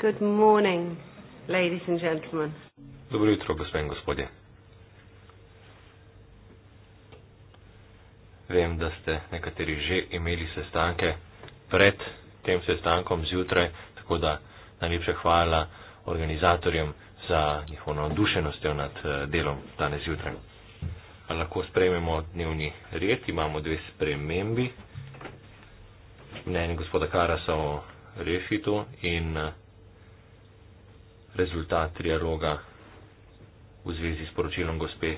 Good morning, ladies and gentlemen. Dobro jutro, gospe in gospodje. Vem, da ste nekateri že imeli sestanke pred tem sestankom zjutraj, tako da najlepša hvala organizatorjem za njihovo navdušenostjo nad eh, delom danes zjutraj. Pa lahko sprejmemo dnevni red, imamo dve spremembi. Mnenje gospoda Karasa o refitu in eh, rezultat trialoga v zvezi s poročilom gospe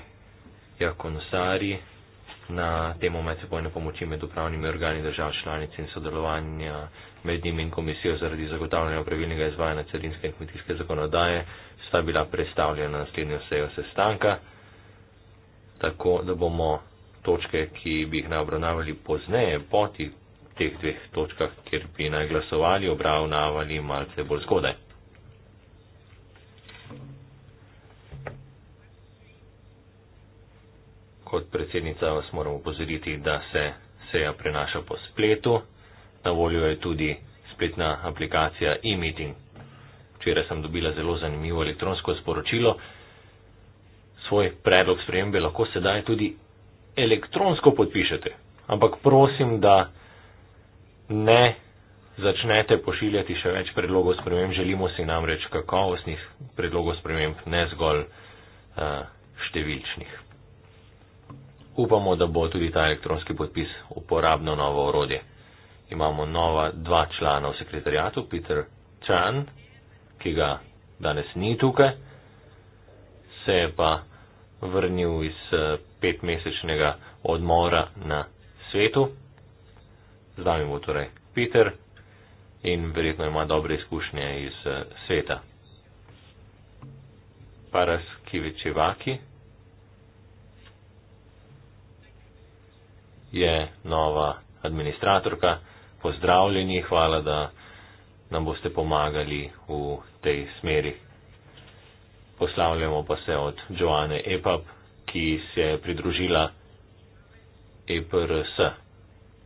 Jakonosari na temo medsebojne pomoči med upravnimi organi držav članic in sodelovanja med njimi in komisijo zaradi zagotavljanja pravilnega izvajanja carinske in kmetijske zakonodaje sta bila predstavljena na naslednjo sejo sestanka, tako da bomo točke, ki bi jih naobravnavali pozneje, po teh dveh točkah, kjer bi naj glasovali, obravnavali malce bolj zgodaj. kot predsednica vas moram upozoriti, da se seja prenaša po spletu. Na voljo je tudi spletna aplikacija e-meeting. Včeraj sem dobila zelo zanimivo elektronsko sporočilo. Svoj predlog spremembe lahko sedaj tudi elektronsko podpišete. Ampak prosim, da ne začnete pošiljati še več predlogov sprememb. Želimo si namreč kakovostnih predlogov sprememb, ne zgolj uh, številčnih upamo, da bo tudi ta elektronski podpis uporabno novo orodje. Imamo nova dva člana v sekretarijatu, Peter Chan, ki ga danes ni tukaj, se je pa vrnil iz eh, petmesečnega odmora na svetu. Z nami bo torej Peter in verjetno ima dobre izkušnje iz eh, sveta. Paras Kivičevaki. je nova administratorka. Pozdravljeni, hvala, da nam boste pomagali v tej smeri. Poslavljamo pa se od Joane Epap, ki se je pridružila EPRS.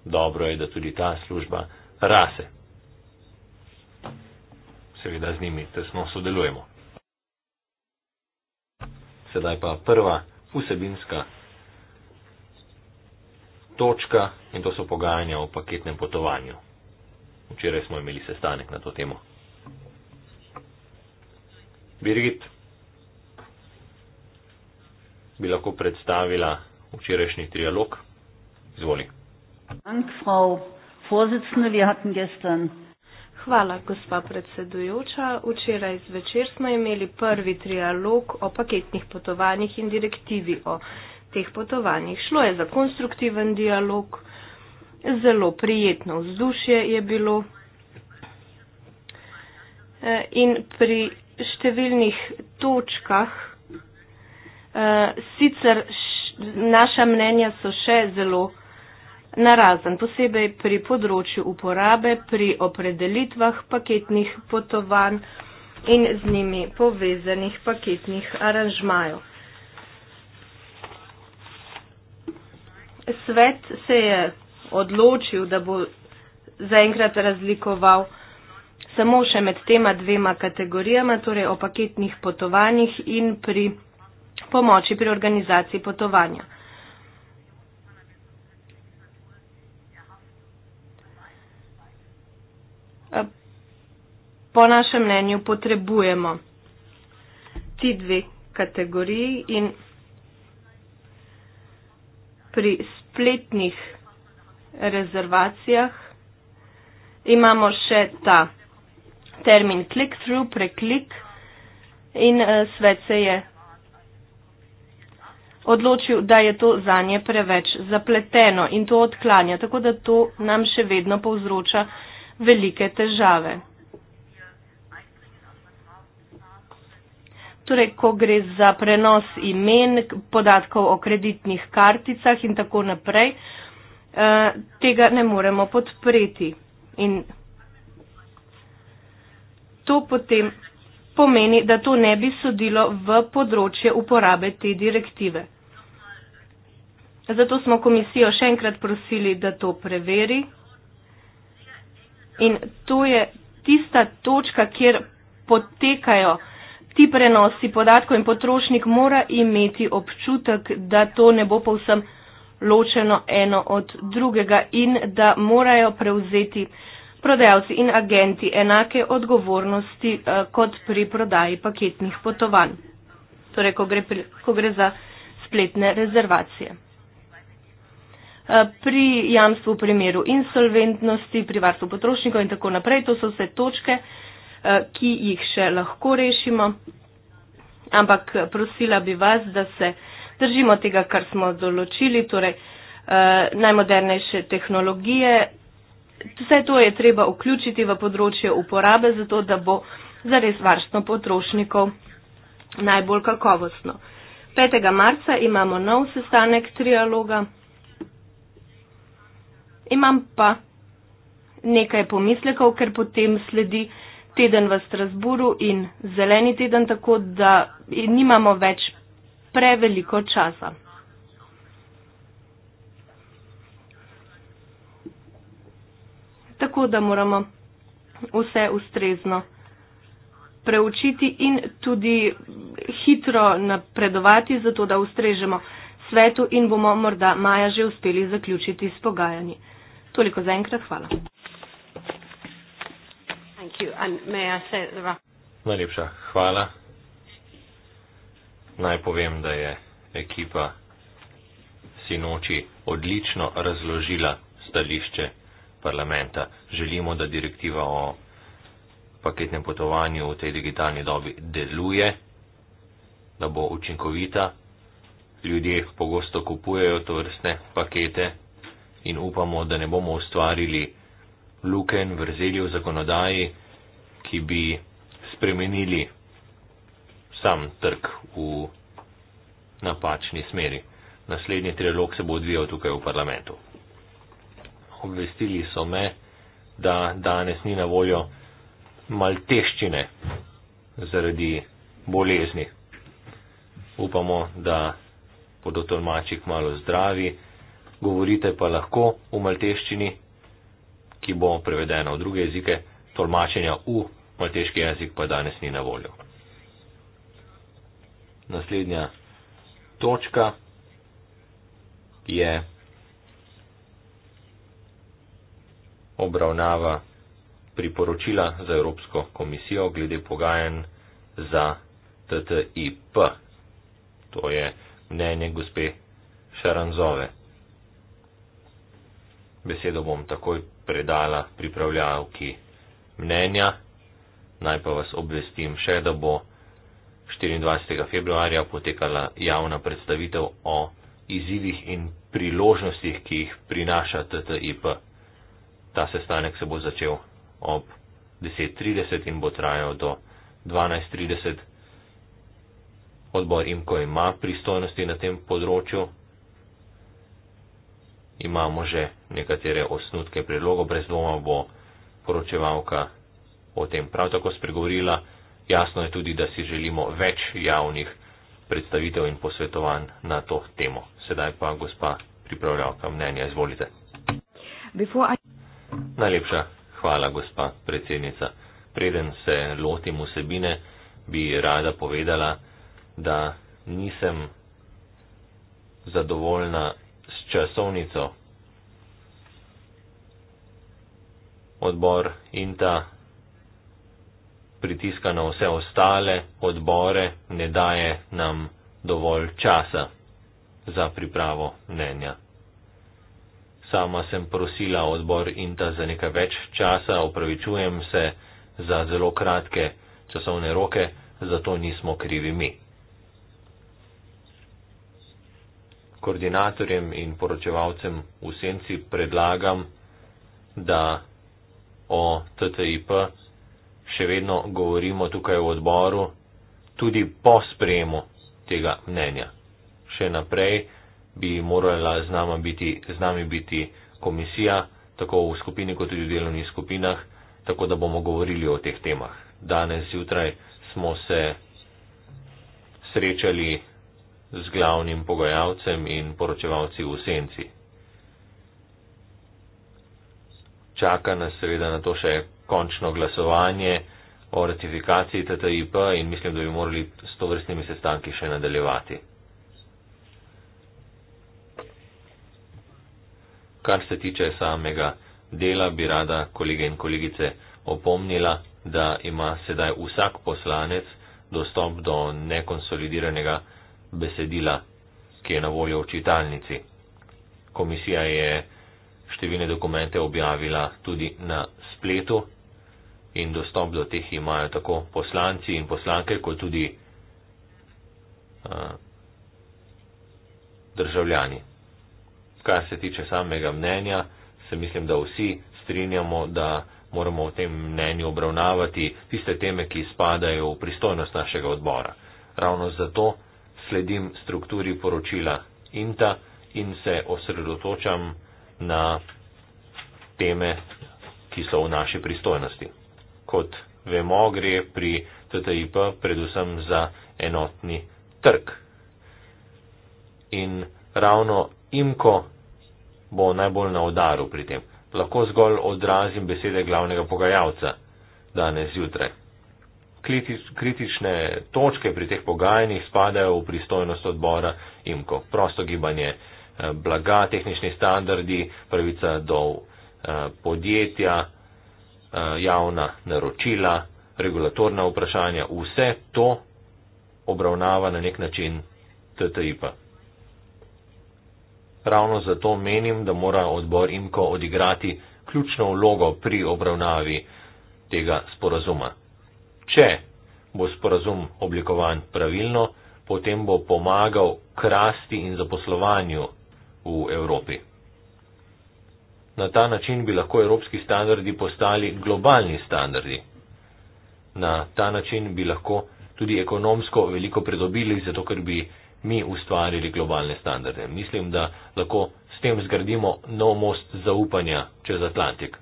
Dobro je, da tudi ta služba rase. Seveda z njimi tesno sodelujemo. Sedaj pa prva vsebinska točka in to so pogajanja o paketnem potovanju. Včeraj smo imeli sestanek na to temo. Birgit, bi lahko predstavila včerajšnji trialog? Izvoli. Hvala, gospa predsedujoča. Včeraj zvečer smo imeli prvi trialog o paketnih potovanjih in direktivi o teh potovanjih. Šlo je za konstruktiven dialog, zelo prijetno vzdušje je bilo e, in pri številnih točkah e, sicer naša mnenja so še zelo narazen, posebej pri področju uporabe, pri opredelitvah paketnih potovanj in z njimi povezanih paketnih aranžmajev. svet se je odločil, da bo zaenkrat razlikoval samo še med tema dvema kategorijama, torej o paketnih potovanjih in pri pomoči pri organizaciji potovanja. Po našem mnenju potrebujemo ti dve kategoriji in pri spletnih rezervacijah imamo še ta termin click-through, preklik in uh, svet se je odločil, da je to zanje preveč zapleteno in to odklanja, tako da to nam še vedno povzroča velike težave. torej, ko gre za prenos imen, podatkov o kreditnih karticah in tako naprej, eh, tega ne moremo podpreti. In to potem pomeni, da to ne bi sodilo v področje uporabe te direktive. Zato smo komisijo še enkrat prosili, da to preveri. In to je tista točka, kjer potekajo ti prenosi podatkov in potrošnik mora imeti občutek, da to ne bo povsem ločeno eno od drugega in da morajo prevzeti prodajalci in agenti enake odgovornosti eh, kot pri prodaji paketnih potovanj, torej ko gre, ko gre za spletne rezervacije. Eh, pri jamstvu v primeru insolventnosti, pri varstvu potrošnikov in tako naprej, to so vse točke, Eh, ki jih še lahko rešimo. Ampak eh, prosila bi vas, da se držimo tega, kar smo določili, torej eh, najmodernejše tehnologije. Vse to je treba vključiti v področje uporabe, zato da bo zares varstvo potrošnikov najbolj kakovostno. 5. marca imamo nov sestanek trialoga. Imam pa nekaj pomislekov, ker potem sledi uh, teden v Strasburu in zeleni teden, tako da nimamo več preveliko časa. Tako da moramo vse ustrezno preučiti in tudi hitro napredovati, zato da ustrežemo svetu in bomo morda maja že uspeli zaključiti s pogajanji. Toliko za enkrat, hvala you and may I say it the right Najlepša hvala. Naj povem, da je ekipa sinoči odlično razložila stališče parlamenta. Želimo, da direktiva o paketnem potovanju v tej digitalni dobi deluje, da bo učinkovita. Ljudje pogosto kupujejo to vrstne pakete in upamo, da ne bomo ustvarili luken vrzeli v zakonodaji ki bi spremenili sam trg v napačni smeri. Naslednji trilog se bo odvijal tukaj v parlamentu. Obvestili so me, da danes ni na voljo malteščine zaradi bolezni. Upamo, da bodo tolmačik malo zdravi. Govorite pa lahko v malteščini, ki bo prevedena v druge jezike, tolmačenja v mateški jezik pa danes ni na voljo. Naslednja točka je obravnava priporočila za Evropsko komisijo glede pogajanj za TTIP. To je mnenje gospe Šaranzove. Besedo bom takoj predala pripravljavki mnenja naj pa vas obvestim še, da bo 24. februarja potekala javna predstavitev o izzivih in priložnostih, ki jih prinaša TTIP. Ta sestanek se bo začel ob 10.30 in bo trajal do 12.30. Odbor IMKO ima pristojnosti na tem področju. Imamo že nekatere osnutke predlogov, brez dvoma bo poročevalka o tem prav tako spregovorila. Jasno je tudi, da si želimo več javnih predstavitev in posvetovanj na to temo. Sedaj pa gospa pripravljavka mnenja, izvolite. I... Najlepša hvala, gospa predsednica. Preden se lotim vsebine, bi rada povedala, da nisem zadovoljna s časovnico. Odbor in ta pritiska na vse ostale odbore, ne daje nam dovolj časa za pripravo mnenja. Sama sem prosila odbor INTA za nekaj več časa, opravičujem se za zelo kratke časovne roke, zato nismo krivi mi. Koordinatorjem in poročevalcem v senci predlagam, da o TTIP še vedno govorimo tukaj v odboru, tudi po sprejemu tega mnenja. Še naprej bi morala z, biti, z nami biti komisija, tako v skupini kot tudi v delovnih skupinah, tako da bomo govorili o teh temah. Danes zjutraj smo se srečali z glavnim pogajalcem in poročevalci v senci. Čaka nas seveda na to še končno glasovanje o ratifikaciji TTIP in mislim, da bi morali s to vrstnimi sestanki še nadaljevati. Kar se tiče samega dela, bi rada kolege in kolegice opomnila, da ima sedaj vsak poslanec dostop do nekonsolidiranega besedila, ki je na voljo v čitalnici. Komisija je številne dokumente objavila tudi na spletu in dostop do teh imajo tako poslanci in poslanke, kot tudi uh, državljani. Kar se tiče samega mnenja, se mislim, da vsi strinjamo, da moramo v tem mnenju obravnavati tiste teme, ki spadajo v pristojnost našega odbora. Ravno zato sledim strukturi poročila INTA in se osredotočam na teme, ki so v naši pristojnosti kot vemo, gre pri TTIP predvsem za enotni trg. In ravno imko bo najbolj na udaru pri tem. Lahko zgolj odrazim besede glavnega pogajalca danes zjutraj. Kritične točke pri teh pogajanjih spadajo v pristojnost odbora imko. Prosto gibanje eh, blaga, tehnični standardi, pravica do eh, podjetja, Eh, javna naročila, regulatorna vprašanja, vse to obravnava na nek način TTIP. Ravno zato menim, da mora odbor IMKO odigrati ključno vlogo pri obravnavi tega sporazuma. Če bo sporazum oblikovan pravilno, potem bo pomagal krasti in zaposlovanju v Evropi. Na ta način bi lahko evropski standardi postali globalni standardi. Na ta način bi lahko tudi ekonomsko veliko pridobili, zato ker bi mi ustvarili globalne standarde. Mislim, da lahko s tem zgradimo nov most zaupanja čez Atlantik.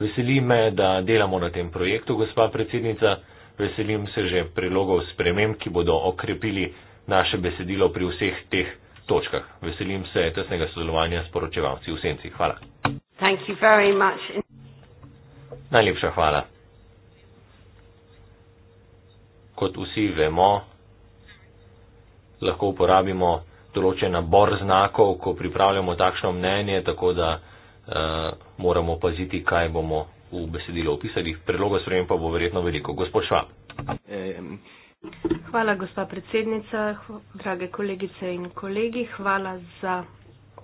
Veseli me, da delamo na tem projektu, gospa predsednica. Veselim se že prilogov sprememb, ki bodo okrepili naše besedilo pri vseh teh projektih točkah. Veselim se tesnega sodelovanja s poročevalci v senci. Hvala. Najlepša hvala. Kot vsi vemo, lahko uporabimo določen nabor znakov, ko pripravljamo takšno mnenje, tako da uh, moramo paziti, kaj bomo v besedilo opisali. Predlogo sprejem pa bo verjetno veliko. Gospod Švab. Um. Hvala, gospa predsednica. Drage kolegice in kolegi, hvala za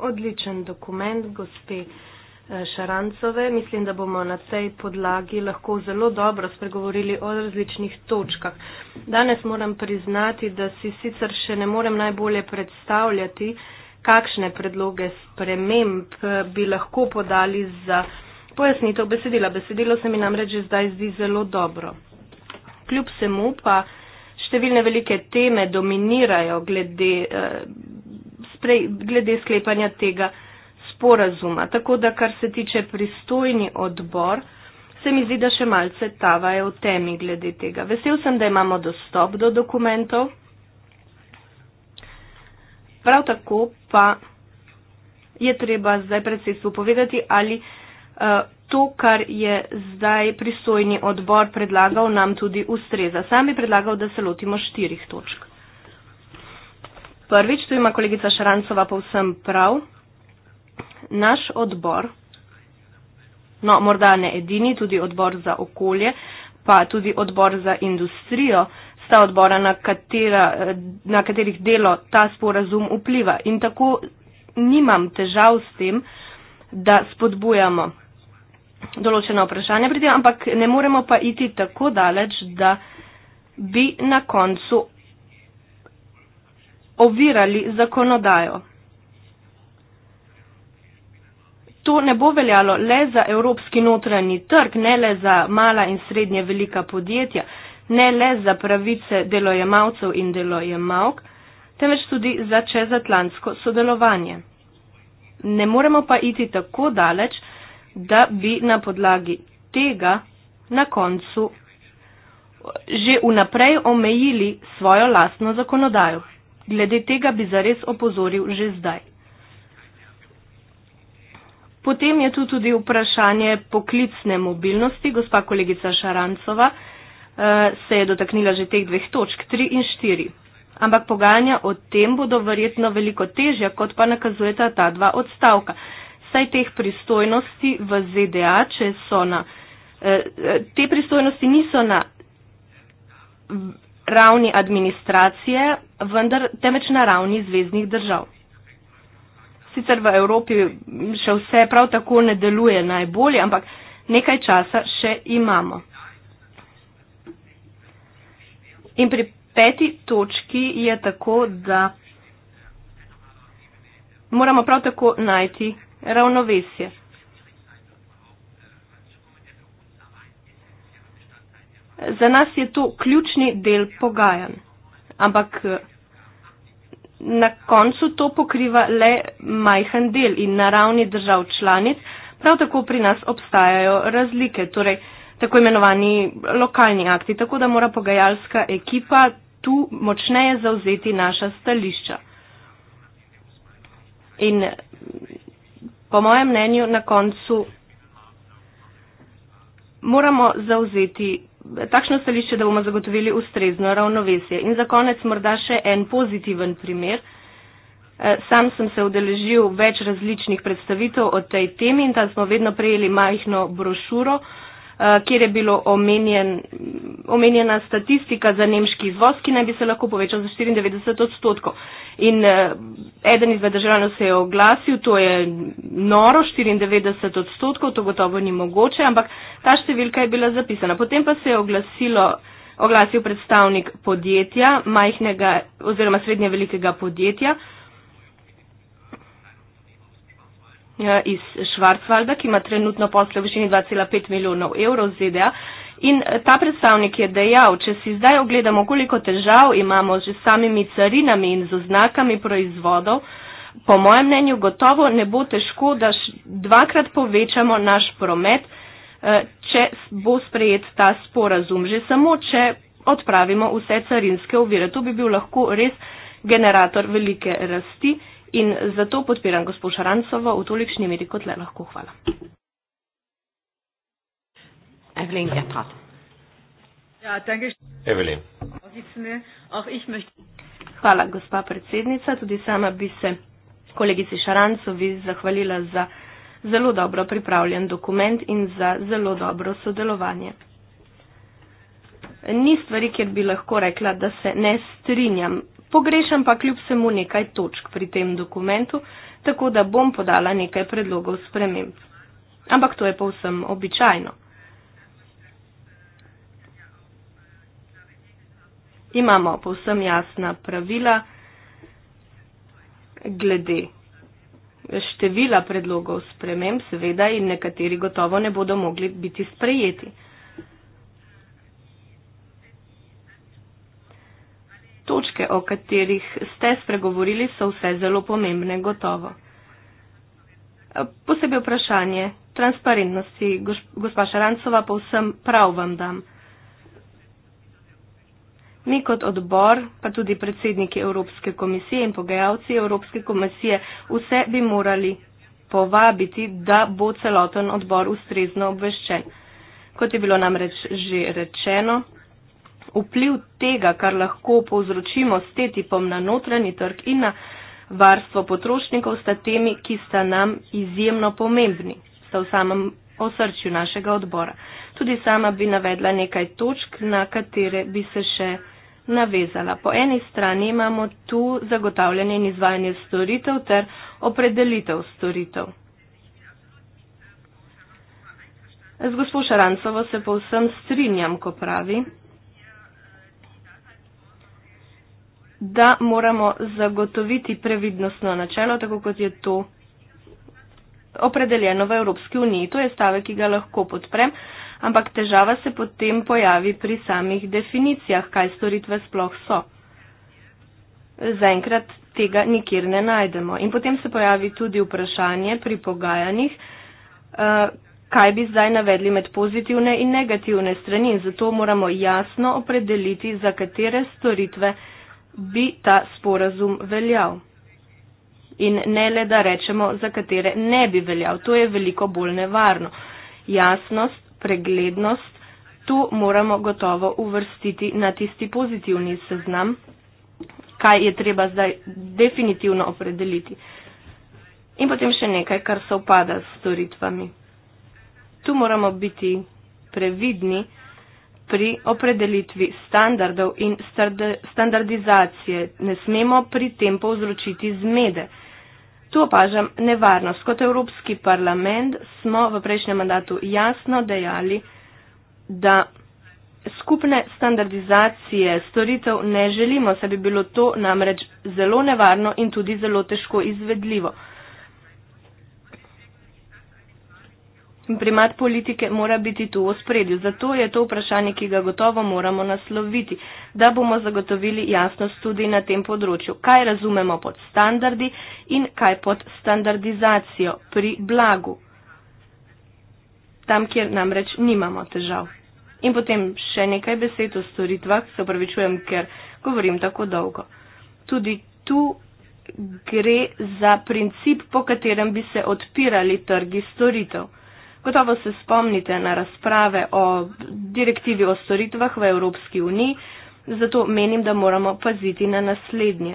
odličen dokument gospe eh, Šarancove. Mislim, da bomo na tej podlagi lahko zelo dobro spregovorili o različnih točkah. Danes moram priznati, da si sicer še ne morem najbolje predstavljati, kakšne predloge sprememb eh, bi lahko podali za pojasnitev besedila. Besedilo se mi namreč zdaj zdi zelo dobro. Kljub semu pa številne velike teme dominirajo glede, eh, sprej, glede sklepanja tega sporazuma. Tako da, kar se tiče pristojni odbor, se mi zdi, da še malce tavajo v temi glede tega. Vesel sem, da imamo dostop do dokumentov. Prav tako pa je treba zdaj predsedstvu povedati, ali eh, to, kar je zdaj pristojni odbor predlagal, nam tudi ustreza. Sam bi predlagal, da se lotimo štirih točk. Prvič, tu ima kolegica Šarancova povsem prav. Naš odbor, no morda ne edini, tudi odbor za okolje, pa tudi odbor za industrijo, sta odbora, na, katera, na katerih delo ta sporazum vpliva. In tako nimam težav s tem, da spodbujamo določena vprašanja pri tem, ampak ne moremo pa iti tako daleč, da bi na koncu ovirali zakonodajo. To ne bo veljalo le za evropski notranji trg, ne le za mala in srednje velika podjetja, ne le za pravice delojemalcev in delojemalk, temveč tudi za čezatlantsko sodelovanje. Ne moremo pa iti tako daleč, da bi na podlagi tega na koncu že vnaprej omejili svojo lastno zakonodajo. Glede tega bi zares opozoril že zdaj. Potem je tu tudi vprašanje poklicne mobilnosti. Gospa kolegica Šarancova eh, se je dotaknila že teh dveh točk, tri in štiri. Ampak pogajanja o tem bodo verjetno veliko težja, kot pa nakazujeta ta dva odstavka saj teh pristojnosti v ZDA, če so na. Eh, eh, te pristojnosti niso na ravni administracije, vendar temveč na ravni zvezdnih držav. Sicer v Evropi še vse prav tako ne deluje najbolje, ampak nekaj časa še imamo. In pri peti točki je tako, da moramo prav tako najti ravnovesje. Za nas je to ključni del pogajanj, ampak eh, na koncu to pokriva le majhen del in na ravni držav članic prav tako pri nas obstajajo razlike, torej tako imenovani lokalni akti, tako da mora pogajalska ekipa tu močneje zauzeti naša stališča. In po mojem mnenju na koncu moramo zauzeti takšno stališče, da bomo zagotovili ustrezno ravnovesje. In za konec morda še en pozitiven primer. E, sam sem se udeležil več različnih predstavitev o tej temi in tam smo vedno prejeli majhno brošuro, Eh, kjer je bilo omenjen, omenjena statistika za nemški izvoz, ki naj bi se lahko povečal za 94 odstotkov. In eh, eden izmed državljanov se je oglasil, to je noro, 94 odstotkov, to gotovo ni mogoče, ampak ta številka je bila zapisana. Potem pa se je oglasilo, oglasil predstavnik podjetja, majhnega oziroma srednje velikega podjetja, Ja, iz Švarcvalda, ki ima trenutno posle v višini 2,5 milijonov evrov z ZDA. In eh, ta predstavnik je dejal, če si zdaj ogledamo, koliko težav imamo že s samimi carinami in z oznakami proizvodov, po mojem mnenju gotovo ne bo težko, da dvakrat povečamo naš promet, eh, če bo sprejet ta sporazum. Že samo, če odpravimo vse carinske ovire. To bi bil lahko res generator velike rasti. In zato podpiram gospod Šarancovo v tolikšni meri, kot le lahko. Hvala. Evelin, ja, pa. Ja, danke. Evelin. Hvala, gospa predsednica. Tudi sama bi se kolegici Šarancovi zahvalila za zelo dobro pripravljen dokument in za zelo dobro sodelovanje. Ni stvari, kjer bi lahko rekla, da se ne strinjam Pogrešam pa kljub vsemu nekaj točk pri tem dokumentu, tako da bom podala nekaj predlogov sprememb. Ampak to je povsem običajno. Imamo povsem jasna pravila glede števila predlogov sprememb, seveda in nekateri gotovo ne bodo mogli biti sprejeti. točke, o katerih ste spregovorili, so vse zelo pomembne, gotovo. Posebej vprašanje transparentnosti, gospa Šarancova, pa vsem prav vam dam. Mi kot odbor, pa tudi predsedniki Evropske komisije in pogajalci Evropske komisije, vse bi morali povabiti, da bo celoten odbor ustrezno obveščen. Kot je bilo namreč že rečeno, vpliv tega, kar lahko povzročimo s TTIP-om na notranji trg in na varstvo potrošnikov, sta temi, ki sta nam izjemno pomembni, sta v samem osrčju našega odbora. Tudi sama bi navedla nekaj točk, na katere bi se še navezala. Po eni strani imamo tu zagotavljanje in izvajanje storitev ter opredelitev storitev. Z gospod Šarancovo se povsem strinjam, ko pravi, da moramo zagotoviti previdnostno načelo, tako kot je to opredeljeno v Evropski uniji. To je stavek, ki ga lahko podprem, ampak težava se potem pojavi pri samih definicijah, kaj storitve sploh so. Zaenkrat tega nikjer ne najdemo. In potem se pojavi tudi vprašanje pri pogajanjih, eh, kaj bi zdaj navedli med pozitivne in negativne strani. In zato moramo jasno opredeliti, za katere storitve bi ta sporazum veljal. In ne le, da rečemo, za katere ne bi veljal. To je veliko bolj nevarno. Jasnost, preglednost, tu moramo gotovo uvrstiti na tisti pozitivni seznam, kaj je treba zdaj definitivno opredeliti. In potem še nekaj, kar se upada s storitvami. Tu moramo biti previdni pri opredelitvi standardov in standardizacije ne smemo pri tem povzročiti zmede. Tu opažam nevarnost. Kot Evropski parlament smo v prejšnjem mandatu jasno dejali, da skupne standardizacije storitev ne želimo, saj bi bilo to namreč zelo nevarno in tudi zelo težko izvedljivo. Primat politike mora biti tu v spredju, zato je to vprašanje, ki ga gotovo moramo nasloviti, da bomo zagotovili jasnost tudi na tem področju, kaj razumemo pod standardi in kaj pod standardizacijo pri blagu, tam, kjer namreč nimamo težav. In potem še nekaj besed o storitvah, se upravičujem, ker govorim tako dolgo. Tudi tu gre za princip, po katerem bi se odpirali trgi storitev. Gotovo se spomnite na razprave o direktivi o storitvah v Evropski uniji, zato menim, da moramo paziti na naslednje.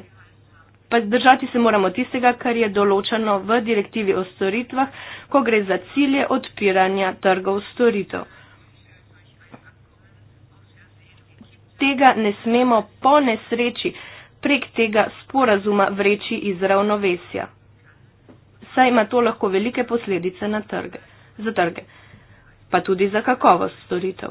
Pa držati se moramo tistega, kar je določeno v direktivi o storitvah, ko gre za cilje odpiranja trgov storitev. Tega ne smemo po nesreči prek tega sporazuma vreči iz ravnovesja, saj ima to lahko velike posledice na trge za trge, pa tudi za kakovost storitev.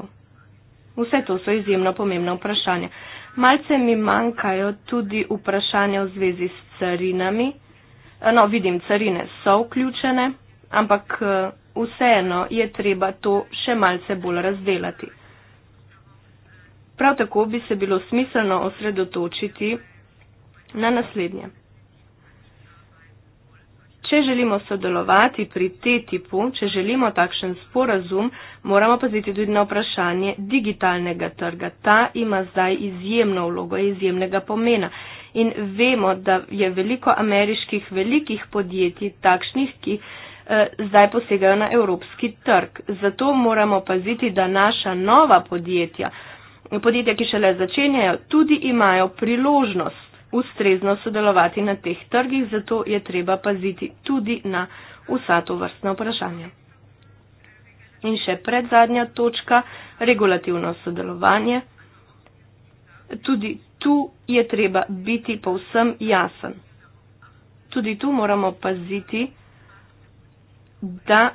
Vse to so izjemno pomembna vprašanja. Malce mi manjkajo tudi vprašanja v zvezi s carinami. Eh, no, vidim, carine so vključene, ampak eh, vseeno je treba to še malce bolj razdelati. Prav tako bi se bilo smiselno osredotočiti na naslednje. Če želimo sodelovati pri TTIP-u, če želimo takšen sporazum, moramo paziti tudi na vprašanje digitalnega trga. Ta ima zdaj izjemno vlogo, izjemnega pomena. In vemo, da je veliko ameriških velikih podjetij takšnih, ki eh, zdaj posegajo na evropski trg. Zato moramo paziti, da naša nova podjetja, podjetja, ki šele začenjajo, tudi imajo priložnost ustrezno sodelovati na teh trgih, zato je treba paziti tudi na vsa to vrstna vprašanja. In še predzadnja točka, regulativno sodelovanje. Tudi tu je treba biti povsem jasen. Tudi tu moramo paziti, da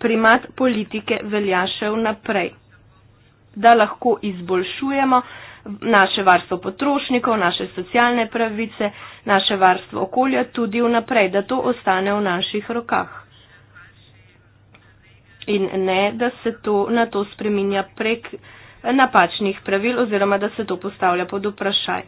primat politike velja še vnaprej, da lahko izboljšujemo naše varstvo potrošnikov, naše socialne pravice, naše varstvo okolja tudi vnaprej, da to ostane v naših rokah. In ne, da se to na to spreminja prek napačnih pravil oziroma da se to postavlja pod vprašaj.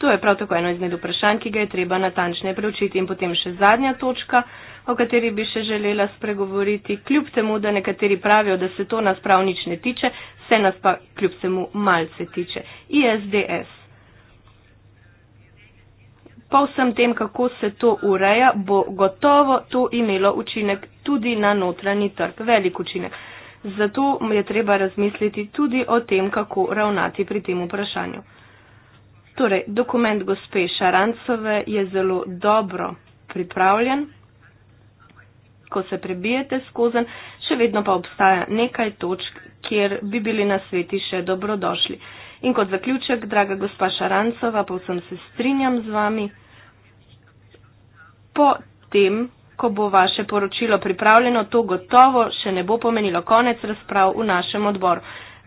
To je prav tako eno izmed vprašanj, ki ga je treba natančneje preučiti. In potem še zadnja točka, o kateri bi še želela spregovoriti. Kljub temu, da nekateri pravijo, da se to nas prav nič ne tiče, vse nas pa kljub vsemu malce tiče. ISDS. Po vsem tem, kako se to ureja, bo gotovo to imelo učinek tudi na notranji trg, velik učinek. Zato je treba razmisliti tudi o tem, kako ravnati pri tem vprašanju. Torej, dokument gospe Šarancove je zelo dobro pripravljen, ko se prebijete skozen, še vedno pa obstaja nekaj točk, kjer bi bili na sveti še dobrodošli. In kot zaključek, draga gospa Šarancova, povsem se strinjam z vami, po tem, ko bo vaše poročilo pripravljeno, to gotovo še ne bo pomenilo konec razprav v našem odboru.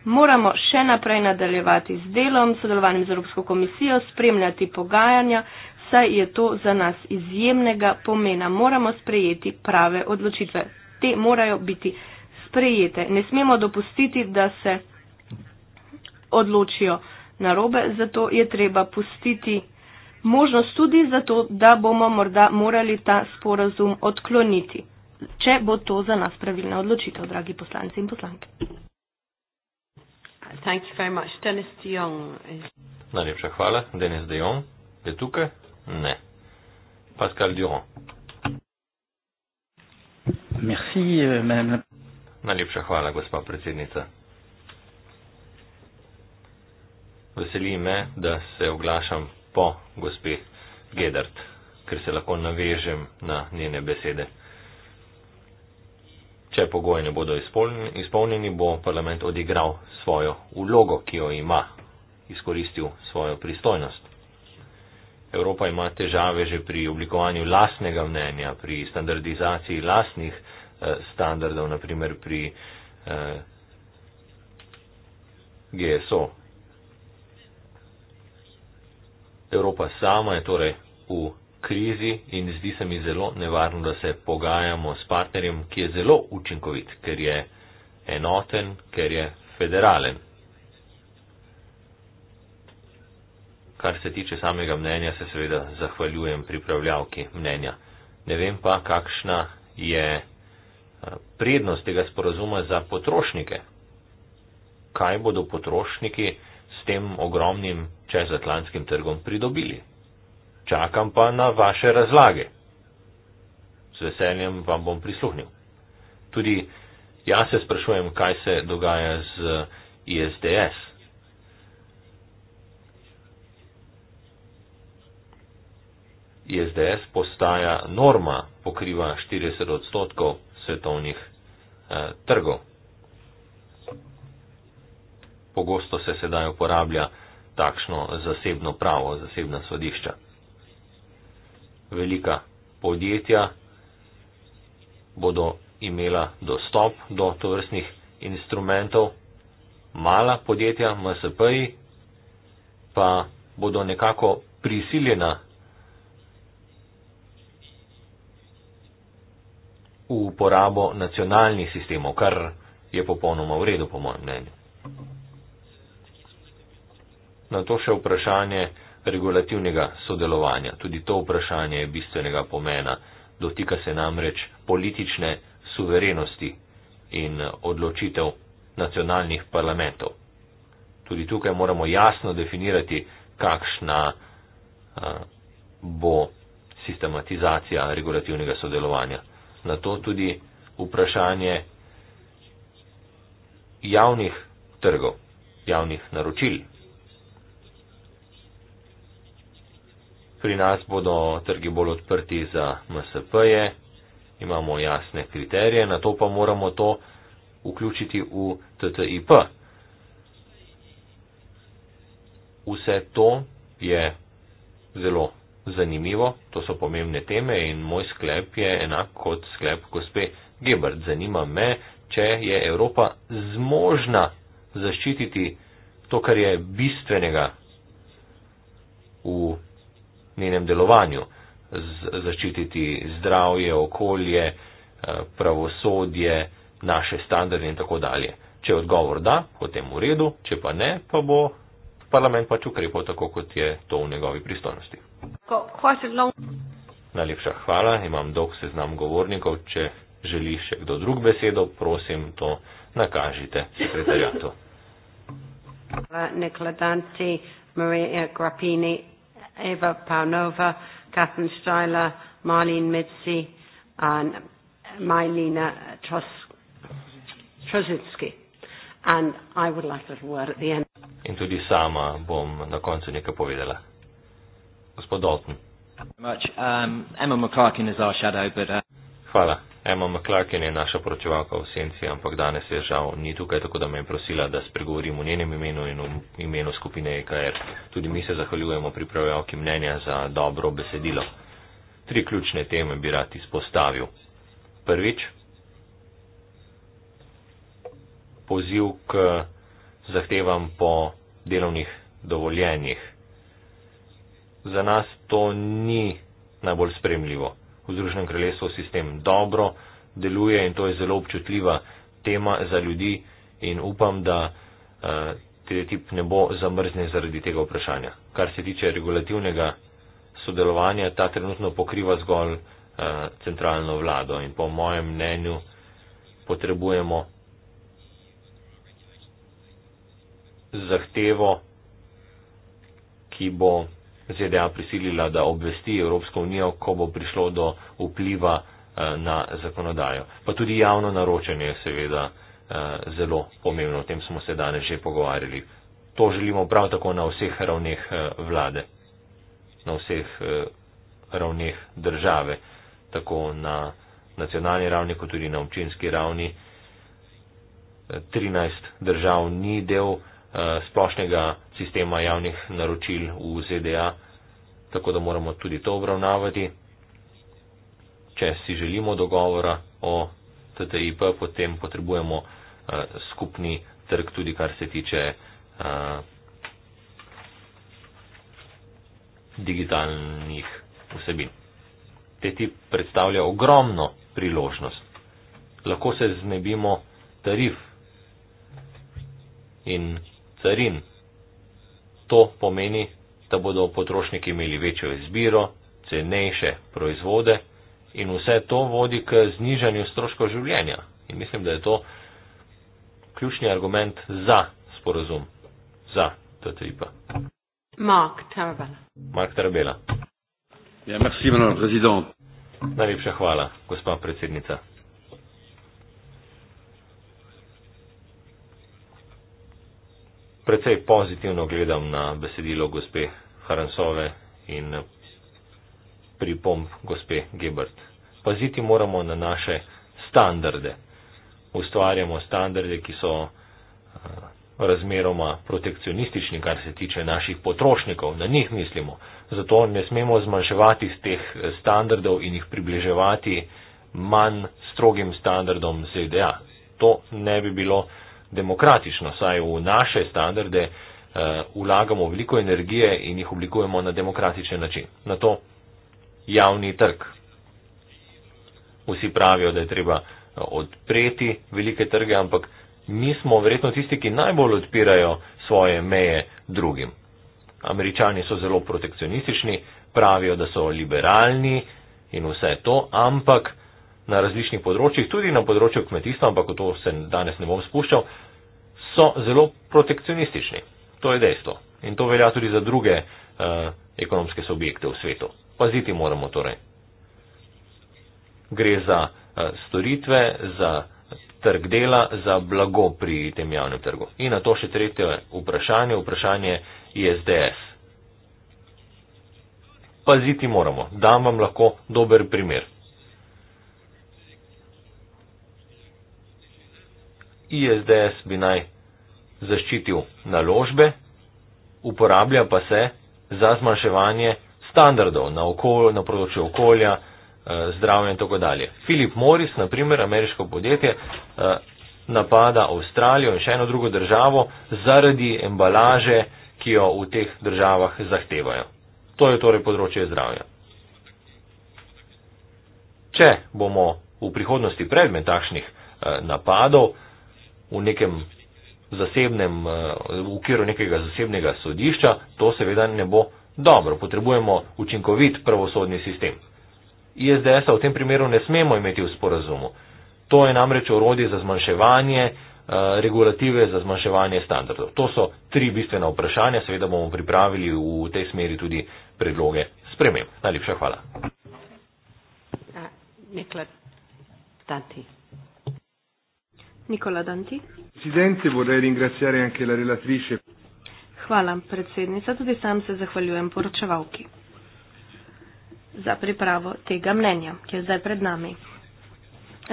Moramo še naprej nadaljevati z delom, sodelovanjem z Evropsko komisijo, spremljati pogajanja, saj je to za nas izjemnega pomena. Moramo sprejeti prave odločitve. Te morajo biti sprejete. Ne smemo dopustiti, da se odločijo na robe, zato je treba pustiti možnost tudi za to, da bomo morda morali ta sporazum odkloniti, če bo to za nas pravilna odločitev, dragi poslanci in poslanke. Najlepša hvala. Denis De Jong je tukaj? Ne. Pascal Durand. Merci, euh, madame la Najlepša hvala, gospa predsednica. Veseli me, da se oglašam po gospe Gedard, ker se lahko navežem na njene besede. Če pogoji ne bodo izpolnjeni, bo parlament odigral svojo vlogo, ki jo ima, izkoristil svojo pristojnost. Evropa ima težave že pri oblikovanju lastnega mnenja, pri standardizaciji lastnih Eh, standardov, naprimer pri eh, GSO. Evropa sama je torej v krizi in zdi se mi zelo nevarno, da se pogajamo s partnerjem, ki je zelo učinkovit, ker je enoten, ker je federalen. Kar se tiče samega mnenja, se seveda zahvaljujem pripravljavki mnenja. Ne vem pa, kakšna je prednost tega sporazuma za potrošnike. Kaj bodo potrošniki s tem ogromnim čezatlantskim trgom pridobili? Čakam pa na vaše razlage. Z veseljem vam bom prisluhnil. Tudi jaz se sprašujem, kaj se dogaja z ISDS. ISDS postaja norma, pokriva 40 odstotkov svetovnih eh, trgov. Pogosto se sedaj uporablja takšno zasebno pravo, zasebna sodišča. Velika podjetja bodo imela dostop do tovrstnih instrumentov, mala podjetja, MSP-ji, pa bodo nekako prisiljena v uporabo nacionalnih sistemov, kar je popolnoma v redu, po mojem mnenju. Na to še vprašanje regulativnega sodelovanja. Tudi to vprašanje je bistvenega pomena. Dotika se namreč politične suverenosti in odločitev nacionalnih parlamentov. Tudi tukaj moramo jasno definirati, kakšna eh, bo sistematizacija regulativnega sodelovanja na to tudi vprašanje javnih trgov, javnih naročil. Pri nas bodo trgi bolj odprti za MSP-je, imamo jasne kriterije, na to pa moramo to vključiti v TTIP. Vse to je zelo Zanimivo, to so pomembne teme in moj sklep je enak kot sklep gospe Gebert. Zanima me, če je Evropa zmožna zaščititi to, kar je bistvenega v njenem delovanju. Zaščititi zdravje, okolje, eh, pravosodje, naše standarde in tako dalje. Če je odgovor da, potem v redu, če pa ne, pa bo parlament pač ukrepal tako, kot je to v njegovi pristojnosti. Najlepša hvala, imam dolg seznam govornikov. Če želi še kdo drug besedo, prosim, to nakažite sekretarjatu. Nikola Danci, Marija Grappini, Eva Paunova, Katrin Štajler, Marlene Midsi in Majlina Trozitski. And I would like a word at the end. In tudi sama bom na koncu nekaj povedala. Gospod Dalton. Um, uh, Hvala. Emma McClarkin je naša poročevalka v senci, ampak danes je žal ni tukaj, tako da me je prosila, da spregovorim v njenem imenu in v imenu skupine EKR. Tudi mi se zahvaljujemo pripravljavki mnenja za dobro besedilo. Tri ključne teme bi rad izpostavil. Prvič, poziv k zahtevam po delovnih dovoljenjih za nas to ni najbolj spremljivo. V Združenem kraljestvu sistem dobro deluje in to je zelo občutljiva tema za ljudi in upam, da eh, TTIP ne bo zamrznjen zaradi tega vprašanja. Kar se tiče regulativnega sodelovanja, ta trenutno pokriva zgolj eh, centralno vlado in po mojem mnenju potrebujemo zahtevo, ki bo ZDA prisilila, da obvesti Evropsko unijo, ko bo prišlo do vpliva eh, na zakonodajo. Pa tudi javno naročanje je seveda eh, zelo pomembno, o tem smo se danes že pogovarjali. To želimo prav tako na vseh ravneh eh, vlade, na vseh ravneh države, tako na nacionalni ravni, kot tudi na občinski ravni. 13 držav ni del Eh, splošnega sistema javnih naročil v ZDA, tako da moramo tudi to obravnavati. Če si želimo dogovora o TTIP, potem potrebujemo eh, skupni trg tudi kar se tiče eh, digitalnih vsebin. TTIP predstavlja ogromno priložnost. Lahko se znebimo tarif in carin. To pomeni, da bodo potrošniki imeli večjo izbiro, cenejše proizvode in vse to vodi k znižanju stroškov življenja. In mislim, da je to ključni argument za sporozum, za TTIP. Mark Tarabella. Mark Tarabella. Ja, merci, Najlepša hvala, gospa predsednica. precej pozitivno gledam na besedilo gospe Haransove in pripomb gospe Gebert. Paziti moramo na naše standarde. Ustvarjamo standarde, ki so eh, razmeroma protekcionistični, kar se tiče naših potrošnikov. Na njih mislimo. Zato ne smemo zmanjševati z teh standardov in jih približevati manj strogim standardom ZDA. To ne bi bilo demokratično, saj v naše standarde eh, vlagamo veliko energije in jih oblikujemo na demokratičen način. Na to javni trg. Vsi pravijo, da je treba eh, odpreti velike trge, ampak mi smo verjetno tisti, ki najbolj odpirajo svoje meje drugim. Američani so zelo protekcionistični, pravijo, da so liberalni in vse to, ampak na različnih področjih, tudi na področju kmetijstva, ampak v to se danes ne bom spuščal, so zelo protekcionistični. To je dejstvo. In to velja tudi za druge uh, ekonomske subjekte v svetu. Paziti moramo torej. Gre za uh, storitve, za trg dela, za blago pri tem javnem trgu. In na to še tretje vprašanje, vprašanje ISDS. Paziti moramo. Dam vam lahko dober primer. ISDS bi naj zaščitil naložbe, uporablja pa se za zmanjševanje standardov na, okol, na področju okolja, eh, zdravja in tako dalje. Philip Morris, naprimer, ameriško podjetje, eh, napada Avstralijo in še eno drugo državo zaradi embalaže, ki jo v teh državah zahtevajo. To je torej področje zdravja. Če bomo v prihodnosti predmet takšnih eh, napadov, v nekem zasebnem, eh, v okviru nekega zasebnega sodišča, to seveda ne bo dobro. Potrebujemo učinkovit pravosodni sistem. ISDS-a v tem primeru ne smemo imeti v sporazumu. To je namreč orodje za zmanjševanje eh, regulative, za zmanjševanje standardov. To so tri bistvena vprašanja, seveda bomo pripravili v tej smeri tudi predloge sprememb. Najlepša hvala. Nekla, uh, tanti. Nikola Danti. Presidente, vorrei ringraziare anche la relatrice. Hvala, predsednica, tudi sam se zahvaljujem poročevalki za pripravo tega mnenja, ki je zdaj pred nami.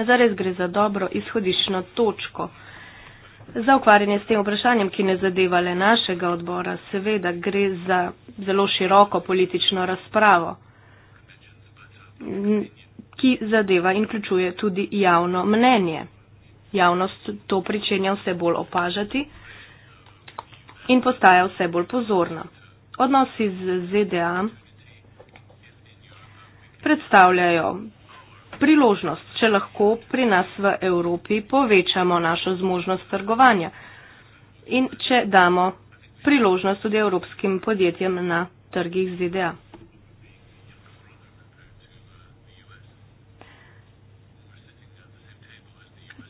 Zares gre za dobro izhodišno točko. Za ukvarjanje s tem vprašanjem, ki ne zadeva le našega odbora, seveda gre za zelo široko politično razpravo, ki zadeva in vključuje tudi javno mnenje javnost to pričenja vse bolj opažati in postaja vse bolj pozorna. Odnosi z ZDA predstavljajo priložnost, če lahko pri nas v Evropi povečamo našo zmožnost trgovanja in če damo priložnost tudi evropskim podjetjem na trgih ZDA.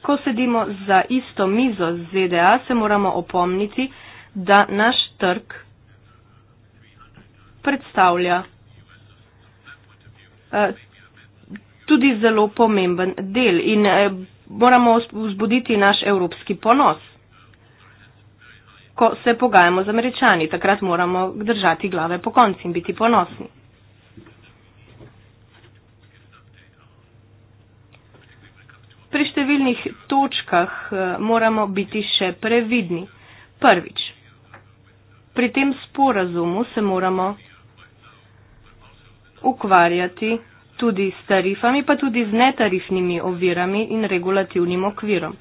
Ko sedimo za isto mizo z ZDA, se moramo opomniti, da naš trg predstavlja eh, tudi zelo pomemben del in eh, moramo vzbuditi naš evropski ponos. Ko se pogajamo z američani, takrat moramo držati glave po konci in biti ponosni. številnih točkah eh, moramo biti še previdni. Prvič, pri tem sporazumu se moramo ukvarjati tudi s tarifami, pa tudi z netarifnimi ovirami in regulativnim okvirom.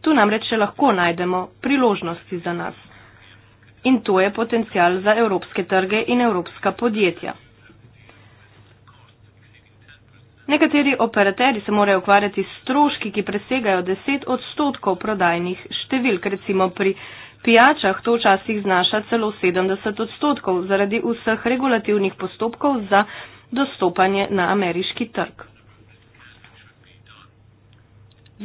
Tu namreč še lahko najdemo priložnosti za nas. In to je potencial za evropske trge in evropska podjetja. Nekateri operateri se morajo ukvarjati s stroški, ki presegajo 10 odstotkov prodajnih številk. Recimo pri pijačah to včasih znaša celo 70 odstotkov zaradi vseh regulativnih postopkov za dostopanje na ameriški trg.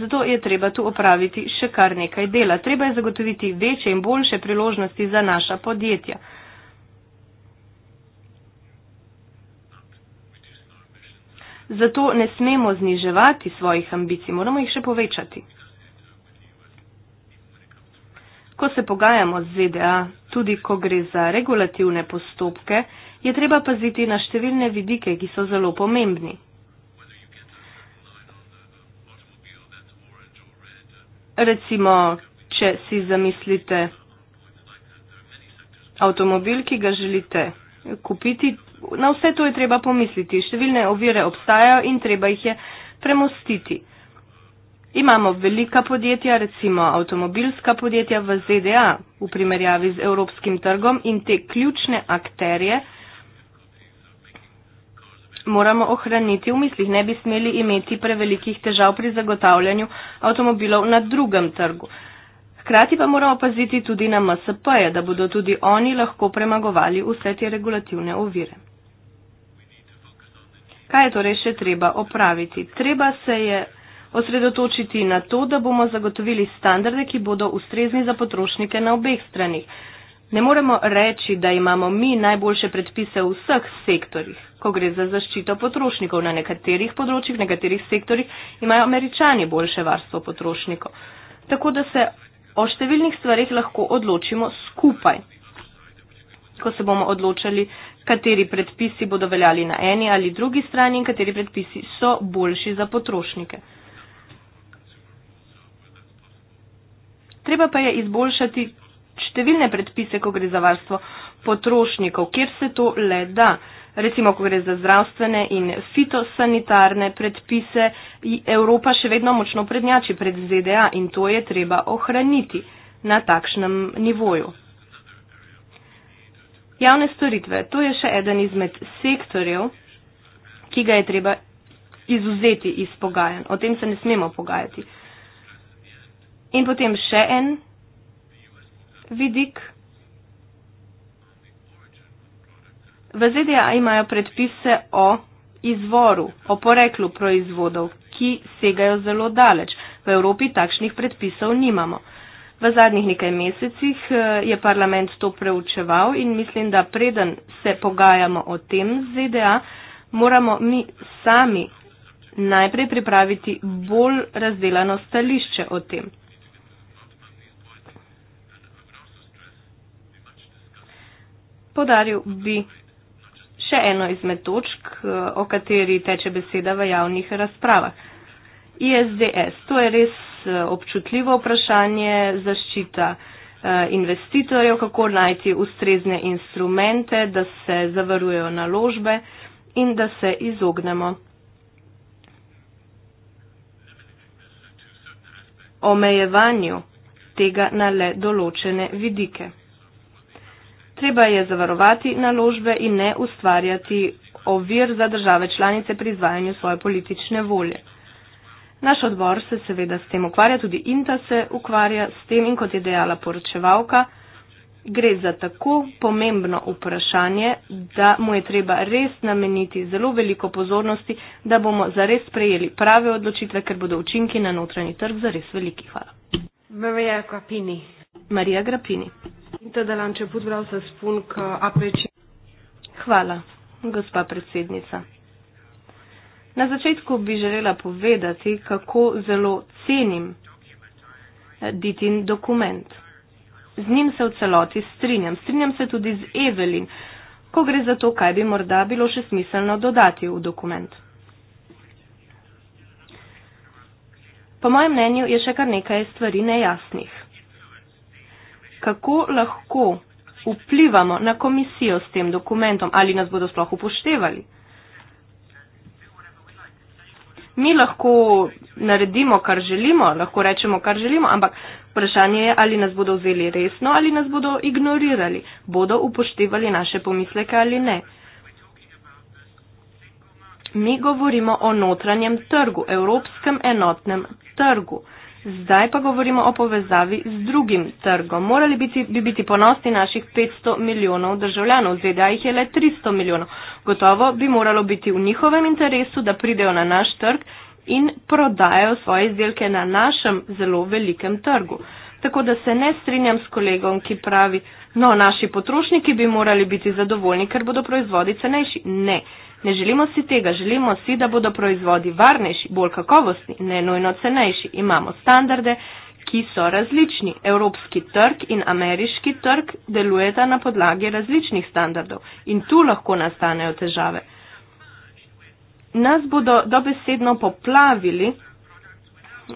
Zato je treba tu opraviti še kar nekaj dela. Treba je zagotoviti večje in boljše priložnosti za naša podjetja. zato ne smemo zniževati svojih ambicij, moramo jih še povečati. Ko se pogajamo z ZDA, tudi ko gre za regulativne postopke, je treba paziti na številne vidike, ki so zelo pomembni. Recimo, če si zamislite avtomobil, ki ga želite kupiti, na vse to je treba pomisliti. Številne ovire obstajajo in treba jih je premostiti. Imamo velika podjetja, recimo avtomobilska podjetja v ZDA v primerjavi z evropskim trgom in te ključne akterje moramo ohraniti v mislih. Ne bi smeli imeti prevelikih težav pri zagotavljanju avtomobilov na drugem trgu. Hkrati pa moramo paziti tudi na MSP-je, da bodo tudi oni lahko premagovali vse te regulativne ovire. Kaj je torej še treba opraviti? Treba se je osredotočiti na to, da bomo zagotovili standarde, ki bodo ustrezni za potrošnike na obeh stranih. Ne moremo reči, da imamo mi najboljše predpise v vseh sektorjih. Ko gre za zaščito potrošnikov na nekaterih področjih, na nekaterih sektorjih, imajo američani boljše varstvo potrošnikov. Tako da se o številnih stvarih lahko odločimo skupaj. Ko se bomo odločali kateri predpisi bodo veljali na eni ali drugi strani in kateri predpisi so boljši za potrošnike. Treba pa je izboljšati številne predpise, ko gre za varstvo potrošnikov, kjer se to le da. Recimo, ko gre za zdravstvene in fitosanitarne predpise, Evropa še vedno močno prednjači pred ZDA in to je treba ohraniti na takšnem nivoju. Javne storitve, to je še eden izmed sektorjev, ki ga je treba izuzeti iz pogajanj. O tem se ne smemo pogajati. In potem še en vidik. V ZDA imajo predpise o izvoru, o poreklu proizvodov, ki segajo zelo daleč. V Evropi takšnih predpisov nimamo. V zadnjih nekaj mesecih eh, je parlament to preučeval in mislim, da preden se pogajamo o tem z ZDA, moramo mi sami najprej pripraviti bolj razdelano stališče o tem. Podaril bi še eno izmed točk, eh, o kateri teče beseda v javnih razpravah. ISDS, to je res Eh, občutljivo vprašanje zaščita eh, investitorjev, kako najti ustrezne instrumente, da se zavarujejo naložbe in da se izognemo. Omejevanju tega na le določene vidike. Treba je zavarovati naložbe in ne ustvarjati ovir za države članice pri izvajanju svoje politične volje. Naš odbor se seveda s tem ukvarja, tudi INTA se ukvarja s tem in kot je dejala poročevalka, gre za tako pomembno vprašanje, da mu je treba res nameniti zelo veliko pozornosti, da bomo zares prejeli prave odločitve, ker bodo učinki na notranji trg zares veliki. Hvala. Marija Grapini. Marija Grapini. INTA Dalanče, podbral se spunk APEČ. Hvala, gospa predsednica. Na začetku bi želela povedati, kako zelo cenim eh, Ditin dokument. Z njim se v celoti strinjam. Strinjam se tudi z Evelin, ko gre za to, kaj bi morda bilo še smiselno dodati v dokument. Po mojem mnenju je še kar nekaj stvari nejasnih. Kako lahko vplivamo na komisijo s tem dokumentom, ali nas bodo sploh upoštevali? mi lahko naredimo, kar želimo, lahko rečemo, kar želimo, ampak vprašanje je, ali nas bodo vzeli resno ali nas bodo ignorirali, bodo upoštevali naše pomisleke ali ne. Mi govorimo o notranjem trgu, evropskem enotnem trgu. Zdaj pa govorimo o povezavi z drugim trgom. Morali biti, bi biti ponosni naših 500 milijonov državljanov, ZDA jih je le 300 milijonov. Gotovo bi moralo biti v njihovem interesu, da pridejo na naš trg in prodajo svoje izdelke na našem zelo velikem trgu. Tako da se ne strinjam s kolegom, ki pravi, no, naši potrošniki bi morali biti zadovoljni, ker bodo proizvodi cenejši. Ne. Ne želimo si tega, želimo si, da bodo proizvodi varnejši, bolj kakovostni, ne nujno cenejši. Imamo standarde, ki so različni. Evropski trg in ameriški trg delujeta na podlagi različnih standardov in tu lahko nastanejo težave. Nas bodo dobesedno poplavili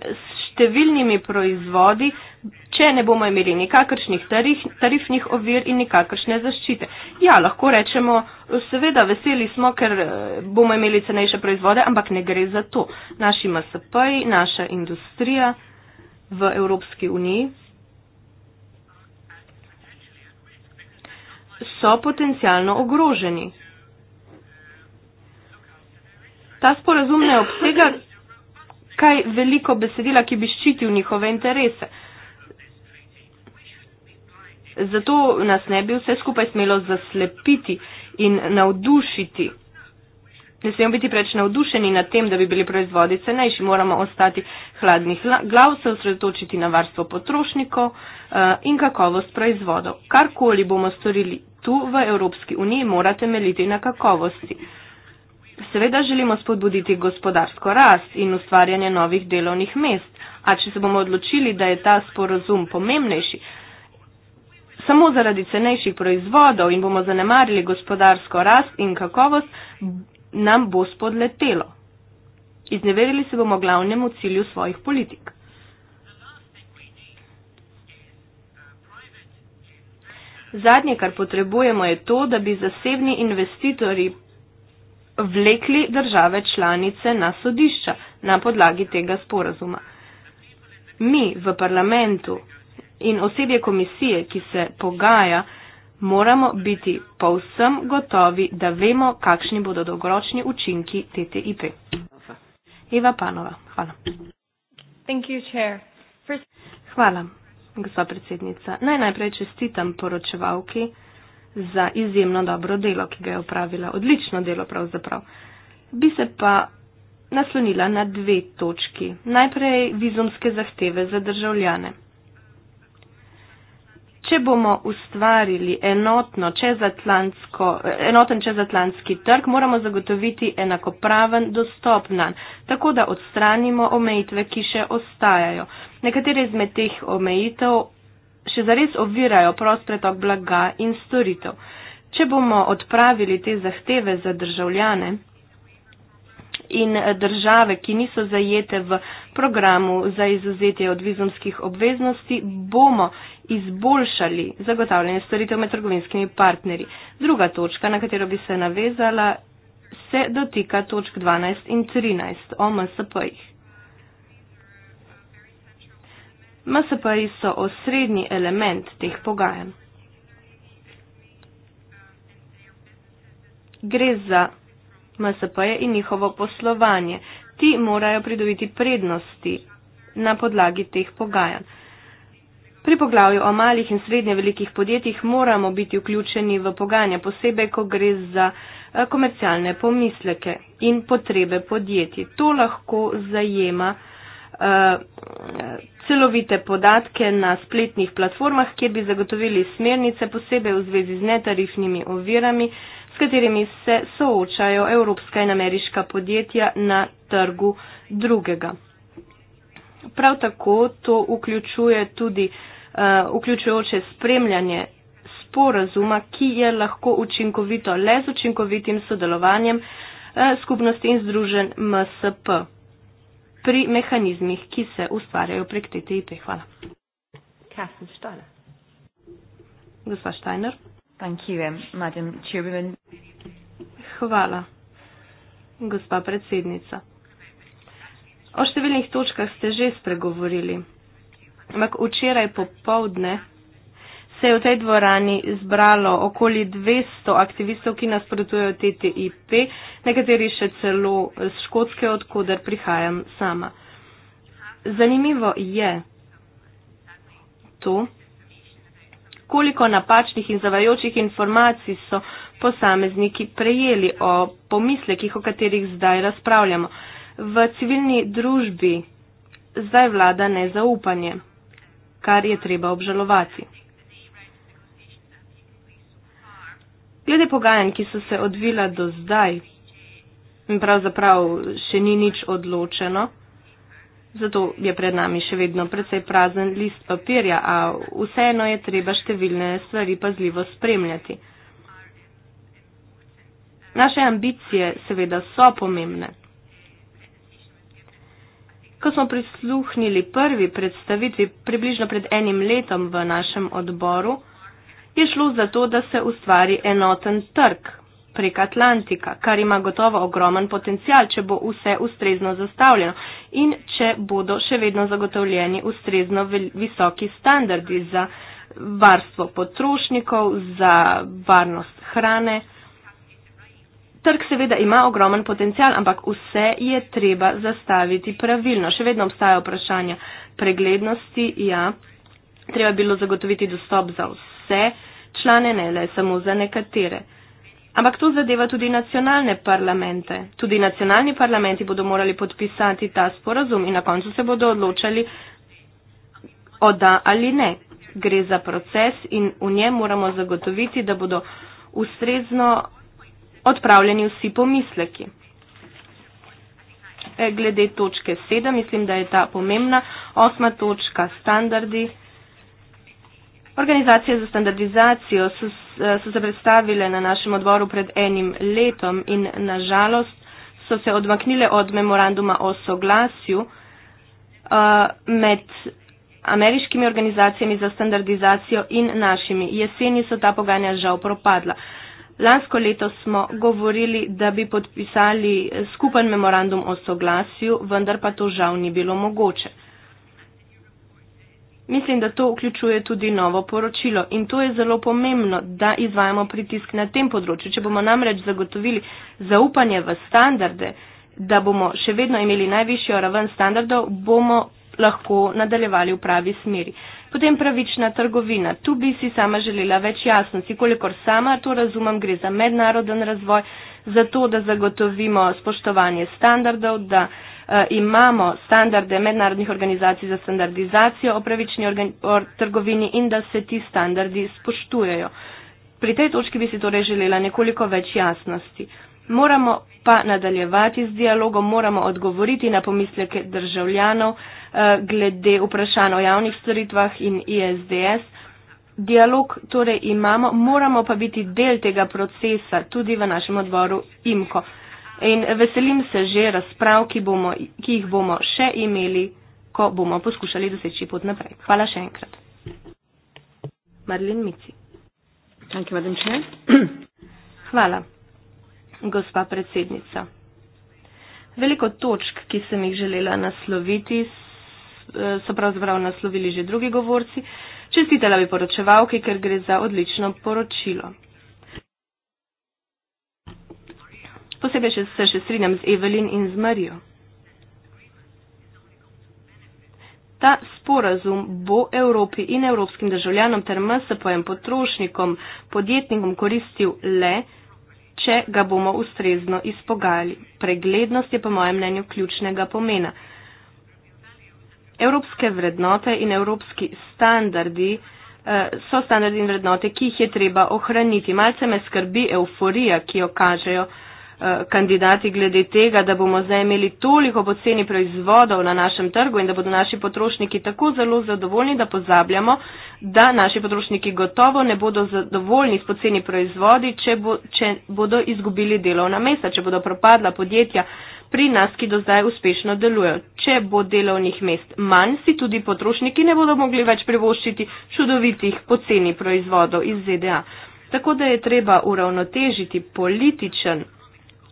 s številnimi proizvodi, če ne bomo imeli nikakršnih tarif, tarifnih ovir in nikakršne zaščite. Ja, lahko rečemo, seveda veseli smo, ker eh, bomo imeli cenejše proizvode, ampak ne gre za to. Naši MSP-ji, naša industrija v Evropski uniji so potencialno ogroženi. Ta sporazum ne obsega kaj veliko besedila, ki bi ščitil njihove interese. Zato nas ne bi vse skupaj smelo zaslepiti in navdušiti. Ne smemo biti preveč navdušeni nad tem, da bi bili proizvodi cenejši. Moramo ostati hladnih glav, se osredotočiti na varstvo potrošnikov eh, in kakovost proizvodov. Karkoli bomo storili tu v Evropski uniji, mora temeljiti na kakovosti. Seveda želimo spodbuditi gospodarsko rast in ustvarjanje novih delovnih mest, a če se bomo odločili, da je ta sporozum pomembnejši, samo zaradi cenejših proizvodov in bomo zanemarili gospodarsko rast in kakovost, nam bo spodletelo. Izneverili se bomo glavnemu cilju svojih politik. Zadnje, kar potrebujemo, je to, da bi zasebni investitorji vlekli države članice na sodišča na podlagi tega sporazuma. Mi v parlamentu in osebje komisije, ki se pogaja, moramo biti povsem gotovi, da vemo, kakšni bodo dolgoročni učinki TTIP. Eva Panova, hvala. Hvala, gospa predsednica. Naj najprej čestitam poročevalki za izjemno dobro delo, ki ga je upravila, odlično delo pravzaprav. Bi se pa naslonila na dve točki. Najprej vizumske zahteve za državljane. Če bomo ustvarili enotno čezatlantsko, enoten čezatlantski trg, moramo zagotoviti enakopraven dostop na, tako da odstranimo omejitve, ki še ostajajo. Nekatere izmed teh omejitev še zares ovirajo prost pretok blaga in storitev. Če bomo odpravili te zahteve za državljane in eh, države, ki niso zajete v programu za izuzetje od vizumskih obveznosti, bomo izboljšali zagotavljanje storitev med trgovinskimi partnerji. Druga točka, na katero bi se navezala, se dotika točk 12 in 13 o MSP-jih. MSP-ji so osrednji element teh pogajanj. Gre za MSP-je in njihovo poslovanje. Ti morajo pridobiti prednosti na podlagi teh pogajanj. Pri poglavju o malih in srednje velikih podjetjih moramo biti vključeni v pogajanja, posebej, ko gre za eh, komercialne pomisleke in potrebe podjetij. To lahko zajema. Eh, celovite podatke na spletnih platformah, kjer bi zagotovili smernice posebej v zvezi z netarifnimi ovirami, s katerimi se soočajo evropska in ameriška podjetja na trgu drugega. Prav tako to vključuje tudi eh, vključujoče spremljanje sporazuma, ki je lahko učinkovito le z učinkovitim sodelovanjem eh, skupnosti in združen MSP pri mehanizmih, ki se ustvarjajo prek TTIP. Hvala. Gospa Steiner. Thank you, um, Madam Chairman. Hvala, gospa predsednica. O številnih točkah ste že spregovorili, ampak včeraj popovdne se je v tej dvorani zbralo okoli 200 aktivistov, ki nasprotujejo TTIP, nekateri še celo z Škotske, odkuder prihajam sama. Zanimivo je to, koliko napačnih in zavajočih informacij so posamezniki prejeli o pomislekih, o katerih zdaj razpravljamo. V civilni družbi zdaj vlada nezaupanje, kar je treba obžalovati. Glede pogajanj, ki so se odvila do zdaj, in pravzaprav še ni nič odločeno, zato je pred nami še vedno precej prazen list papirja, a vseeno je treba številne stvari pazljivo spremljati. Naše ambicije seveda so pomembne. Ko smo prisluhnili prvi predstavitvi približno pred enim letom v našem odboru, je šlo za to, da se ustvari enoten trg prek Atlantika, kar ima gotovo ogroman potencial, če bo vse ustrezno zastavljeno in če bodo še vedno zagotovljeni ustrezno visoki standardi za varstvo potrošnikov, za varnost hrane. Trg seveda ima ogroman potencial, ampak vse je treba zastaviti pravilno. Še vedno obstajajo vprašanja preglednosti, ja, treba je bilo zagotoviti dostop za vse vse člane, ne le samo za nekatere. Ampak to zadeva tudi nacionalne parlamente. Tudi nacionalni parlamenti bodo morali podpisati ta sporazum in na koncu se bodo odločali, oda ali ne. Gre za proces in v njem moramo zagotoviti, da bodo ustrezno odpravljeni vsi pomisleki. E, glede točke 7, mislim, da je ta pomembna. Osma točka, standardi. Organizacije za standardizacijo so, eh, so se predstavile na našem odboru pred enim letom in nažalost so se odmaknile od memoranduma o soglasju uh, med ameriškimi organizacijami za standardizacijo in našimi. Jeseni so ta pogajanja žal propadla. Lansko leto smo govorili, da bi podpisali eh, skupen memorandum o soglasju, vendar pa to žal ni bilo mogoče. Mislim, da to vključuje tudi novo poročilo in to je zelo pomembno, da izvajamo pritisk na tem področju. Če bomo namreč zagotovili zaupanje v standarde, da bomo še vedno imeli najvišjo raven standardov, bomo lahko nadaljevali v pravi smeri. Potem pravična trgovina. Tu bi si sama želela več jasnosti, kolikor sama to razumem, gre za mednaroden razvoj, za to, da zagotovimo spoštovanje standardov, da. Eh, imamo standarde mednarodnih organizacij za standardizacijo o pravični o trgovini in da se ti standardi spoštujejo. Pri tej točki bi si torej želela nekoliko več jasnosti. Moramo pa nadaljevati z dialogom, moramo odgovoriti na pomisleke državljanov eh, glede vprašanj o javnih storitvah in ISDS. Dialog torej imamo, moramo pa biti del tega procesa tudi v našem odboru IMKO in veselim se že razprav, ki, bomo, ki jih bomo še imeli, ko bomo poskušali doseči pot naprej. Hvala še enkrat. Marlin Mici. Hvala, gospa predsednica. Veliko točk, ki sem jih želela nasloviti, eh, so pravzaprav naslovili že drugi govorci. Čestitela bi poročevalki, ker gre za odlično poročilo. Posebej še, se še strinjam z Evelin in z Marijo. Ta sporazum bo Evropi in evropskim državljanom ter MSP-jem potrošnikom, podjetnikom koristil le, če ga bomo ustrezno izpogajali. Preglednost je po mojem mnenju ključnega pomena. Evropske vrednote in evropski standardi eh, so standardi in vrednote, ki jih je treba ohraniti. Malce me skrbi euforija, ki jo kažejo Eh, kandidati glede tega, da bomo zdaj imeli toliko poceni proizvodov na našem trgu in da bodo naši potrošniki tako zelo zadovoljni, da pozabljamo, da naši potrošniki gotovo ne bodo zadovoljni s poceni proizvodi, če, bo, če bodo izgubili delovna mesta, če bodo propadla podjetja pri nas, ki do zdaj uspešno delujejo. Če bo delovnih mest manj, si tudi potrošniki ne bodo mogli več privoščiti čudovitih poceni proizvodov iz ZDA. Tako da je treba uravnotežiti političen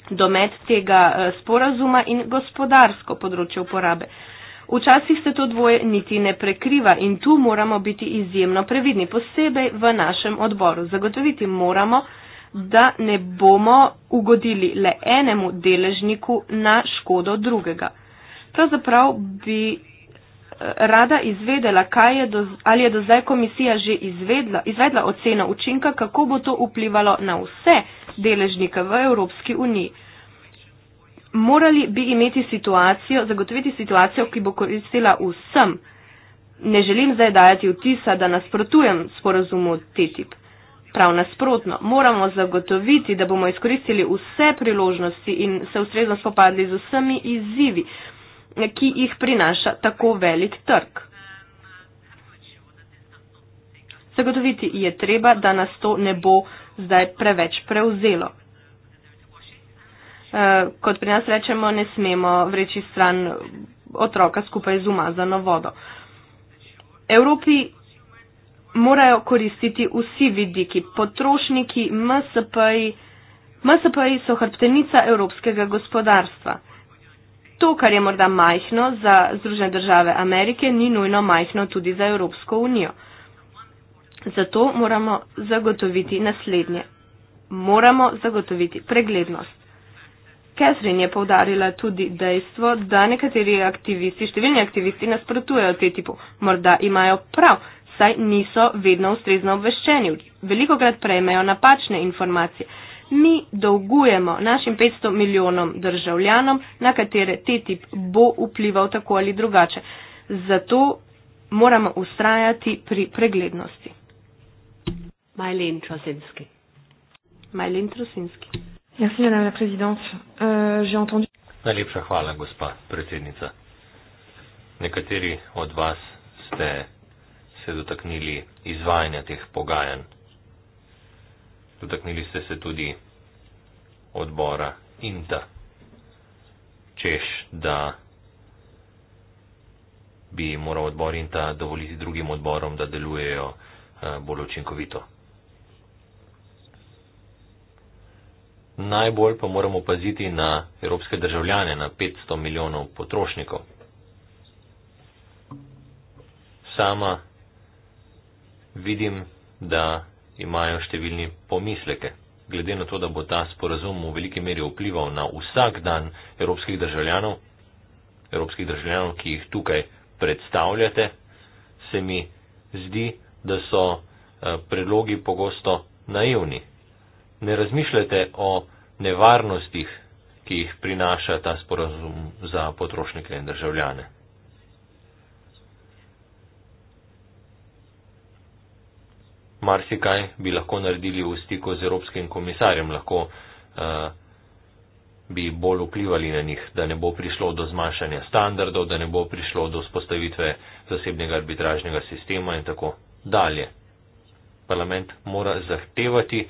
domet tega eh, sporazuma in gospodarsko področje uporabe. Včasih se to dvoje niti ne prekriva in tu moramo biti izjemno previdni, posebej v našem odboru. Zagotoviti moramo, da ne bomo ugodili le enemu deležniku na škodo drugega. Pravzaprav bi eh, rada izvedela, je do, ali je do zdaj komisija že izvedla, izvedla oceno učinka, kako bo to vplivalo na vse deležnika v Evropski uniji. Morali bi imeti situacijo, zagotoviti situacijo, ki bo koristila vsem. Ne želim zdaj dajati vtisa, da nasprotujem sporozumu TTIP. Prav nasprotno, moramo zagotoviti, da bomo izkoristili vse priložnosti in se ustrezno spopadli z vsemi izzivi, ki jih prinaša tako velik trg. Zagotoviti je treba, da nas to ne bo zdaj preveč prevzelo. Eh, kot pri nas rečemo, ne smemo vreči stran otroka skupaj z umazano vodo. Evropi morajo koristiti vsi vidiki, potrošniki, MSP-ji. MSP-ji so hrbtenica evropskega gospodarstva. To, kar je morda majhno za Združene države Amerike, ni nujno majhno tudi za Evropsko unijo. Zato moramo zagotoviti naslednje. Moramo zagotoviti preglednost. Catherine je povdarila tudi dejstvo, da nekateri aktivisti, številni aktivisti nasprotujejo te tipu. Morda imajo prav, saj niso vedno ustrezno obveščeni. Veliko krat prejmejo napačne informacije. Mi dolgujemo našim 500 milijonom državljanom, na katere te tip bo vplival tako ali drugače. Zato moramo ustrajati pri preglednosti. Maëlyn Trosinski. Maëlyn Trosinski. Merci, madame la présidente. Euh, J'ai entendu. Najlepša hvala, gospa predsednica. Nekateri od vas ste se dotaknili izvajanja teh pogajanj. Dotaknili ste se tudi odbora INTA, češ, da bi moral odbor INTA dovoliti drugim odborom, da delujejo eh, bolj učinkovito. najbolj pa moramo paziti na evropske državljane, na 500 milijonov potrošnikov. Sama vidim, da imajo številni pomisleke. Glede na to, da bo ta sporazum v veliki meri vplival na vsak dan evropskih državljanov, evropskih državljanov, ki jih tukaj predstavljate, se mi zdi, da so eh, predlogi pogosto naivni ne razmišljate o nevarnostih, ki jih prinaša ta sporazum za potrošnike in državljane. Marsikaj bi lahko naredili v stiku z Evropskim komisarjem, lahko uh, bi bolj vplivali na njih, da ne bo prišlo do zmanjšanja standardov, da ne bo prišlo do spostavitve zasebnega arbitražnega sistema in tako dalje. Parlament mora zahtevati,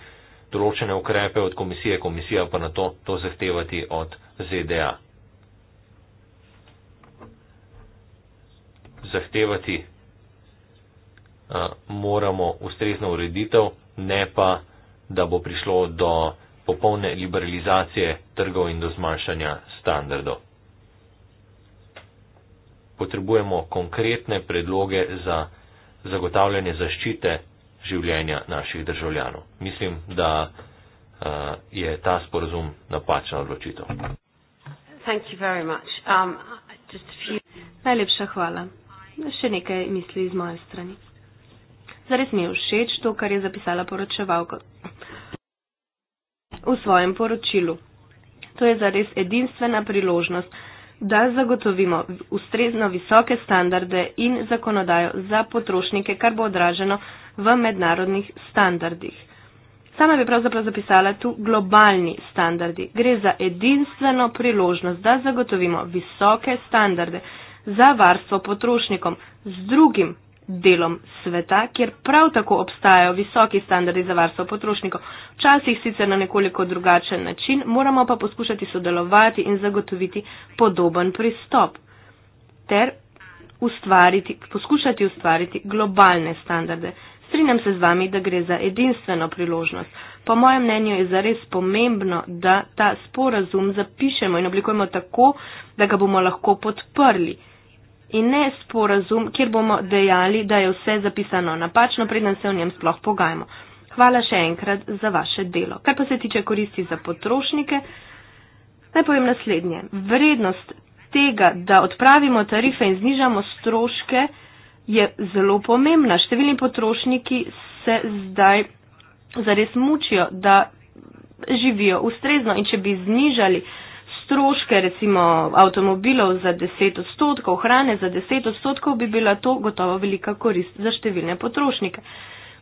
določene ukrepe od komisije, komisija pa na to, to zahtevati od ZDA. Zahtevati a, moramo ustrezno ureditev, ne pa, da bo prišlo do popolne liberalizacije trgov in do zmanjšanja standardov. Potrebujemo konkretne predloge za zagotavljanje zaščite življenja naših državljanov. Mislim, da uh, je ta sporozum napačna odločitev. Um, few... Najlepša hvala. Še nekaj misli iz moje strani. Zares mi je všeč to, kar je zapisala poročevalka v svojem poročilu. To je zares edinstvena priložnost, da zagotovimo ustrezno visoke standarde in zakonodajo za potrošnike, kar bo odraženo v mednarodnih standardih. Sama bi pravzaprav zapisala tu globalni standardi. Gre za edinstveno priložnost, da zagotovimo visoke standarde za varstvo potrošnikom z drugim delom sveta, kjer prav tako obstajajo visoki standardi za varstvo potrošnikov, včasih sicer na nekoliko drugačen način, moramo pa poskušati sodelovati in zagotoviti podoben pristop ter ustvariti, poskušati ustvariti globalne standarde. Strinjam se z vami, da gre za edinstveno priložnost. Po mojem mnenju je zares pomembno, da ta sporazum zapišemo in oblikujemo tako, da ga bomo lahko podprli. In ne sporazum, kjer bomo dejali, da je vse zapisano napačno, preden se o njem sploh pogajamo. Hvala še enkrat za vaše delo. Kar pa se tiče koristi za potrošnike, naj povem naslednje. Vrednost tega, da odpravimo tarife in znižamo stroške, je zelo pomembna. Številni potrošniki se zdaj zares mučijo, da živijo ustrezno in če bi znižali stroške recimo avtomobilov za 10 odstotkov, hrane za 10 odstotkov, bi bila to gotovo velika korist za številne potrošnike.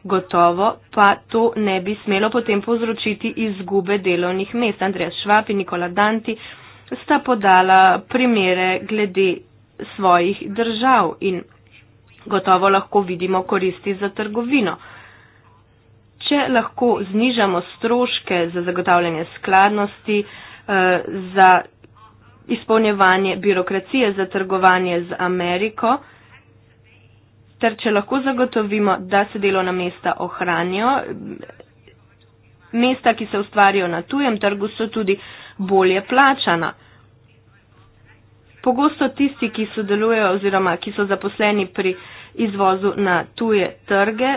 Gotovo pa to ne bi smelo potem povzročiti izgube delovnih mest. Andreas Švab in Nikola Danti sta podala primere glede svojih držav in gotovo lahko vidimo koristi za trgovino. Če lahko znižamo stroške za zagotavljanje skladnosti, eh, za izpolnjevanje birokracije za trgovanje z Ameriko, ter če lahko zagotovimo, da se delovna mesta ohranijo, mesta, ki se ustvarjajo na tujem trgu, so tudi bolje plačana pogosto tisti, ki sodelujejo oziroma ki so zaposleni pri izvozu na tuje trge,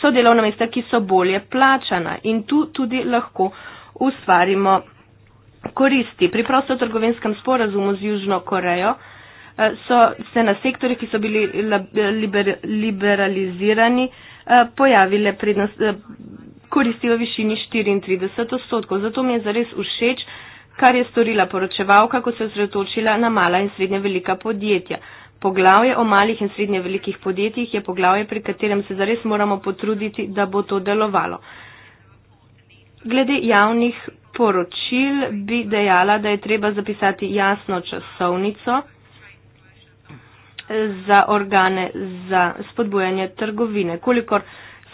so delovna mesta, ki so bolje plačana in tu tudi lahko ustvarimo koristi. Pri prostotrgovinskem sporazumu z Južno Korejo eh, so se na sektorjih, ki so bili liber, liberalizirani, eh, pojavile prednost, eh, koristi v višini 34 odstotkov. Zato mi je zares všeč, kar je storila poročevalka, ko se je zredotočila na mala in srednje velika podjetja. Poglavje o malih in srednje velikih podjetjih je poglavje, pri katerem se zares moramo potruditi, da bo to delovalo. Glede javnih poročil bi dejala, da je treba zapisati jasno časovnico eh, za organe za spodbujanje trgovine. Kolikor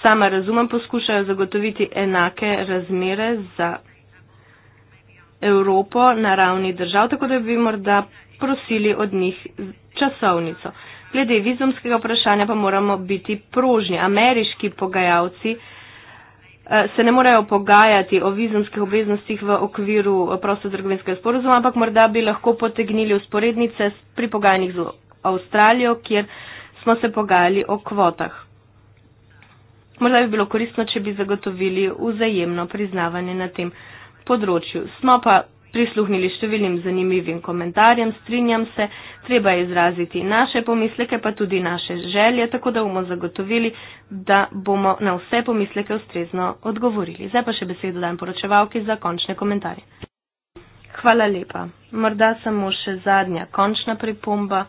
sama razumem, poskušajo zagotoviti enake razmere za Evropo na ravni držav, tako da bi morda prosili od njih časovnico. Glede vizumskega vprašanja pa moramo biti prožni. Ameriški pogajalci eh, se ne morejo pogajati o vizumskih obveznostih v okviru eh, prostotrgovinskega sporozuma, ampak morda bi lahko potegnili usporednice pri pogajanjih z Avstralijo, kjer smo se pogajali o kvotah. Morda bi bilo koristno, če bi zagotovili vzajemno priznavanje na tem področju področju. Smo pa prisluhnili številnim zanimivim komentarjem, strinjam se, treba je izraziti naše pomisleke, pa tudi naše želje, tako da bomo zagotovili, da bomo na vse pomisleke ustrezno odgovorili. Zdaj pa še besedo dajem poročevalki za končne komentarje. Hvala lepa. Morda samo še zadnja končna pripomba.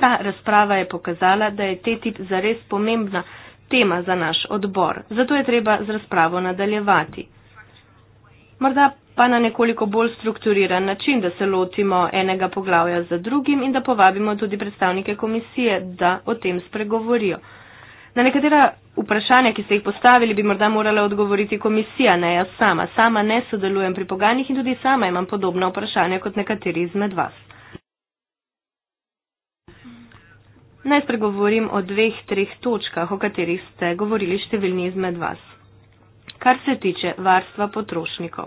Ta razprava je pokazala, da je TTIP zares pomembna tema za naš odbor. Zato je treba z razpravo nadaljevati morda pa na nekoliko bolj strukturiran način, da se lotimo enega poglavja za drugim in da povabimo tudi predstavnike komisije, da o tem spregovorijo. Na nekatera vprašanja, ki ste jih postavili, bi morda morala odgovoriti komisija, ne jaz sama. Sama ne sodelujem pri pogajanjih in tudi sama imam podobna vprašanja kot nekateri izmed vas. Naj spregovorim o dveh, treh točkah, o katerih ste govorili številni izmed vas kar se tiče varstva potrošnikov.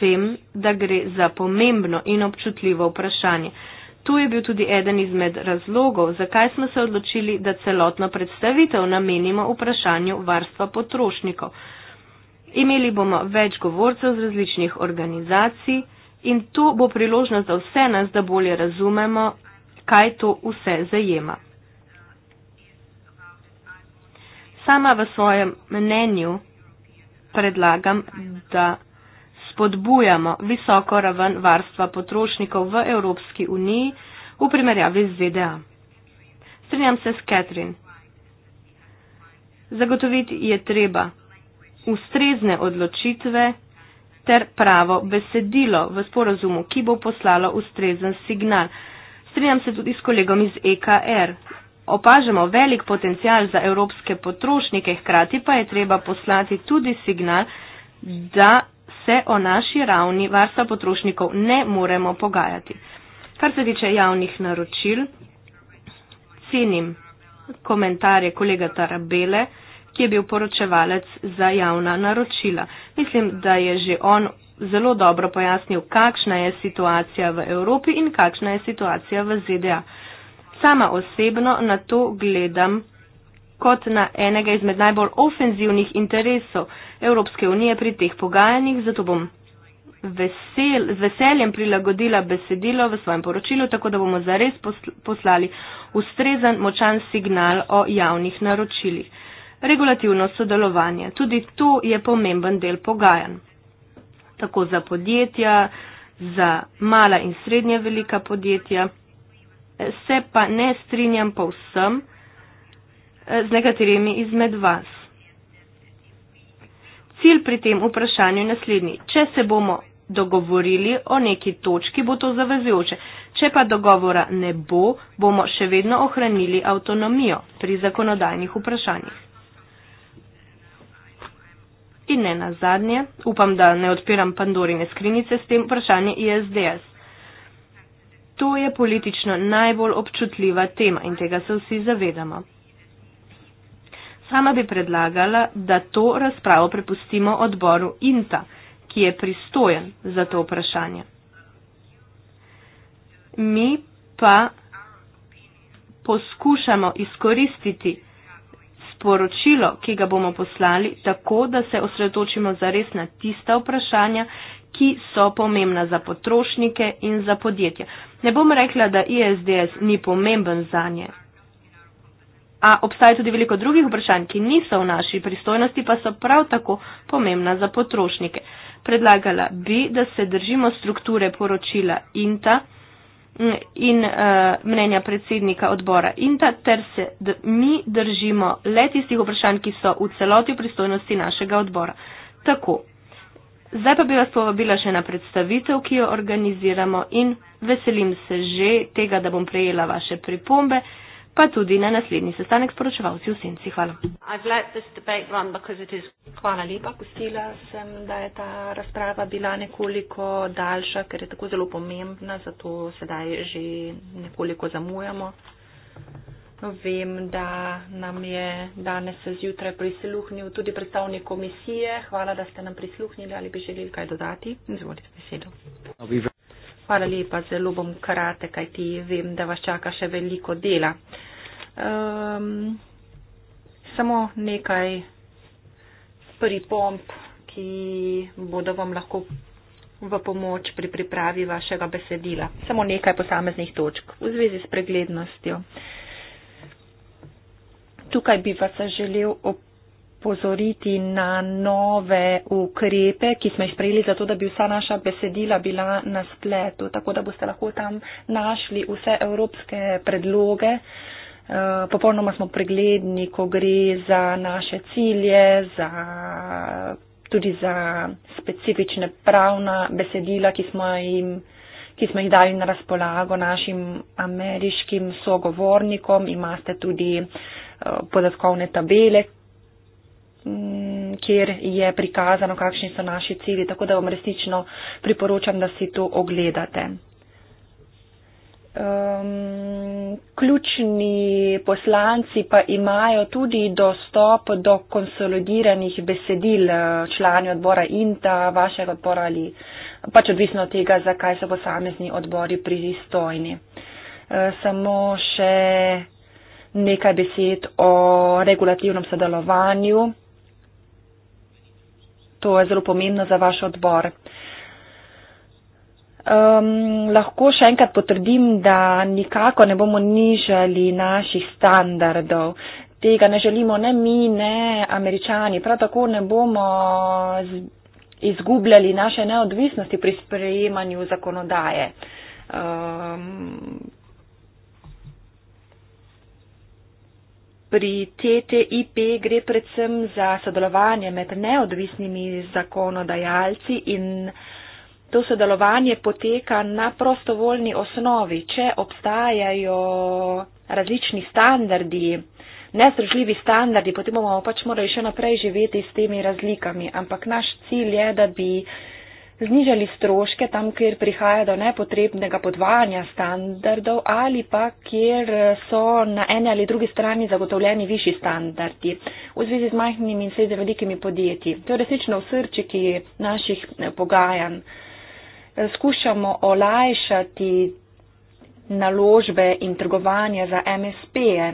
Vem, da gre za pomembno in občutljivo vprašanje. To je bil tudi eden izmed razlogov, zakaj smo se odločili, da celotno predstavitev namenimo vprašanju varstva potrošnikov. Imeli bomo več govorcev z različnih organizacij in to bo priložnost za vse nas, da bolje razumemo, kaj to vse zajema. sama v svojem mnenju predlagam, da spodbujamo visoko raven varstva potrošnikov v Evropski uniji v primerjavi z ZDA. Strinjam se s Katrin. Zagotoviti je treba ustrezne odločitve ter pravo besedilo v sporozumu, ki bo poslalo ustrezen signal. Strinjam se tudi s kolegom iz EKR. Opažamo velik potencial za evropske potrošnike, hkrati pa je treba poslati tudi signal, da se o naši ravni varstva potrošnikov ne moremo pogajati. Kar se tiče javnih naročil, cenim komentarje kolega Tarabele, ki je bil poročevalec za javna naročila. Mislim, da je že on zelo dobro pojasnil, kakšna je situacija v Evropi in kakšna je situacija v ZDA. Sama osebno na to gledam kot na enega izmed najbolj ofenzivnih interesov Evropske unije pri teh pogajanjih, zato bom vesel, z veseljem prilagodila besedilo v svojem poročilu, tako da bomo zares poslali ustrezen, močan signal o javnih naročilih. Regulativno sodelovanje. Tudi to je pomemben del pogajanj. Tako za podjetja, za mala in srednja velika podjetja se pa ne strinjam povsem eh, z nekaterimi izmed vas. Cilj pri tem vprašanju je naslednji. Če se bomo dogovorili o neki točki, bo to zavezujoče. Če pa dogovora ne bo, bomo še vedno ohranili avtonomijo pri zakonodajnih vprašanjih. In ne nazadnje, upam, da ne odpiram pandorine skrinice s tem vprašanjem ISDS. To je politično najbolj občutljiva tema in tega se vsi zavedamo. Sama bi predlagala, da to razpravo prepustimo odboru INTA, ki je pristojen za to vprašanje. Mi pa poskušamo izkoristiti sporočilo, ki ga bomo poslali, tako da se osredotočimo zares na tista vprašanja, ki so pomembna za potrošnike in za podjetja. Ne bom rekla, da ISDS ni pomemben za nje. A obstaja tudi veliko drugih vprašanj, ki niso v naši pristojnosti, pa so prav tako pomembna za potrošnike. Predlagala bi, da se držimo strukture poročila INTA mm, in uh, mnenja predsednika odbora INTA, ter se mi držimo le tistih vprašanj, ki so v celoti v pristojnosti našega odbora. Tako, Zdaj pa bi vas povabila še na predstavitev, ki jo organiziramo in veselim se že tega, da bom prejela vaše pripombe, pa tudi na naslednji sestanek s poročevalci v Senci. Hvala. Hvala lepa, postila sem, da je ta razprava bila nekoliko daljša, ker je tako zelo pomembna, zato sedaj že nekoliko zamujamo. Vem, da nam je danes zjutraj prisluhnil tudi predstavnik komisije. Hvala, da ste nam prisluhnili ali bi želeli kaj dodati. Izvolite besedo. Hvala lepa, zelo bom krate, kajti vem, da vas čaka še veliko dela. Um, samo nekaj pripomp, ki bodo vam lahko v pomoč pri pripravi vašega besedila. Samo nekaj posameznih točk v zvezi s preglednostjo. Uh, Tukaj bi vas želel opozoriti na nove ukrepe, ki smo jih sprejeli, zato da bi vsa naša besedila bila na spletu, tako da boste lahko tam našli vse evropske predloge. Eh, popolnoma smo pregledni, ko gre za naše cilje, za, tudi za specifične pravna besedila, ki smo jim ki smo jih dali na razpolago našim ameriškim sogovornikom. Imate tudi uh, podatkovne tabele, mm, kjer je prikazano, kakšni so naši cilji, tako da vam resnično priporočam, da si to ogledate. Um, ključni poslanci pa imajo tudi dostop do konsolidiranih besedil eh, člani odbora INTA, vašega odbora ali pač odvisno od tega, zakaj so posamezni odbori pristojni. Uh, samo še nekaj besed o regulativnem sodelovanju. To je zelo pomembno za vaš odbor. Um, lahko še enkrat potrdim, da nikako ne bomo nižali naših standardov. Tega ne želimo ne mi, ne američani. Prav tako ne bomo izgubljali naše neodvisnosti pri sprejemanju zakonodaje. Um, Pri TTIP gre predvsem za sodelovanje med neodvisnimi zakonodajalci in to sodelovanje poteka na prostovoljni osnovi, če obstajajo različni standardi. Nezdružljivi standardi, potem bomo pač morali še naprej živeti s temi razlikami, ampak naš cilj je, da bi znižali stroške tam, kjer prihaja do nepotrebnega podvajanja standardov ali pa kjer so na eni ali drugi strani zagotovljeni višji standardi v zvezi z majhnimi in sredi velikimi podjetji. To je resnično v srčiki naših eh, pogajanj. Skušamo olajšati naložbe in trgovanje za MSP. Eh,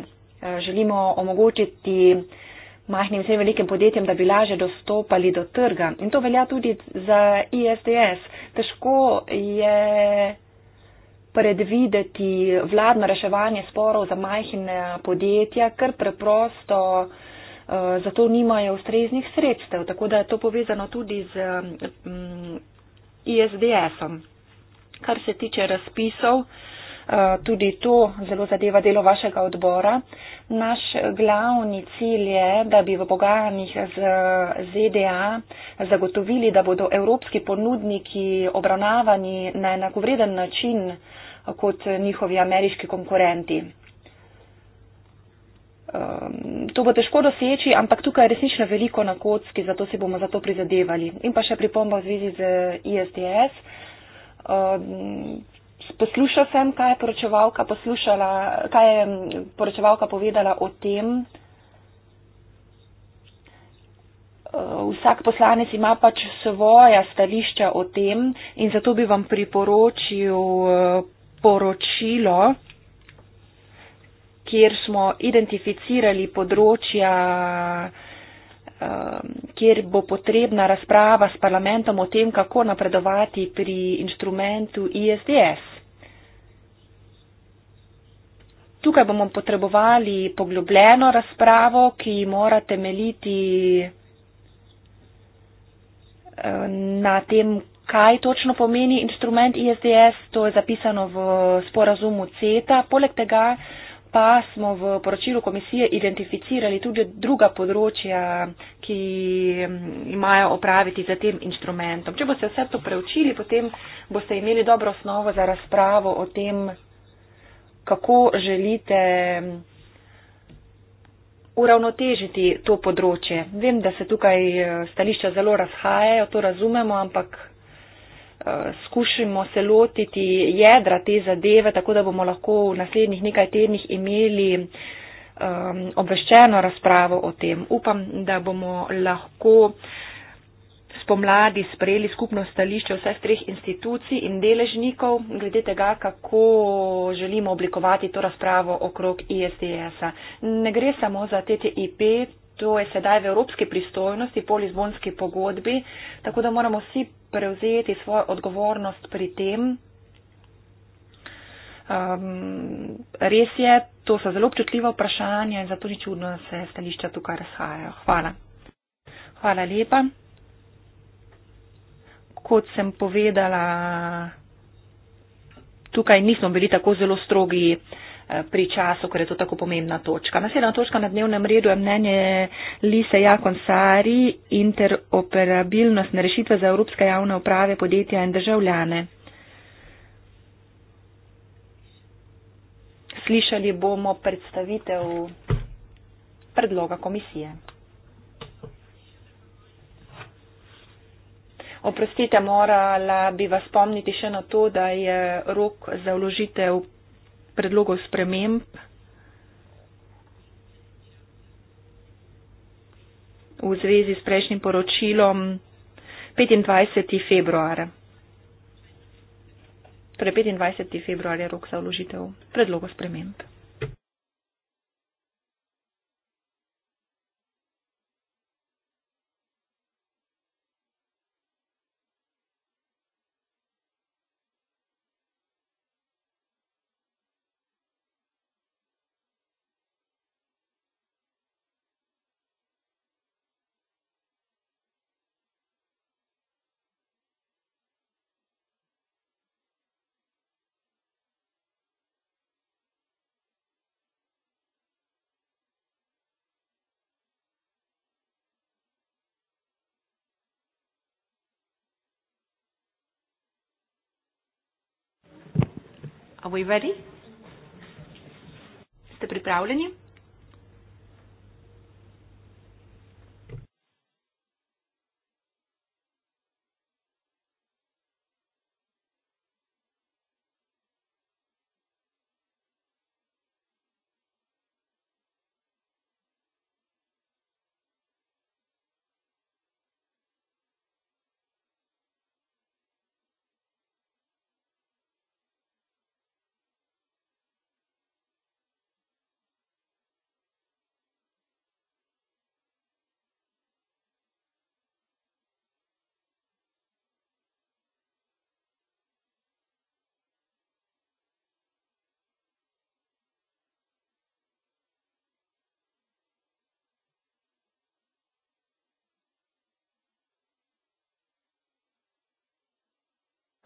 želimo omogočiti majhnim in srednjim podjetjem, da bi lažje dostopali do trga. In to velja tudi za ISDS. Težko je predvideti vladno reševanje sporov za majhne podjetja, ker preprosto eh, zato nimajo ustreznih sredstev. Tako da je to povezano tudi z mm, ISDS-om. Kar se tiče razpisov, Eh, tudi to zelo zadeva delo vašega odbora. Naš glavni cilj je, da bi v pogajanjih z ZDA zagotovili, da bodo evropski ponudniki obravnavani na enakovreden način kot njihovi ameriški konkurenti. Ehm, to bo težko doseči, ampak tukaj je resnično veliko na kocki, zato se bomo za to prizadevali. In pa še pripomba v zvezi z ISDS poslušal sem, kaj je poročevalka poslušala, kaj je mm, poročevalka povedala o tem. Eh, vsak poslanec ima pač svoja stališča o tem in zato bi vam priporočil eh, poročilo, kjer smo identificirali področja, eh, kjer bo potrebna razprava s parlamentom o tem, kako napredovati pri instrumentu ISDS. Tukaj bomo potrebovali poglobljeno razpravo, ki mora temeljiti eh, na tem, kaj točno pomeni instrument ISDS. To je zapisano v sporazumu CETA. Poleg tega pa smo v poročilu komisije identificirali tudi druga področja, ki mm, imajo opraviti za tem instrumentom. Če boste vse to preučili, potem boste imeli dobro osnovo za razpravo o tem kako želite mm, uravnotežiti to področje. Vem, da se tukaj eh, stališča zelo razhajajo, to razumemo, ampak eh, skušimo se lotiti jedra te zadeve, tako da bomo lahko v naslednjih nekaj tednih imeli eh, obveščeno razpravo o tem. Upam, da bomo lahko spomladi sprejeli skupno stališče vseh treh institucij in deležnikov glede tega, kako želimo oblikovati to razpravo okrog ISDS-a. E ne gre samo za TTIP, to je sedaj v evropski pristojnosti po Lizbonski pogodbi, tako da moramo vsi prevzeti svojo odgovornost pri tem. Um, res je, to so zelo občutljiva vprašanja in zato ni čudno, da se stališča tukaj razhajajo. Hvala. Hvala lepa kot sem povedala, tukaj nismo bili tako zelo strogi eh, pri času, ker je to tako pomembna točka. Naslednja točka na dnevnem redu je mnenje Lise Jakonsari, interoperabilnost na rešitve za evropske javne uprave, podjetja in državljane. Slišali bomo predstavitev predloga komisije. Oprostite, morala bi vas spomniti še na to, da je rok za vložitev predlogov sprememb v zvezi s prejšnjim poročilom 25. februar. Torej 25. februar je rok za vložitev predlogov sprememb. Are we ready? Ste pripravljeni?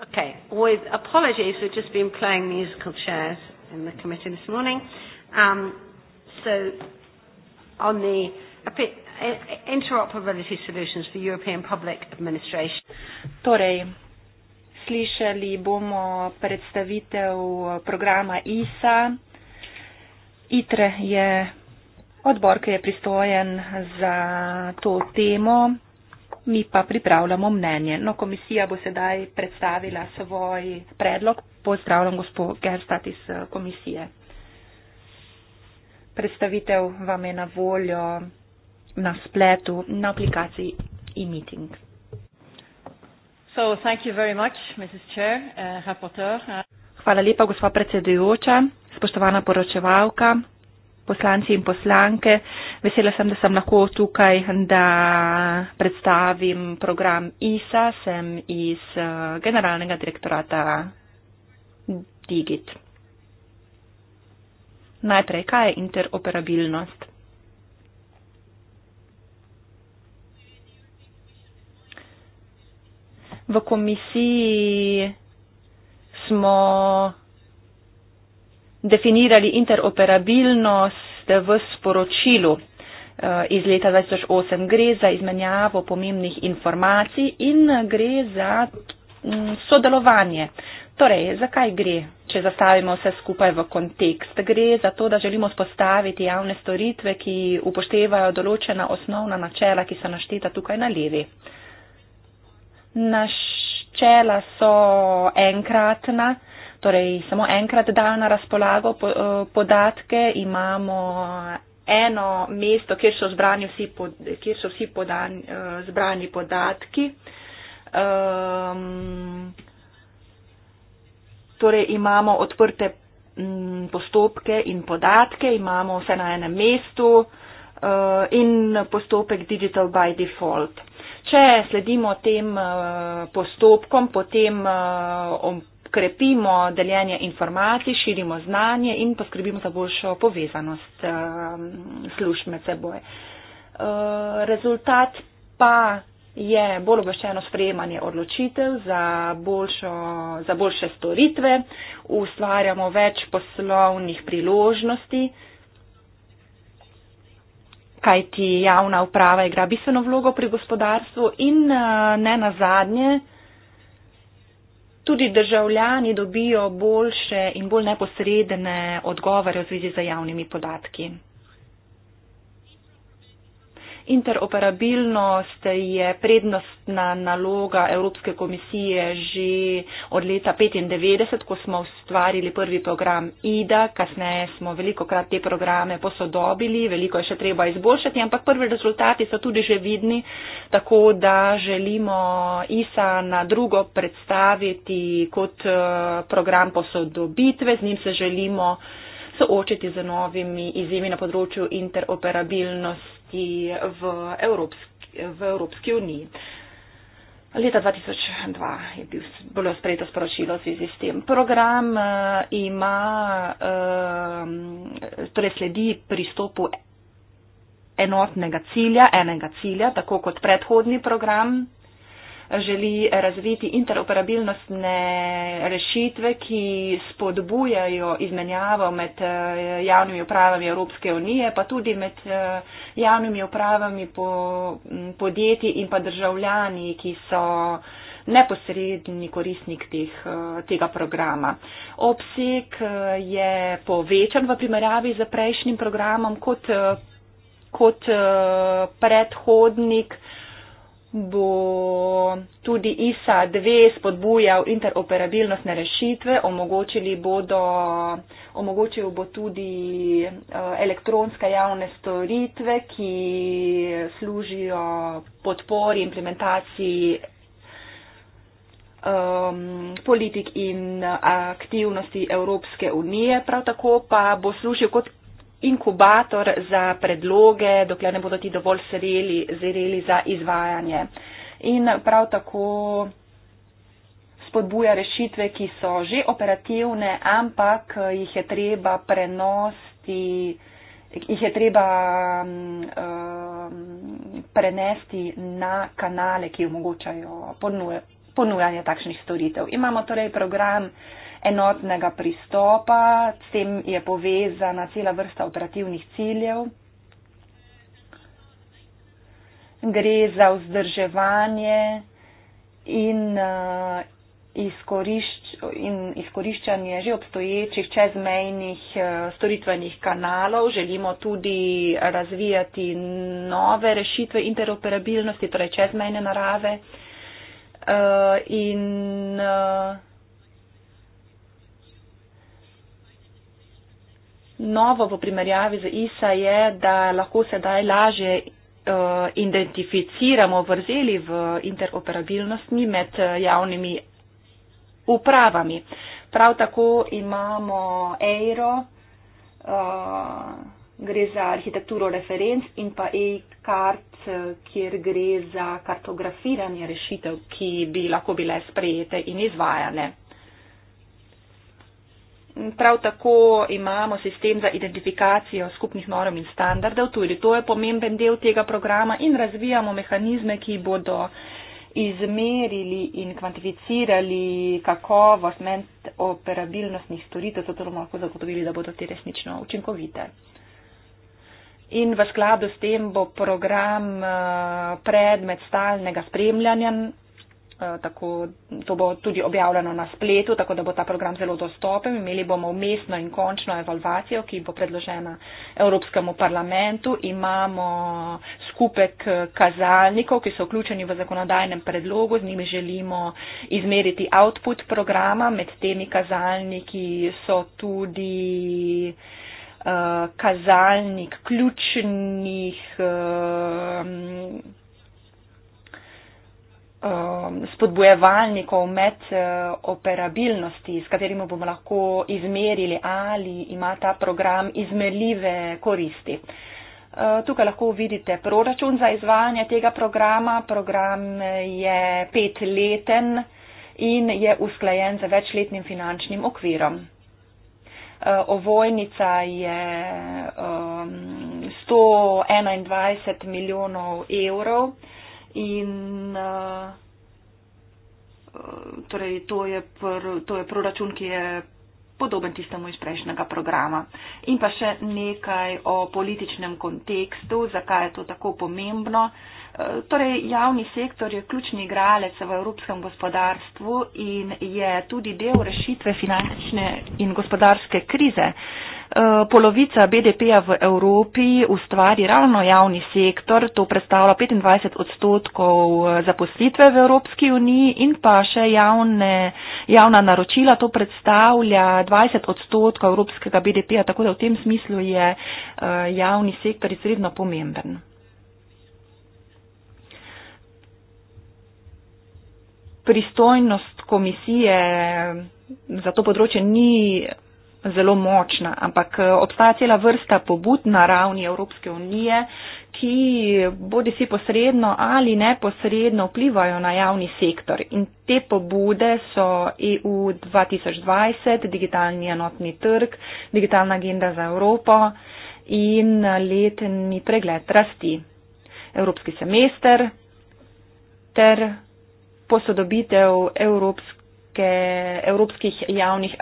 Okay, with apologies, we've just been playing musical chairs in the committee this morning. Um, so, on the interoperability solutions for European public administration. Torej, slišali bomo predstavitev programa ISA. ITRE je odbor, ki je pristojen za to temo mi pa pripravljamo mnenje. No, komisija bo sedaj predstavila svoj predlog. Pozdravljam gospod Gerstat iz eh, komisije. Predstavitev vam je na voljo na spletu na aplikaciji e-meeting. So, thank you very much, Mrs. Chair, uh, rapporteur. Hvala lepa, gospod predsedujoča, spoštovana poročevalka, poslanci in poslanke. Vesela sem, da sem lahko tukaj, da predstavim program ISA. Sem iz eh, generalnega direktorata Digit. Najprej, kaj je interoperabilnost? V komisiji smo definirali interoperabilnost v sporočilu eh, iz leta 2008. Gre za izmenjavo pomembnih informacij in gre za mm, sodelovanje. Torej, zakaj gre, če zastavimo vse skupaj v kontekst? Gre za to, da želimo spostaviti javne storitve, ki upoštevajo določena osnovna načela, ki so našteta tukaj na levi. Načela so enkratna, torej samo enkrat dajo na razpolago eh, podatke, imamo eno mesto, kjer so, zbrani vsi, pod, kjer so vsi podani eh, zbrani podatki. Um, torej imamo odprte mm, postopke in podatke, imamo vse na enem mestu uh, in postopek digital by default. Če sledimo tem uh, postopkom, potem uh, krepimo deljenje informacij, širimo znanje in poskrbimo za boljšo povezanost um, služb med seboj. Uh, rezultat pa je bolj obveščeno sprejemanje odločitev za, boljšo, za boljše storitve, ustvarjamo več poslovnih priložnosti, kajti javna uprava igra bistveno vlogo pri gospodarstvu in uh, ne nazadnje, tudi državljani dobijo boljše in bolj neposredne odgovore v zvezi z javnimi podatki. Interoperabilnost je prednostna naloga Evropske komisije že od leta 1995, ko smo ustvarili prvi program IDA. Kasneje smo veliko krat te programe posodobili, veliko je še treba izboljšati, ampak prvi rezultati so tudi že vidni, tako da želimo ISA na drugo predstaviti kot eh, program posodobitve. Z njim se želimo soočiti z novimi izjemi na področju interoperabilnosti vrednosti v Evropski, v Evropski uniji. Leta 2002 je bil, bilo sprejeto sporočilo v zvezi s tem. Program uh, ima, uh, torej sledi pristopu enotnega cilja, enega cilja, tako kot predhodni program želi razviti interoperabilnostne rešitve, ki spodbujajo izmenjavo med eh, javnimi upravami Evropske unije, pa tudi med eh, javnimi upravami po, podjetij in pa državljani, ki so neposredni koristnik teh, eh, tega programa. Obseg je povečan v primerjavi z prejšnjim programom kot, kot predhodnik bo tudi ISA 2 spodbujal interoperabilnostne rešitve, bodo, omogočil bo tudi e, elektronske javne storitve, ki služijo podpori implementaciji um, politik in e, aktivnosti Evropske unije, prav tako pa bo služil kot inkubator za predloge, dokler ne bodo ti dovolj sereli, zreli za izvajanje. In prav tako spodbuja rešitve, ki so že operativne, ampak jih je treba prenosti, jih je treba um, prenesti na kanale, ki omogočajo ponujanje takšnih storitev. Imamo torej program, enotnega pristopa, s tem je povezana cela vrsta operativnih ciljev. Gre za vzdrževanje in, eh, izkorišč, in izkoriščanje že obstoječih čezmejnih eh, storitvenih kanalov. Želimo tudi razvijati nove rešitve interoperabilnosti, torej čezmejne narave. Eh, in, novo v primerjavi z ISA je, da lahko sedaj lažje uh, identificiramo vrzeli v interoperabilnosti med eh, javnimi upravami. Prav tako imamo EIRO, uh, gre za arhitekturo referenc in pa e-kart, kjer gre za kartografiranje rešitev, ki bi lahko bile sprejete in izvajane prav tako imamo sistem za identifikacijo skupnih norm in standardov, tudi to je pomemben del tega programa in razvijamo mehanizme, ki bodo izmerili in kvantificirali kakovost ment operabilnostnih storitev, zato bomo lahko zagotovili, da bodo te resnično učinkovite. In v skladu s tem bo program eh, predmet stalnega spremljanja Eh, tako, to bo tudi objavljeno na spletu, tako da bo ta program zelo dostopen. Imeli bomo umestno in končno evalvacijo, ki bo predložena Evropskemu parlamentu. Imamo skupek eh, kazalnikov, ki so vključeni v zakonodajnem predlogu, z njimi želimo izmeriti output programa. Med temi kazalniki so tudi eh, kazalnik ključnih um, spodbujevalnikov med uh, operabilnosti, s katerimi bomo lahko izmerili, ali ima ta program izmerljive koristi. Uh, tukaj lahko vidite proračun za izvajanje tega programa. Program je petleten in je usklajen z večletnim finančnim okvirom. Uh, ovojnica je 121 um, milijonov evrov, In eh, torej, to, je pr, to je proračun, ki je podoben tistemu iz prejšnjega programa. In pa še nekaj o političnem kontekstu, zakaj je to tako pomembno. Eh, torej, javni sektor je ključni igralec v evropskem gospodarstvu in je tudi del rešitve finančne in gospodarske krize. Eh, polovica BDP-ja v Evropi ustvari ravno javni sektor, to predstavlja 25 odstotkov eh, zaposlitve v Evropski uniji in pa še javne, javna naročila, to predstavlja 20 odstotkov evropskega BDP-ja, tako da v tem smislu je eh, javni sektor izredno pomemben. Pristojnost komisije za to področje ni zelo močna, ampak eh, obstaja cela vrsta pobud na ravni Evropske unije, ki bodi si posredno ali neposredno vplivajo na javni sektor. In te pobude so EU 2020, digitalni enotni trg, digitalna agenda za Evropo in eh, letni pregled rasti, evropski semester ter posodobitev evropske evropske, evropskih javnih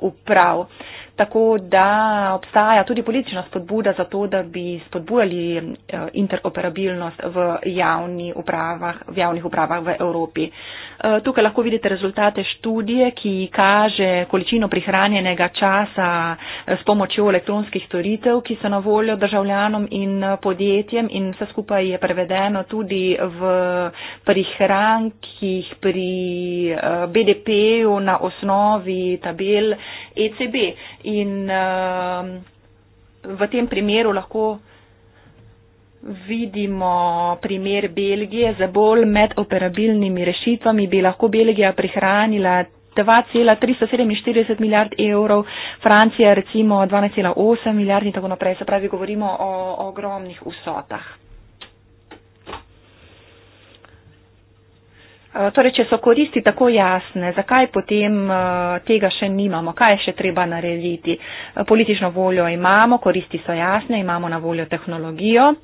uh, uprav. Tako da obstaja tudi politična spodbuda za to, da bi spodbujali eh, interoperabilnost v, javni upravah, v javnih upravah v Evropi. Uh, Eh, tukaj lahko vidite rezultate študije, ki kaže količino prihranjenega časa eh, s pomočjo elektronskih storitev, ki so na voljo državljanom in eh, podjetjem in vse skupaj je prevedeno tudi v prihrankih pri BDP-ju na osnovi tabel ECB. In v tem primeru lahko vidimo primer Belgije. Za bolj med operabilnimi rešitvami bi lahko Belgija prihranila 2,347 milijard evrov, Francija recimo 12,8 milijard in tako naprej. Se pravi, govorimo o ogromnih vsotah. E, torej, če so koristi tako jasne, zakaj potem e, tega še nimamo, kaj je še treba narediti? E, politično voljo imamo, koristi so jasne, imamo na voljo tehnologijo. Uh,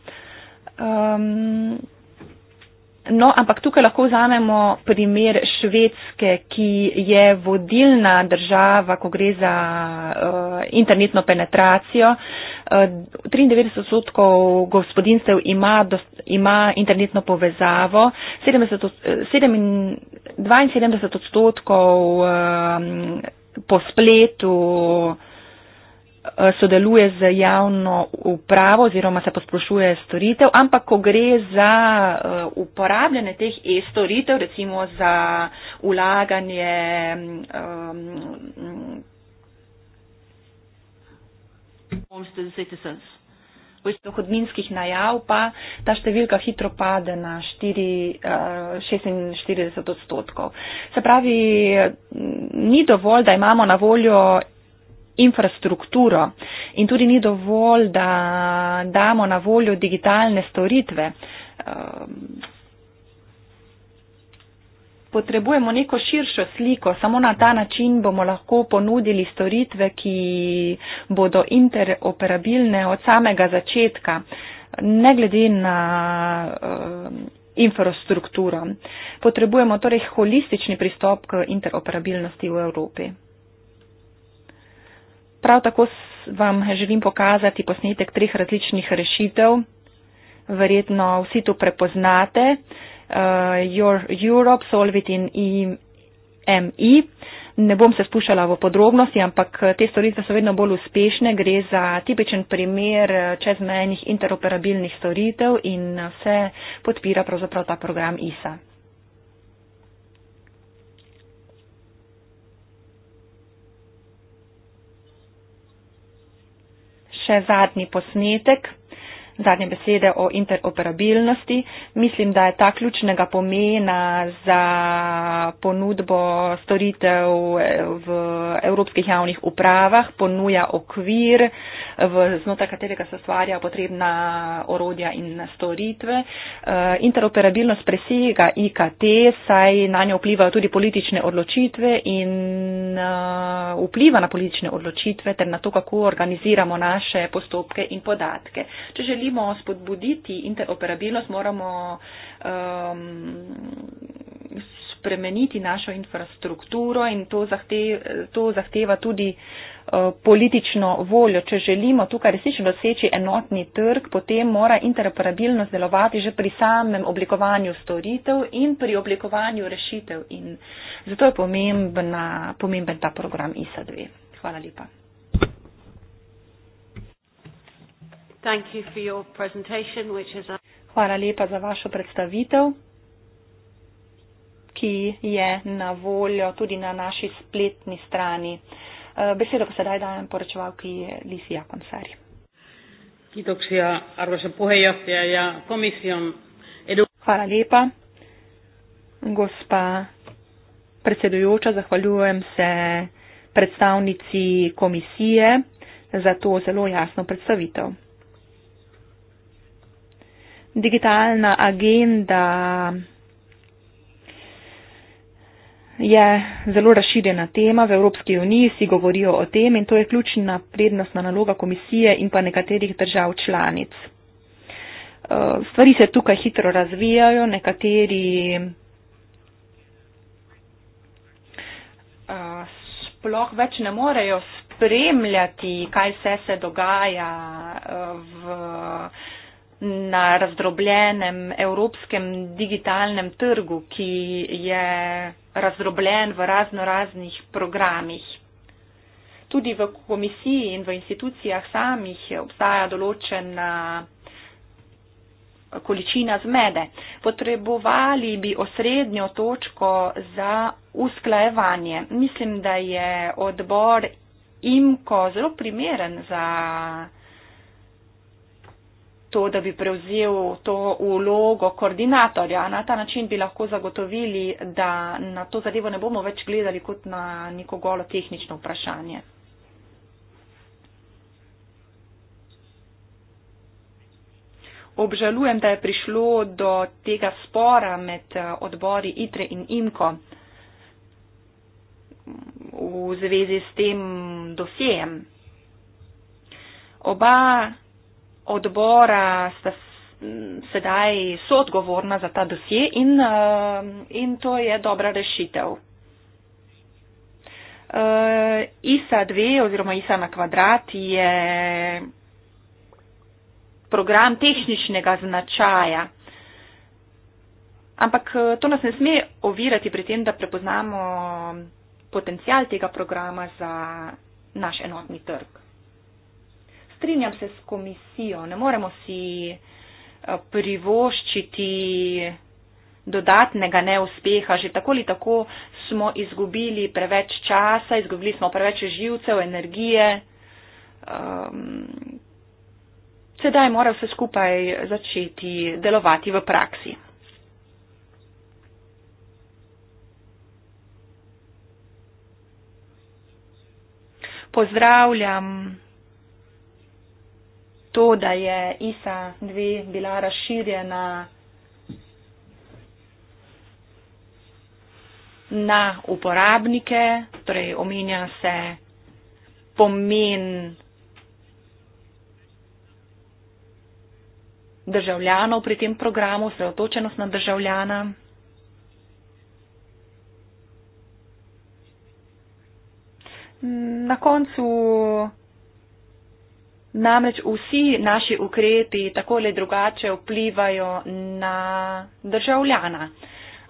Um, no, ampak tukaj lahko vzamemo primer Švedske, ki je vodilna država, ko gre za uh, internetno penetracijo. Uh, eh, 93 odstotkov gospodinstev ima, ima internetno povezavo, 70, 7, 72 odstotkov uh, po spletu. Eh, sodeluje z javno upravo oziroma se posprašuje storitev, ampak ko gre za eh, uporabljanje teh e-storitev, recimo za ulaganje. Um, Dohodninskih najav pa ta številka hitro pade na 4, 46 eh, odstotkov. Se pravi, ni dovolj, da imamo na voljo infrastrukturo in tudi ni dovolj, da damo na voljo digitalne storitve. Ehm, potrebujemo neko širšo sliko, samo na ta način bomo lahko ponudili storitve, ki bodo interoperabilne od samega začetka, ne glede na ehm, infrastrukturo. Potrebujemo torej holistični pristop k interoperabilnosti v Evropi. Prav tako vam želim pokazati posnetek treh različnih rešitev. Verjetno vsi to prepoznate. Uh, Your Europe, Solvit in EMI. E. Ne bom se spuščala v podrobnosti, ampak eh, te storitve so vedno bolj uspešne. Gre za tipičen primer eh, čezmejnih interoperabilnih storitev in vse podpira pravzaprav ta program ISA. še zadnji posnetek, zadnje besede o interoperabilnosti. Mislim, da je ta ključnega pomena za ponudbo storitev v evropskih javnih upravah, ponuja okvir. Uh, znotraj katerega se stvarja potrebna orodja in storitve. Eh, interoperabilnost presega IKT, saj na njo vplivajo tudi politične odločitve in eh, vpliva na politične odločitve ter na to, kako organiziramo naše postopke in podatke. Če želimo spodbuditi interoperabilnost, moramo um, spremeniti našo infrastrukturo in to, zahte, to zahteva tudi uh, Eh, politično voljo. Če želimo tukaj resnično doseči enotni trg, potem mora interoperabilnost delovati že pri samem oblikovanju storitev in pri oblikovanju rešitev. In zato je pomembna, pomemben ta program ISA 2. Hvala lepa. Thank you for your presentation, which is a... Hvala lepa za vašo predstavitev, ki je na voljo tudi na naši spletni strani. Uh, Eh, besedo pa sedaj dajem poročevalki Lisi Jakonsari. Ja Hvala lepa. Gospa predsedujoča, zahvaljujem se predstavnici komisije za to zelo jasno predstavitev. Digitalna agenda je zelo razširjena tema, v Evropski uniji si govorijo o tem in to je ključna prednostna naloga komisije in pa nekaterih držav članic. Eh, stvari se tukaj hitro razvijajo, nekateri eh, sploh več ne morejo spremljati, kaj vse se dogaja eh, v na razdrobljenem evropskem digitalnem trgu, ki je razdrobljen v razno raznih programih. Tudi v komisiji in v institucijah samih obstaja določena količina zmede. Potrebovali bi osrednjo točko za usklajevanje. Mislim, da je odbor IMKO zelo primeren za to, da bi prevzel to ulogo koordinatorja. Na ta način bi lahko zagotovili, da na to zadevo ne bomo več gledali kot na neko golo tehnično vprašanje. Obžalujem, da je prišlo do tega spora med eh, odbori ITRE in IMKO v zvezi s tem dosjejem. Oba odbora sta sedaj soodgovorna za ta dosje in, eh, in to je dobra rešitev. Eh, ISA 2 oziroma ISA na kvadrat je program tehničnega značaja. Ampak eh, to nas ne sme ovirati pri tem, da prepoznamo potencial tega programa za naš enotni trg strinjam se s komisijo, ne moremo si eh, privoščiti dodatnega neuspeha, že tako ali tako smo izgubili preveč časa, izgubili smo preveč živcev, energije. Ehm, sedaj mora vse skupaj začeti delovati v praksi. Pozdravljam to, da je ISA 2 bila razširjena na uporabnike, torej omenja se pomen državljanov pri tem programu, sredotočenost na državljana. Na koncu Namreč vsi naši ukrepi tako ali drugače vplivajo na državljana.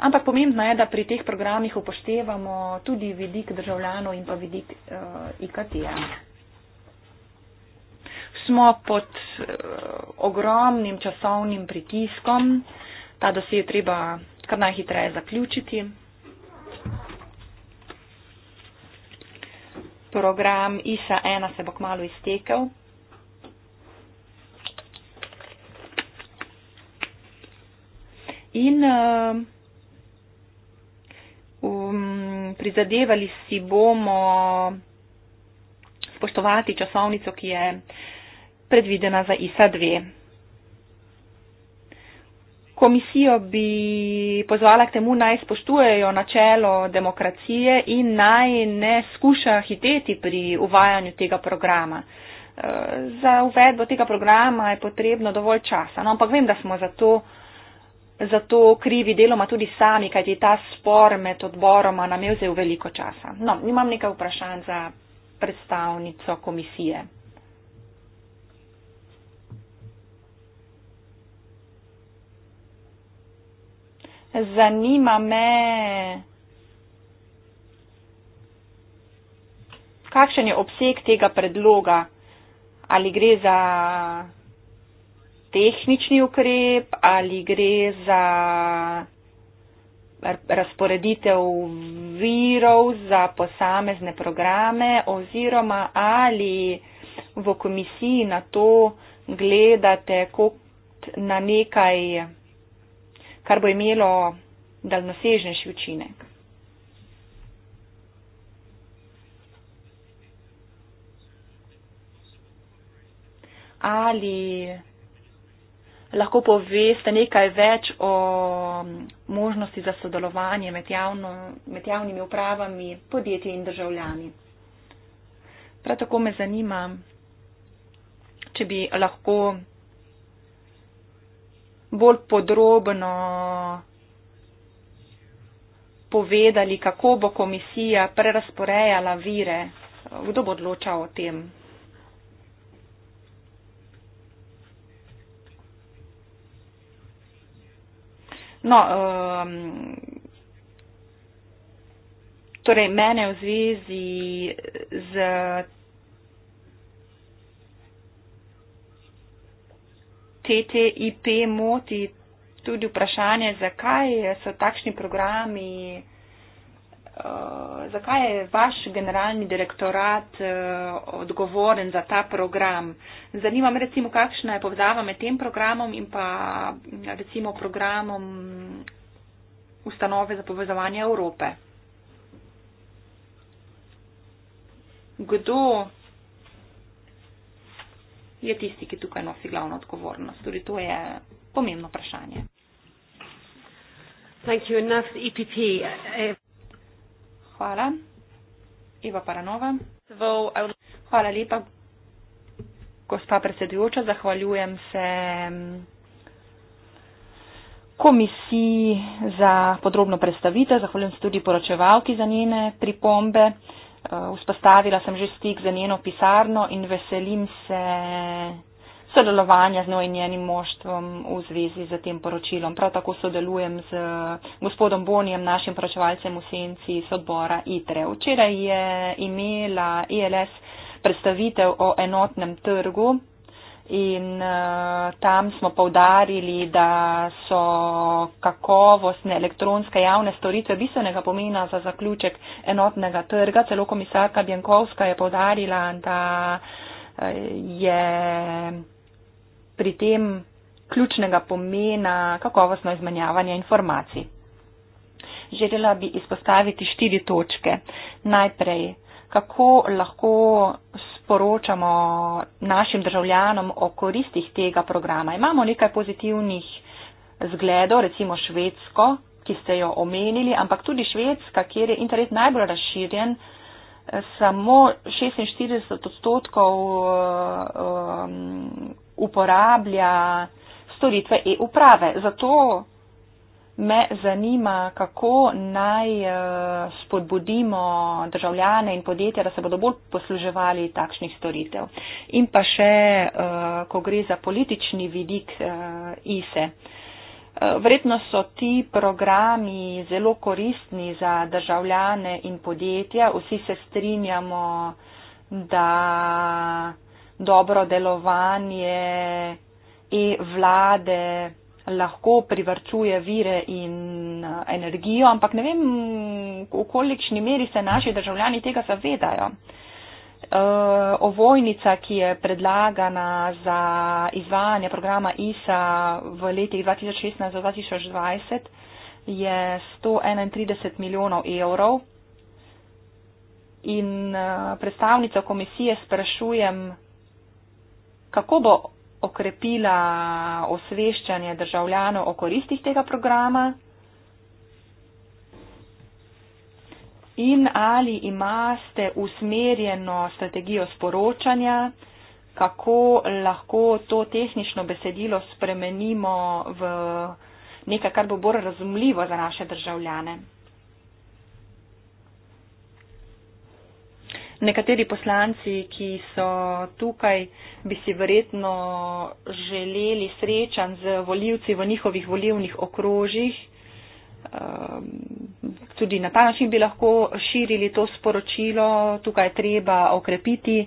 Ampak pomembno je, da pri teh programih upoštevamo tudi vidik državljanov in pa vidik uh, eh, IKT-ja. Smo pod uh, ogromnim časovnim pritiskom, ta dosje je treba kar najhitreje zaključiti. Program ISA 1 se bo kmalo iztekel. In um, um, prizadevali si bomo spoštovati časovnico, ki je predvidena za ISA 2. Komisijo bi pozvala k temu, naj spoštujejo načelo demokracije in naj ne skuša hiteti pri uvajanju tega programa. Uh, za uvedbo tega programa je potrebno dovolj časa, no, ampak vem, da smo za to uh, zato krivi deloma tudi sami, kajti ta spor med odboroma nam je vzel veliko časa. No, imam nekaj vprašanj za predstavnico komisije. Zanima me, kakšen je obseg tega predloga, ali gre za tehnični ukrep ali gre za razporeditev virov za posamezne programe oziroma ali v komisiji na to gledate kot na nekaj, kar bo imelo daljnosežnejši učinek. Ali lahko poveste nekaj več o možnosti za sodelovanje med, javno, med javnimi upravami, podjetji in državljani. Prav tako me zanima, če bi lahko bolj podrobno povedali, kako bo komisija prerasporejala vire, kdo bo odločal o tem. No, um, torej, mene v zvezi z. TTIP moti tudi vprašanje, zakaj so takšni programi Eh, zakaj je vaš generalni direktorat eh, odgovoren za ta program? Zanima me recimo, kakšna je povzava med tem programom in pa recimo programom ustanove za povezovanje Evrope. Kdo je tisti, ki tukaj nosi glavno odgovornost? Tudi to je pomembno vprašanje. Thank you enough, EPP hvala. Iva Paranova. Hvala lepa, gospa predsedujoča. Zahvaljujem se mm, komisiji za podrobno predstavitev. Zahvaljujem se tudi poročevalki za njene pripombe. Uh, vzpostavila sem že stik za njeno pisarno in veselim se sodelovanja z njo in njenim moštvom v zvezi z tem poročilom. Prav tako sodelujem z gospodom Bonijem, našim poročevalcem v senci iz odbora ITRE. Včeraj je imela ILS predstavitev o enotnem trgu in uh, tam smo povdarili, da so kakovostne elektronske javne storitve bistvenega pomena za zaključek enotnega trga. Celo komisarka Bjankovska je povdarila, da eh, je pri tem ključnega pomena kakovostno izmenjavanje informacij. Želela bi izpostaviti štiri točke. Najprej, kako lahko sporočamo našim državljanom o koristih tega programa. Imamo nekaj pozitivnih zgledov, recimo Švedsko, ki ste jo omenili, ampak tudi Švedska, kjer je internet najbolj razširjen, eh, samo 46 odstotkov eh, uporablja storitve e-uprave. Zato me zanima, kako naj eh, spodbudimo državljane in podjetja, da se bodo bolj posluževali takšnih storitev. In pa še, eh, ko gre za politični vidik eh, ISE. Verjetno so ti programi zelo koristni za državljane in podjetja. Vsi se strinjamo, da dobro delovanje e-vlade lahko privrčuje vire in eh, energijo, ampak ne vem, v kolikšni meri se naši državljani tega zavedajo. Eh, ovojnica, ki je predlagana za izvajanje programa ISA v letih 2016-2020, je 131 milijonov evrov. In eh, predstavnico komisije sprašujem, kako bo okrepila osveščanje državljanov o koristih tega programa in ali imate usmerjeno strategijo sporočanja, kako lahko to tehnično besedilo spremenimo v nekaj, kar bo bolj razumljivo za naše državljane. Nekateri poslanci, ki so tukaj, bi si verjetno želeli srečan z voljivci v njihovih voljivnih okrožjih. Ehm, tudi na ta način bi lahko širili to sporočilo. Tukaj je treba okrepiti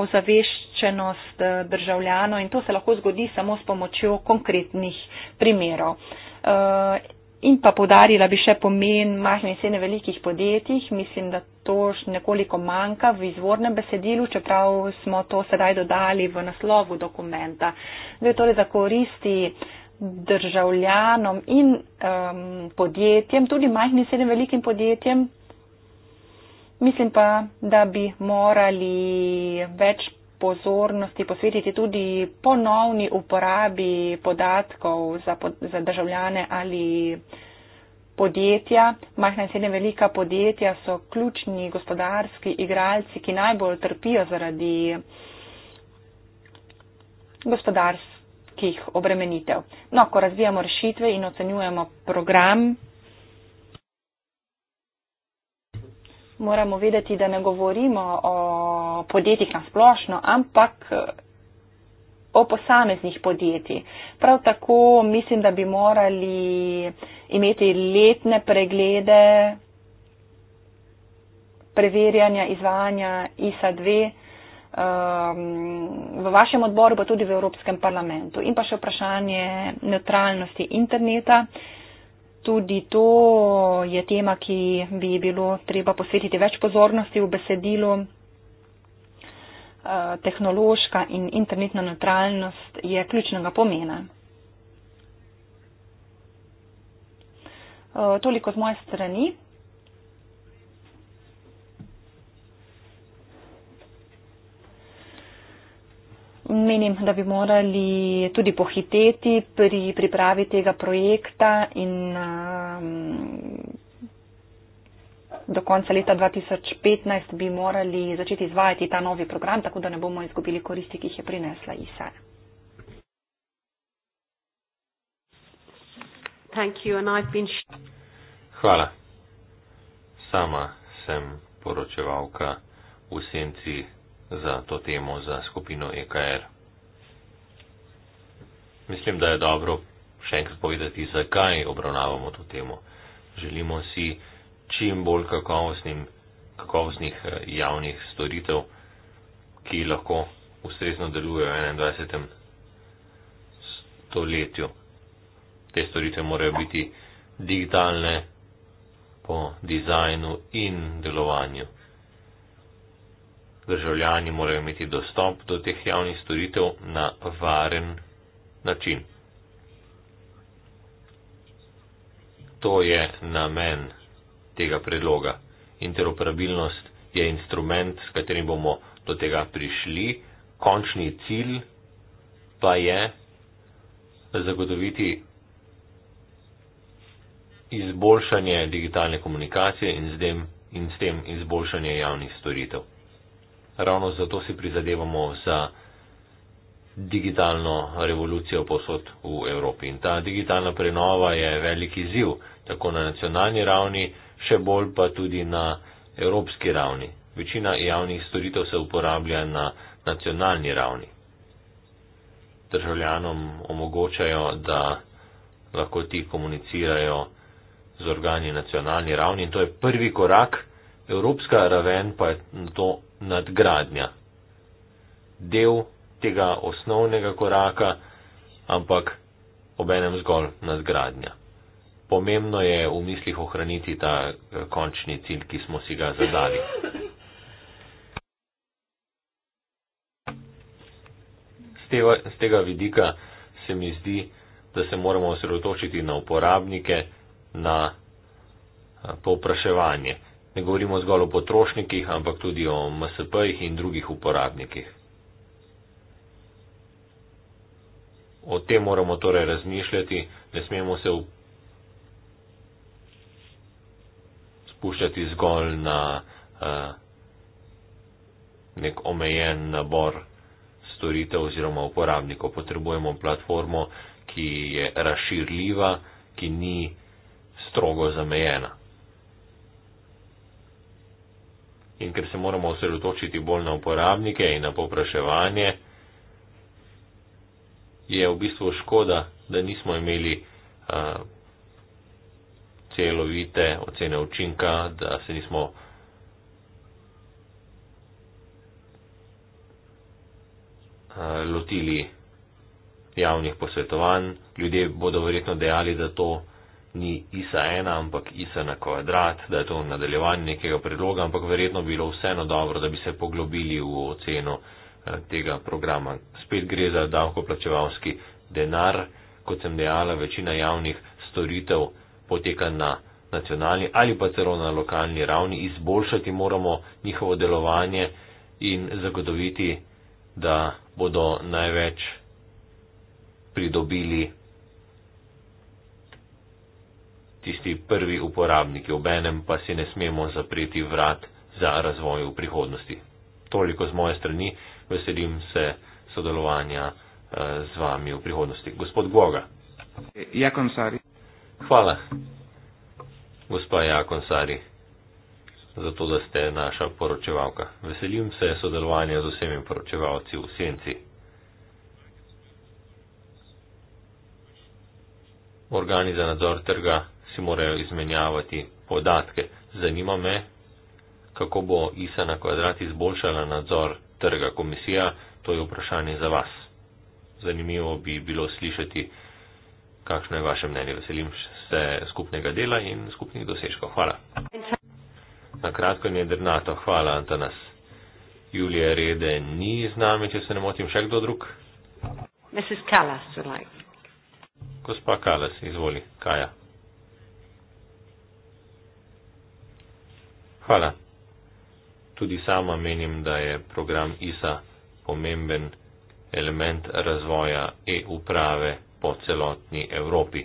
ozaveščenost eh, državljano in to se lahko zgodi samo s pomočjo konkretnih primerov. Ehm, In pa podarila bi še pomen majhne in srednje velikih podjetjih. Mislim, da to nekoliko manjka v izvornem besedilu, čeprav smo to sedaj dodali v naslovu dokumenta. Zdaj torej za koristi državljanom in um, podjetjem, tudi majhnim in srednjim velikim podjetjem. Mislim pa, da bi morali več pozornosti posvetiti tudi ponovni uporabi podatkov za, za državljane ali podjetja. Majhna in srednja velika podjetja so ključni gospodarski igralci, ki najbolj trpijo zaradi gospodarskih obremenitev. No, ko razvijamo rešitve in ocenjujemo program, moramo vedeti, da ne govorimo o podjetjih na splošno, ampak eh, o posameznih podjetij. Prav tako mislim, da bi morali imeti letne preglede preverjanja izvajanja ISA 2 um, ehm, v vašem odboru, pa tudi v Evropskem parlamentu. In pa še vprašanje neutralnosti interneta. Uh, tudi to je tema, ki bi bilo treba posvetiti več pozornosti v besedilu. Eh, tehnološka in internetna neutralnost je ključnega pomena. Eh, toliko z moje strani. menim, da bi morali tudi pohiteti pri pripravi tega projekta in um, do konca leta 2015 bi morali začeti izvajati ta novi program, tako da ne bomo izgubili koristi, ki jih je prinesla ISA. Hvala. Sama sem poročevalka v senci za to temo, za skupino EKR. Mislim, da je dobro še enkrat povedati, zakaj obravnavamo to temo. Želimo si čim bolj kakovostnih eh, javnih storitev, ki lahko ustrezno delujejo v 21. stoletju. Te storitve morajo biti digitalne po dizajnu in delovanju državljani morajo imeti dostop do teh javnih storitev na varen način. To je namen tega predloga. Interoperabilnost je instrument, s katerim bomo do tega prišli. Končni cilj pa je zagotoviti izboljšanje digitalne komunikacije in s tem, in s tem izboljšanje javnih storitev ravno zato si prizadevamo za digitalno revolucijo posod v Evropi. In ta digitalna prenova je veliki ziv, tako na nacionalni ravni, še bolj pa tudi na evropski ravni. Večina javnih storitev se uporablja na nacionalni ravni. Državljanom omogočajo, da lahko ti komunicirajo z organi nacionalni ravni in to je prvi korak, Evropska raven pa je to nadgradnja. Del tega osnovnega koraka, ampak obenem zgolj nadgradnja. Pomembno je v mislih ohraniti ta eh, končni cilj, ki smo si ga zadali. Z tega, z tega vidika se mi zdi, da se moramo osredotočiti na uporabnike, na eh, povpraševanje. Pa Ne govorimo zgolj o potrošnikih, ampak tudi o MSP-jih in drugih uporabnikih. O tem moramo torej razmišljati, ne smemo se spuščati zgolj na uh, nek omejen nabor storitev oziroma uporabnikov. Potrebujemo platformo, ki je razširljiva, ki ni strogo zamejena. in ker se moramo osredotočiti bolj na uporabnike in na popraševanje, je v bistvu škoda, da nismo imeli a, celovite ocene učinka, da se nismo a, lotili javnih posvetovanj. Ljudje bodo verjetno dejali, da to ni ISA ena, ampak ISA na kvadrat, da je to nadaljevanje nekega predloga, ampak verjetno bilo vseeno dobro, da bi se poglobili v oceno eh, tega programa. Spet gre za davkoplačevalski denar, kot sem dejala, večina javnih storitev poteka na nacionalni ali pa celo na lokalni ravni. Izboljšati moramo njihovo delovanje in zagotoviti, da bodo največ pridobili tisti prvi uporabniki, obenem pa si ne smemo zapreti vrat za razvoj v prihodnosti. Toliko z moje strani, veselim se sodelovanja eh, z vami v prihodnosti. Gospod Goga. Jakon Sari. Hvala, gospa Jakon Sari, za to, da ste naša poročevalka. Veselim se sodelovanja z vsemi poročevalci v Senci. Organi za nadzor trga si morajo izmenjavati podatke. Zanima me, kako bo ISA na kvadrat izboljšala nadzor trga komisija, to je vprašanje za vas. Zanimivo bi bilo slišati, kakšno je vaše mnenje. Veselim se skupnega dela in skupnih dosežkov. Hvala. Na kratko in jedrnato, hvala Antanas. Julija Rede ni z nami, če se ne motim, še kdo drug? Mrs. Callas, Gospa Kalas, izvoli, Kaja. Hvala. Tudi sama menim, da je program ISA pomemben element razvoja e-uprave po celotni Evropi.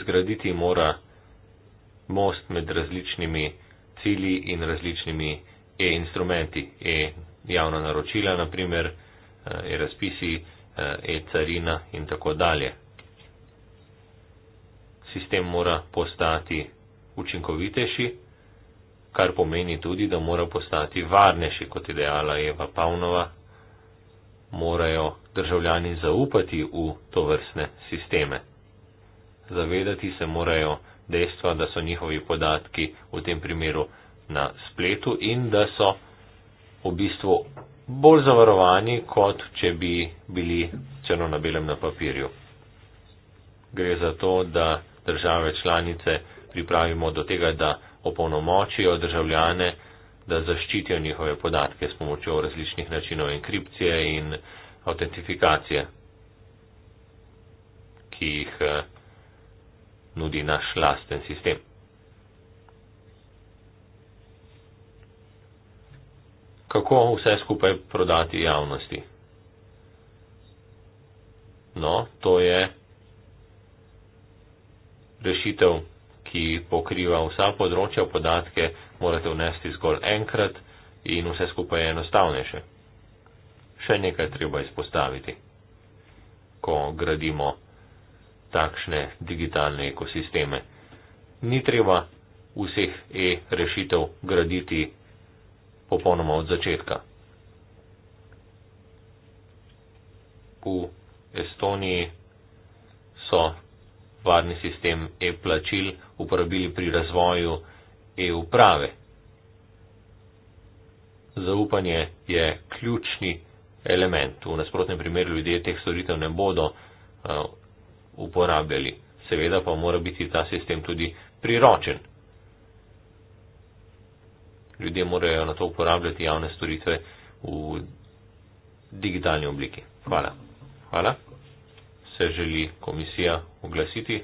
Zgraditi mora most med različnimi cilji in različnimi e-instrumenti, e-javna naročila, naprimer, e-razpisi, e-carina in tako dalje sistem mora postati učinkovitejši, kar pomeni tudi, da mora postati varnejši, kot je dejala Eva Pavnova. Morajo državljani zaupati v to vrstne sisteme. Zavedati se morajo dejstva, da so njihovi podatki v tem primeru na spletu in da so v bistvu bolj zavarovani, kot če bi bili črno na belem na papirju. Gre za to, da države članice pripravimo do tega, da opolnomočijo državljane, da zaščitijo njihove podatke s pomočjo različnih načinov enkripcije in autentifikacije, ki jih eh, nudi naš lasten sistem. Kako vse skupaj prodati javnosti? No, to je rešitev, ki pokriva vsa področja podatke, morate vnesti zgolj enkrat in vse skupaj je enostavnejše. Še nekaj treba izpostaviti, ko gradimo takšne digitalne ekosisteme. Ni treba vseh e-rešitev graditi popolnoma od začetka. V Estoniji so varni sistem e-plačil uporabili pri razvoju e-uprave. Zaupanje je ključni element. V nasprotnem primeru ljudje teh storitev ne bodo uh, uporabljali. Seveda pa mora biti ta sistem tudi priročen. Ljudje morajo na to uporabljati javne storitve v digitalni obliki. Hvala. Hvala se želi komisija oglasiti.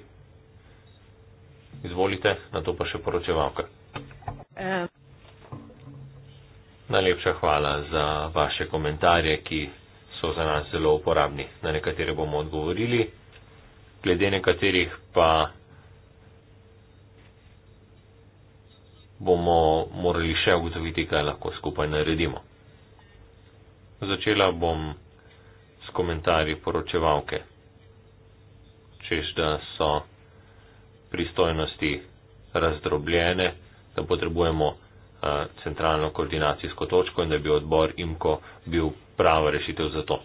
Izvolite, na to pa še poročevalka. Najlepša hvala za vaše komentarje, ki so za nas zelo uporabni. Na nekatere bomo odgovorili, glede nekaterih pa bomo morali še ugotoviti, kaj lahko skupaj naredimo. Začela bom s komentarji poročevalke češ da so pristojnosti razdrobljene, da potrebujemo eh, centralno koordinacijsko točko in da bi odbor IMKO bil prava rešitev za to.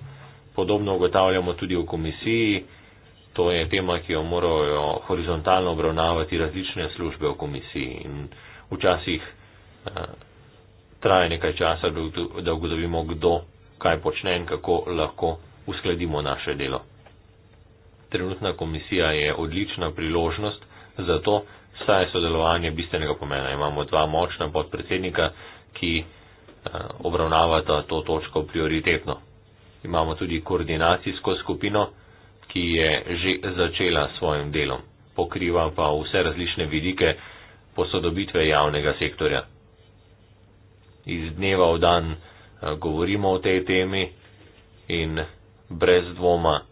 Podobno ugotavljamo tudi v komisiji, to je tema, ki jo morajo horizontalno obravnavati različne službe v komisiji in včasih eh, traje nekaj časa, da ugotovimo, kdo kaj počne in kako lahko uskladimo naše delo trenutna komisija je odlična priložnost za to, saj je sodelovanje bistvenega pomena. Imamo dva močna podpredsednika, ki eh, obravnavata to točko prioritetno. Imamo tudi koordinacijsko skupino, ki je že začela s svojim delom, pokriva pa vse različne vidike posodobitve javnega sektorja. Iz dneva v dan eh, govorimo o tej temi in brez dvoma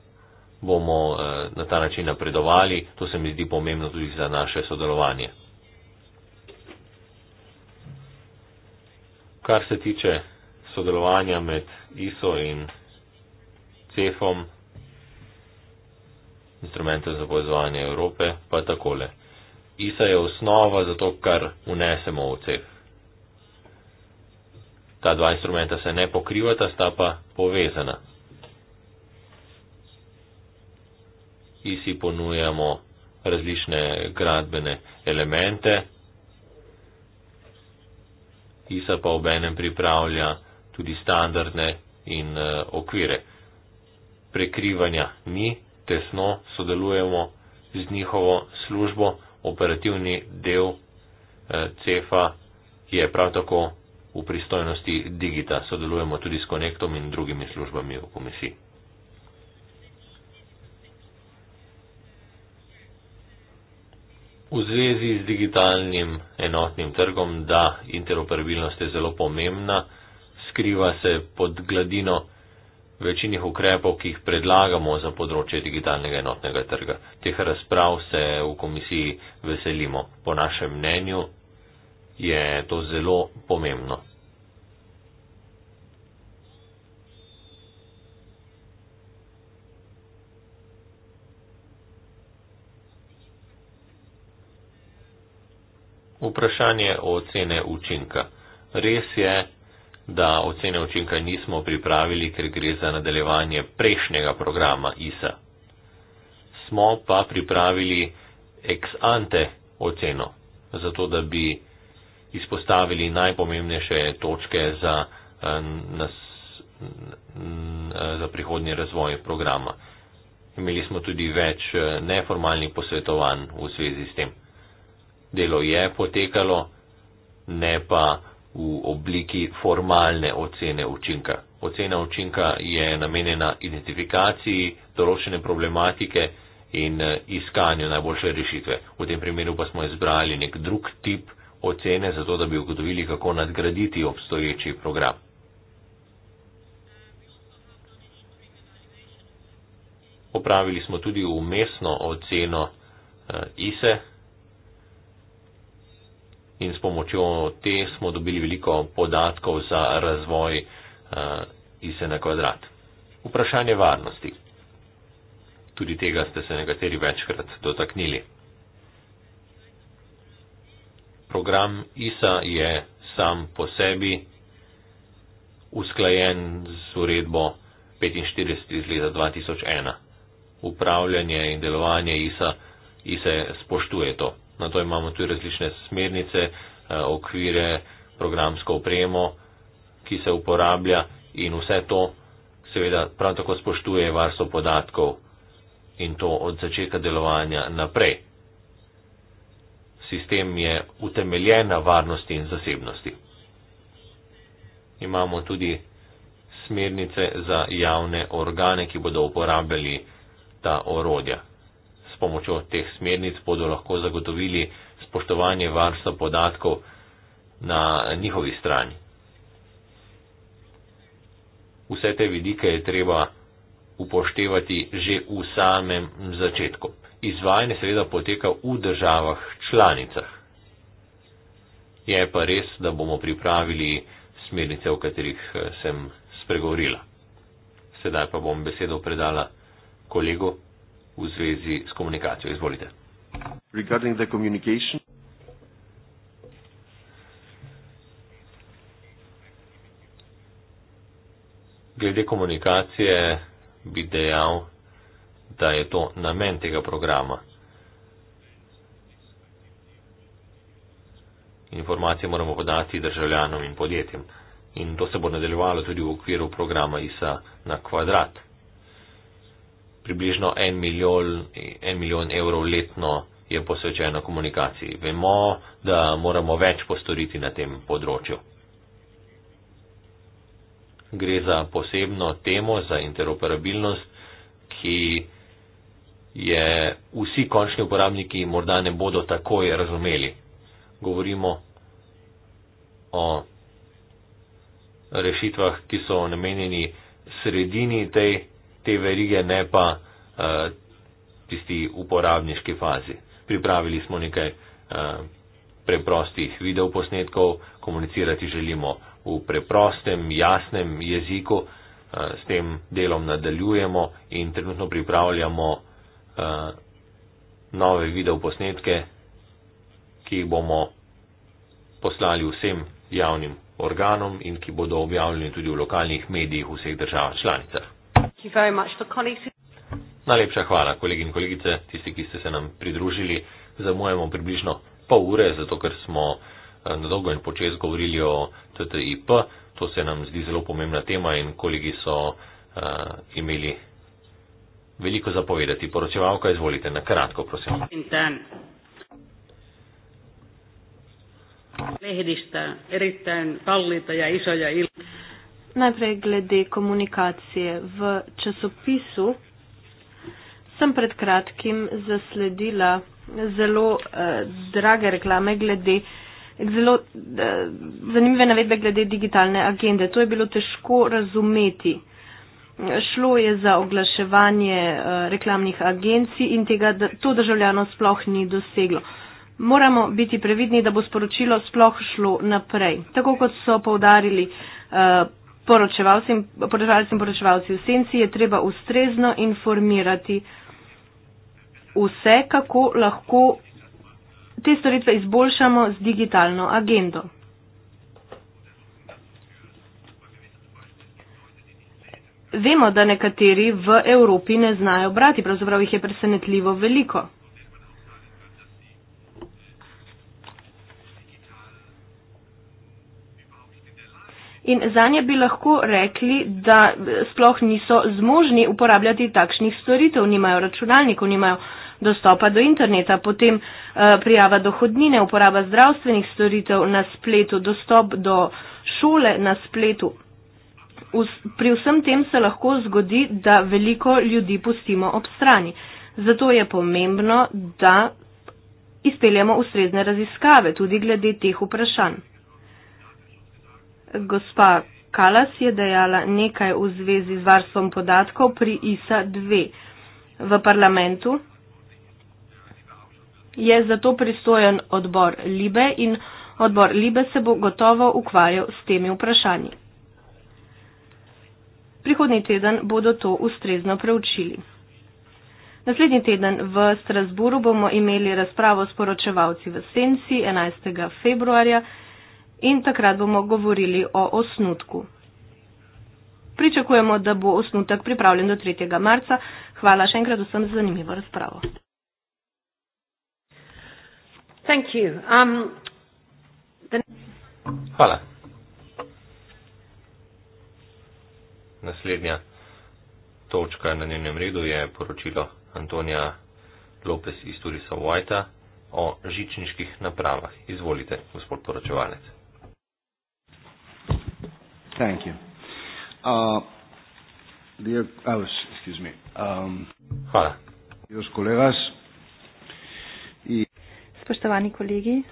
bomo eh, na ta način napredovali. To se mi zdi pomembno tudi za naše sodelovanje. Kar se tiče sodelovanja med ISO in CEFOM, instrumentom za povezovanje Evrope, pa takole. ISA je osnova za to, kar unesemo v CEF. Ta dva instrumenta se ne pokrivata, sta pa povezana. ISI ponujamo različne gradbene elemente. ISA pa ob enem pripravlja tudi standardne in eh, okvire. Prekrivanja ni, tesno sodelujemo z njihovo službo, operativni del eh, CEFA je prav tako v pristojnosti Digita. Sodelujemo tudi s Konektom in drugimi službami v komisiji. v zvezi z digitalnim enotnim trgom, da interoperabilnost je zelo pomembna, skriva se pod gladino večinih ukrepov, ki jih predlagamo za področje digitalnega enotnega trga. Teh razprav se v komisiji veselimo. Po našem mnenju je to zelo pomembno. Vprašanje o ocene učinka. Res je, da ocene učinka nismo pripravili, ker gre za nadaljevanje prejšnjega programa ISA. Smo pa pripravili ex ante oceno, zato da bi izpostavili najpomembnejše točke za, eh, nas, eh, za prihodnji razvoj programa. Imeli smo tudi več eh, neformalnih posvetovanj v zvezi s tem delo je potekalo, ne pa v obliki formalne ocene učinka. Ocena učinka je namenjena identifikaciji določene problematike in eh, iskanju najboljše rešitve. V tem primeru pa smo izbrali nek drug tip ocene, zato da bi ugotovili, kako nadgraditi obstoječi program. Opravili smo tudi umestno oceno eh, ISE in s pomočjo te smo dobili veliko podatkov za razvoj uh, eh, ISE na kvadrat. Vprašanje varnosti. Tudi tega ste se nekateri večkrat dotaknili. Program ISA je sam po sebi usklajen z uredbo 45 iz leta 2001. Upravljanje in delovanje ISA, ISA spoštuje to Na to imamo tudi različne smernice, eh, okvire, programsko opremo, ki se uporablja in vse to seveda prav tako spoštuje varstvo podatkov in to od začetka delovanja naprej. Sistem je utemeljen na varnosti in zasebnosti. Imamo tudi smernice za javne organe, ki bodo uporabljali ta orodja. S pomočjo teh smernic bodo lahko zagotovili spoštovanje varstva podatkov na njihovi strani. Vse te vidike je treba upoštevati že v samem začetku. Izvajanje seveda poteka v državah članicah. Je pa res, da bomo pripravili smernice, o katerih eh, sem spregovorila. Sedaj pa bom besedo predala kolegu v zvezi s komunikacijo. Izvolite. Regarding the communication. Glede komunikacije bi dejal, da je to namen tega programa. Informacije moramo podati državljanom in podjetjem. In to se bo nadaljevalo tudi v okviru programa ISA na kvadrat približno en milijon, en milijon evrov letno je posvečeno komunikaciji. Vemo, da moramo več postoriti na tem področju. Gre za posebno temo, za interoperabilnost, ki je vsi končni uporabniki morda ne bodo takoj razumeli. Govorimo o rešitvah, ki so namenjeni sredini tej te verige, ne pa eh, tisti uporabniški fazi. Pripravili smo nekaj eh, preprostih videoposnetkov, komunicirati želimo v preprostem, jasnem jeziku, eh, s tem delom nadaljujemo in trenutno pripravljamo nove videoposnetke, ki jih bomo poslali vsem javnim organom in ki bodo objavljeni tudi v lokalnih medijih v vseh državah članicah. Najlepša hvala, kolegi in kolegice, tisti, ki ste se nam pridružili. Zamujamo približno pol ure, zato ker smo eh, na dolgo in počes govorili o TTIP. To se nam zdi zelo pomembna tema in kolegi so uh, imeli veliko zapovedati. Poročevalka, izvolite, na kratko, prosim. Lehdistä erittäin kalliita ja isoja ilmiöitä najprej glede komunikacije. V časopisu sem pred kratkim zasledila zelo eh, drage reklame glede zelo eh, zanimive navedbe glede digitalne agende. To je bilo težko razumeti. Šlo je za oglaševanje eh, reklamnih agencij in tega da, to državljano sploh ni doseglo. Moramo biti previdni, da bo sporočilo sploh šlo naprej. Tako kot so povdarili eh, poročevalci in poročevalci v senci je treba ustrezno informirati vse, kako lahko te storitve izboljšamo z digitalno agendo. Vemo, da nekateri v Evropi ne znajo brati, pravzaprav jih je presenetljivo veliko. in za nje bi lahko rekli, da sploh niso zmožni uporabljati takšnih storitev, nimajo računalnikov, nimajo dostopa do interneta, potem eh, prijava dohodnine, uporaba zdravstvenih storitev na spletu, dostop do šole na spletu. Pri vsem tem se lahko zgodi, da veliko ljudi pustimo ob strani. Zato je pomembno, da izpeljamo ustrezne raziskave tudi glede teh vprašanj gospa Kalas je dejala nekaj v zvezi z varstvom podatkov pri ISA 2. V parlamentu je zato pristojen odbor Libe in odbor Libe se bo gotovo ukvarjal s temi vprašanji. Prihodni teden bodo to ustrezno preučili. Naslednji teden v Strasburu bomo imeli razpravo s poročevalci v Senci 11. februarja in takrat bomo govorili o osnutku. Pričakujemo, da bo osnutek pripravljen do 3. marca. Hvala še enkrat vsem za zanimivo razpravo. Thank you. Um, the... Hvala. Naslednja točka na njenem redu je poročilo Antonija Lopes iz Turisa Vajta o žičniških napravah. Izvolite, gospod poročevalec. Thank you. Uh, dear, oh, excuse me. Um, Hvala. Dios, kolegas, i... Spoštovani kolegi.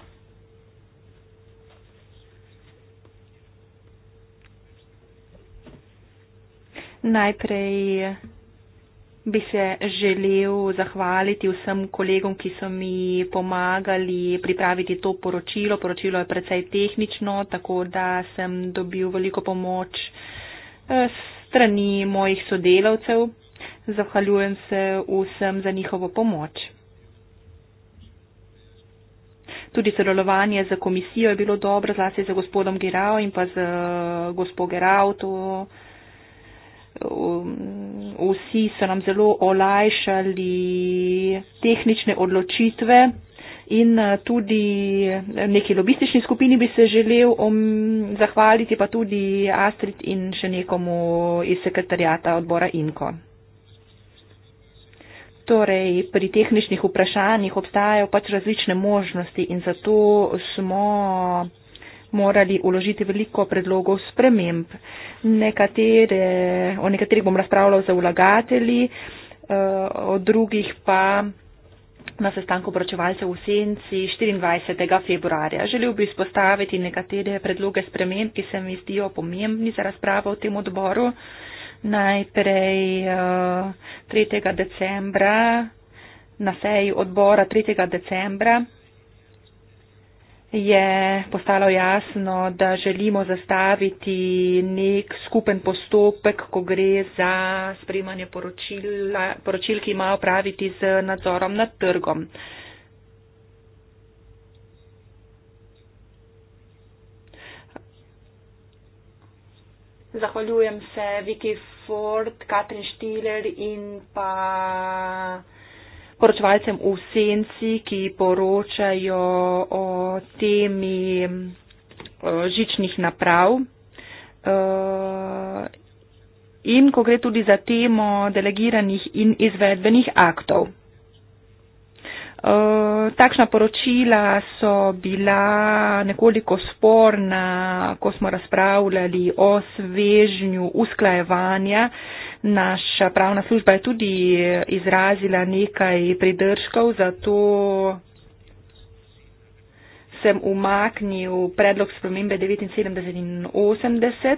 Najprej bi se želel zahvaliti vsem kolegom, ki so mi pomagali pripraviti to poročilo. Poročilo je precej tehnično, tako da sem dobil veliko pomoč eh, strani mojih sodelavcev. Zahvaljujem se vsem za njihovo pomoč. Tudi sodelovanje za komisijo je bilo dobro, zlasti za gospodom Girao in pa za eh, gospod Gerao vsi so nam zelo olajšali tehnične odločitve in eh, tudi neki lobistični skupini bi se želel um, zahvaliti, pa tudi Astrid in še nekomu iz sekretarjata odbora Inko. Torej, pri tehničnih vprašanjih obstajajo pač različne možnosti in zato smo morali uložiti veliko predlogov sprememb. Nekatere, o nekaterih bom razpravljal za vlagatelji, eh, o drugih pa na sestanku obračevalcev v Senci 24. februarja. Želel bi izpostaviti nekatere predloge sprememb, ki se mi zdijo pomembni za razpravo v tem odboru. Najprej 3. Eh, decembra, na seji odbora 3. decembra je postalo jasno, da želimo zastaviti nek skupen postopek, ko gre za sprejmanje poročil, poročil ki ima opraviti z nadzorom nad trgom. Zahvaljujem se Viki Ford, Katrin Štiler in pa poročevalcem v senci, ki poročajo o temi žičnih naprav. E, in ko gre tudi za temo delegiranih in izvedbenih aktov. E, takšna poročila so bila nekoliko sporna, ko smo razpravljali o svežnju usklajevanja Naša pravna služba je tudi izrazila nekaj pridržkov, zato sem umaknil predlog spremembe 79 in 80.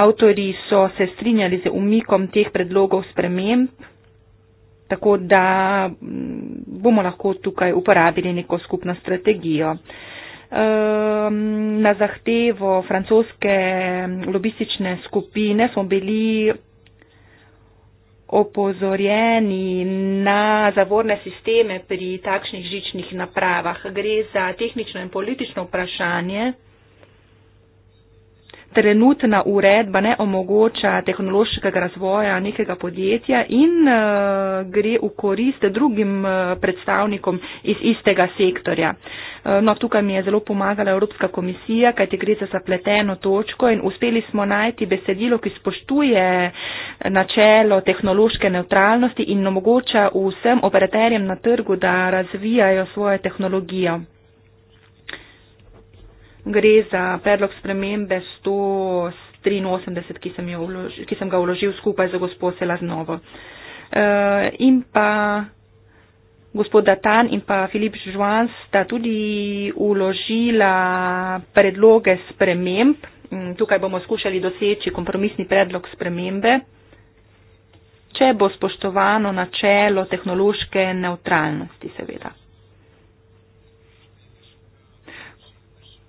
Avtori so se strinjali z umikom teh predlogov sprememb, tako da mm, bomo lahko tukaj uporabili neko skupno strategijo. Ehm, na zahtevo francoske lobistične skupine smo bili opozorjeni na zavorne sisteme pri takšnih žičnih napravah. Gre za tehnično in politično vprašanje trenutna uredba ne omogoča tehnološkega razvoja nekega podjetja in uh, gre v korist drugim uh, predstavnikom iz istega sektorja. Uh, no, tukaj mi je zelo pomagala Evropska komisija, kajti gre za zapleteno točko in uspeli smo najti besedilo, ki spoštuje načelo tehnološke neutralnosti in omogoča vsem operaterjem na trgu, da razvijajo svojo tehnologijo gre za predlog spremembe 183, ki sem, vloži, ki sem ga vložil skupaj za gospod Selaznovo. Uh, in pa gospod Datan in pa Filip Žuan sta tudi uložila predloge sprememb. Mm, tukaj bomo skušali doseči kompromisni predlog spremembe, če bo spoštovano načelo tehnološke neutralnosti, seveda.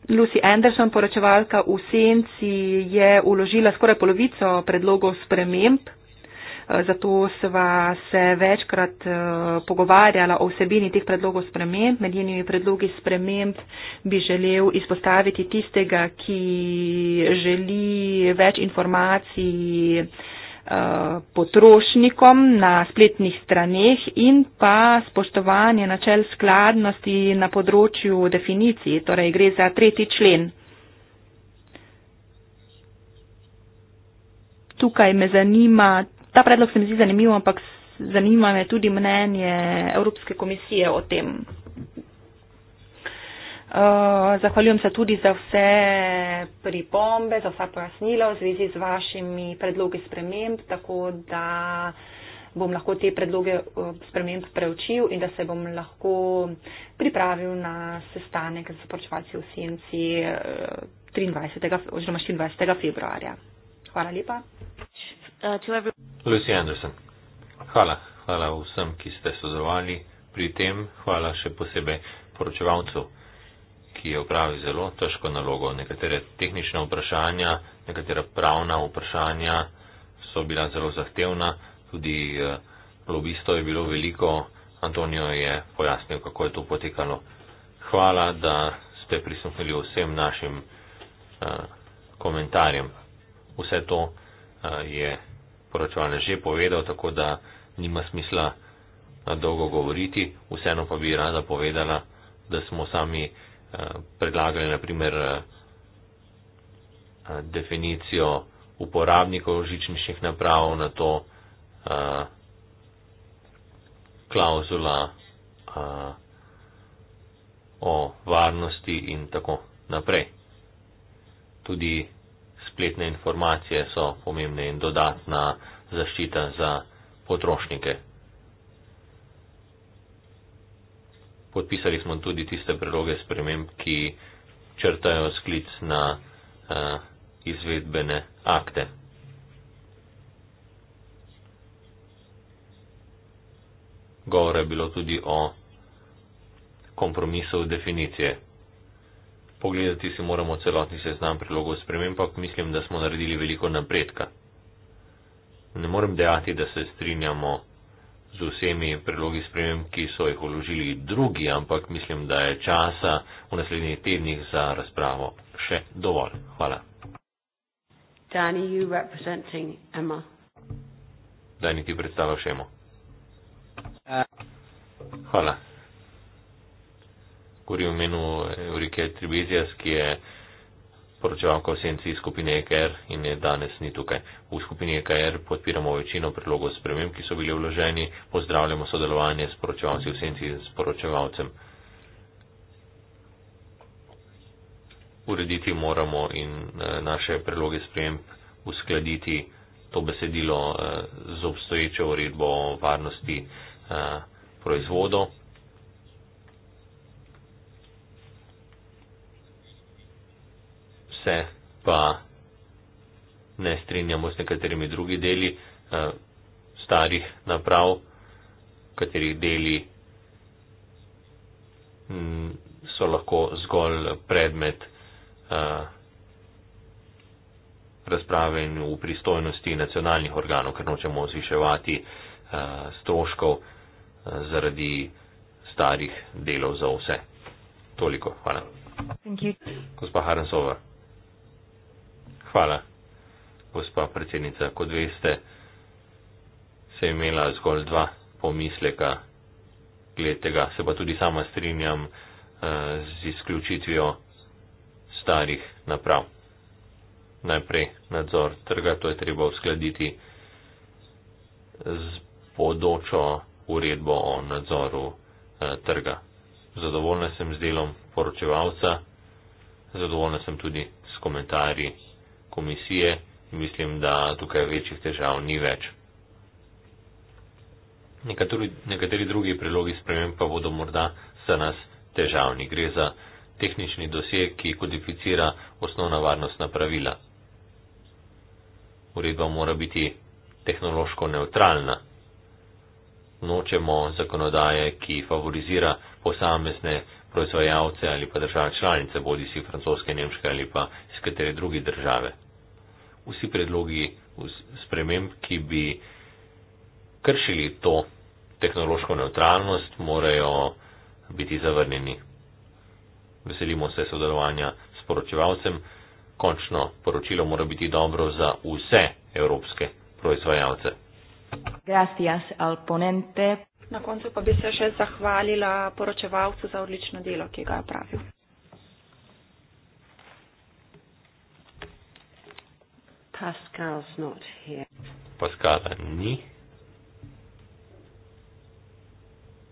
Lucy Anderson, poročevalka v Senci, je uložila skoraj polovico predlogov sprememb. Eh, zato sva se večkrat eh, pogovarjala o vsebini teh predlogov sprememb. Med njenimi predlogi sprememb bi želel izpostaviti tistega, ki želi več informacij Eh, potrošnikom na spletnih straneh in pa spoštovanje načel skladnosti na področju definicij, torej gre za tretji člen. Tukaj me zanima, ta predlog se mi zdi zanimiv, ampak zanima me tudi mnenje Evropske komisije o tem. Eh, zahvaljujem se tudi za vse pripombe, za vsa pojasnila v zvezi z vašimi predlogi sprememb, tako da bom lahko te predloge eh, sprememb preučil in da se bom lahko pripravil na sestanek z poročevalci v Senci 23. Eh, oziroma 24. februarja. Hvala lepa. Uh, Lucy Anderson, hvala. Hvala vsem, ki ste sodelovali pri tem. Hvala še posebej poročevalcu ki je opravil zelo težko nalogo. Nekatere tehnična vprašanja, nekatera pravna vprašanja so bila zelo zahtevna, tudi eh, lobisto je bilo veliko. Antonijo je pojasnil, kako je to potekalo. Hvala, da ste prisluhnili vsem našim uh, komentarjem. Vse to uh, je poročevalne že povedal, tako da nima smisla uh, dolgo govoriti. Vseeno pa bi rada povedala, da smo sami predlagali naprimer eh, eh, definicijo uporabnikov žičničnih naprav, na to eh, klauzula o varnosti in tako naprej. Tudi spletne informacije so pomembne in dodatna zaščita za potrošnike. podpisali smo tudi tiste preloge sprememb, ki črtajo sklic na uh, izvedbene akte. Govore je bilo tudi o kompromisu definicije. Pogledati si moramo celotni seznam prilogov sprememb, ampak mislim, da smo naredili veliko napredka. Ne morem dejati, da se strinjamo z vsemi predlogi sprejem, ki so jih uložili drugi, ampak mislim, da je časa v naslednjih tednih za razpravo še dovolj. Hvala. Dani, you representing Emma. Dani, ti predstavljaš Emo. Uh. Hvala. Govorim v imenu Eurike Tribizijas, ki je poročevalka v senci skupine EKR in je danes ni tukaj. V skupini EKR podpiramo večino predlogov sprememb, ki so bili vloženi, pozdravljamo sodelovanje s poročevalci v senci in s poročevalcem. Urediti moramo in eh, naše predloge sprememb uskladiti to besedilo eh, z obstoječo uredbo o varnosti eh, proizvodov. se pa ne strinjamo s nekaterimi drugi deli uh, starih naprav, katerih deli mm, so lahko zgolj predmet uh, razprave in v pristojnosti nacionalnih organov, ker nočemo zviševati uh, stroškov uh, zaradi starih delov za vse. Toliko. Hvala. Gospa Harensova. Hvala, gospa predsednica. Kot veste, se je imela zgolj dva pomisleka glede tega. Se pa tudi sama strinjam uh, z izključitvijo starih naprav. Najprej nadzor trga, to je treba uskladiti z bodočo uredbo o nadzoru uh, trga. Zadovoljna sem z delom poročevalca, zadovoljna sem tudi s komentarji komisije in mislim, da tukaj večjih težav ni več. Nekateri, nekateri drugi predlogi sprememb pa bodo morda za nas težavni. Gre za tehnični doseg, ki kodificira osnovna varnostna pravila. Uredba mora biti tehnološko neutralna. Nočemo zakonodaje, ki favorizira posamezne proizvajalce ali pa države članice, bodi si francoske, nemške ali pa iz katere druge države vsi predlogi sprememb, ki bi kršili to tehnološko neutralnost, morajo biti zavrnjeni. Veselimo se sodelovanja s poročevalcem. Končno poročilo mora biti dobro za vse evropske proizvajalce. Gracias, Na koncu pa bi se še zahvalila poročevalcu za odlično delo, ki ga je pravil. Pascal's not here. Pascala ni.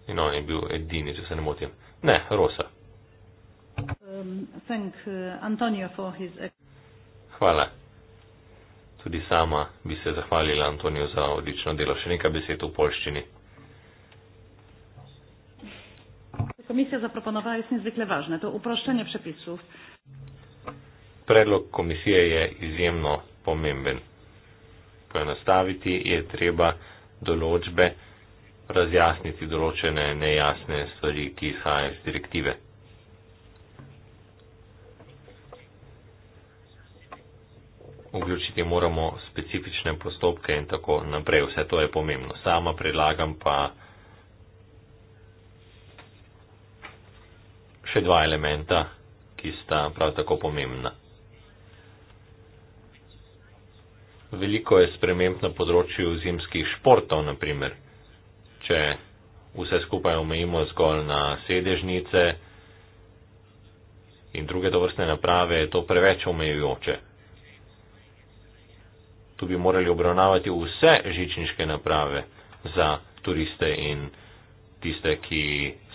In no, on je bil edini, če se ne motim. Ne, Rosa. Um, thank, uh, Antonio for his... Hvala. Tudi sama bi se zahvalila Antoniju za odlično delo. Še nekaj besed v polščini. Komisija zaproponovala izjemno važne, to uproščanje predpisov. Predlog komisije je izjemno pomemben. Poenostaviti je treba določbe, razjasniti določene nejasne stvari, ki izhajajo iz direktive. Vključiti moramo specifične postopke in tako naprej. Vse to je pomembno. Sama predlagam pa še dva elementa, ki sta prav tako pomembna. veliko je sprememb na področju zimskih športov, naprimer. Če vse skupaj omejimo zgolj na sedežnice in druge dovrstne naprave, je to preveč omejujoče. Tu bi morali obravnavati vse žičniške naprave za turiste in tiste, ki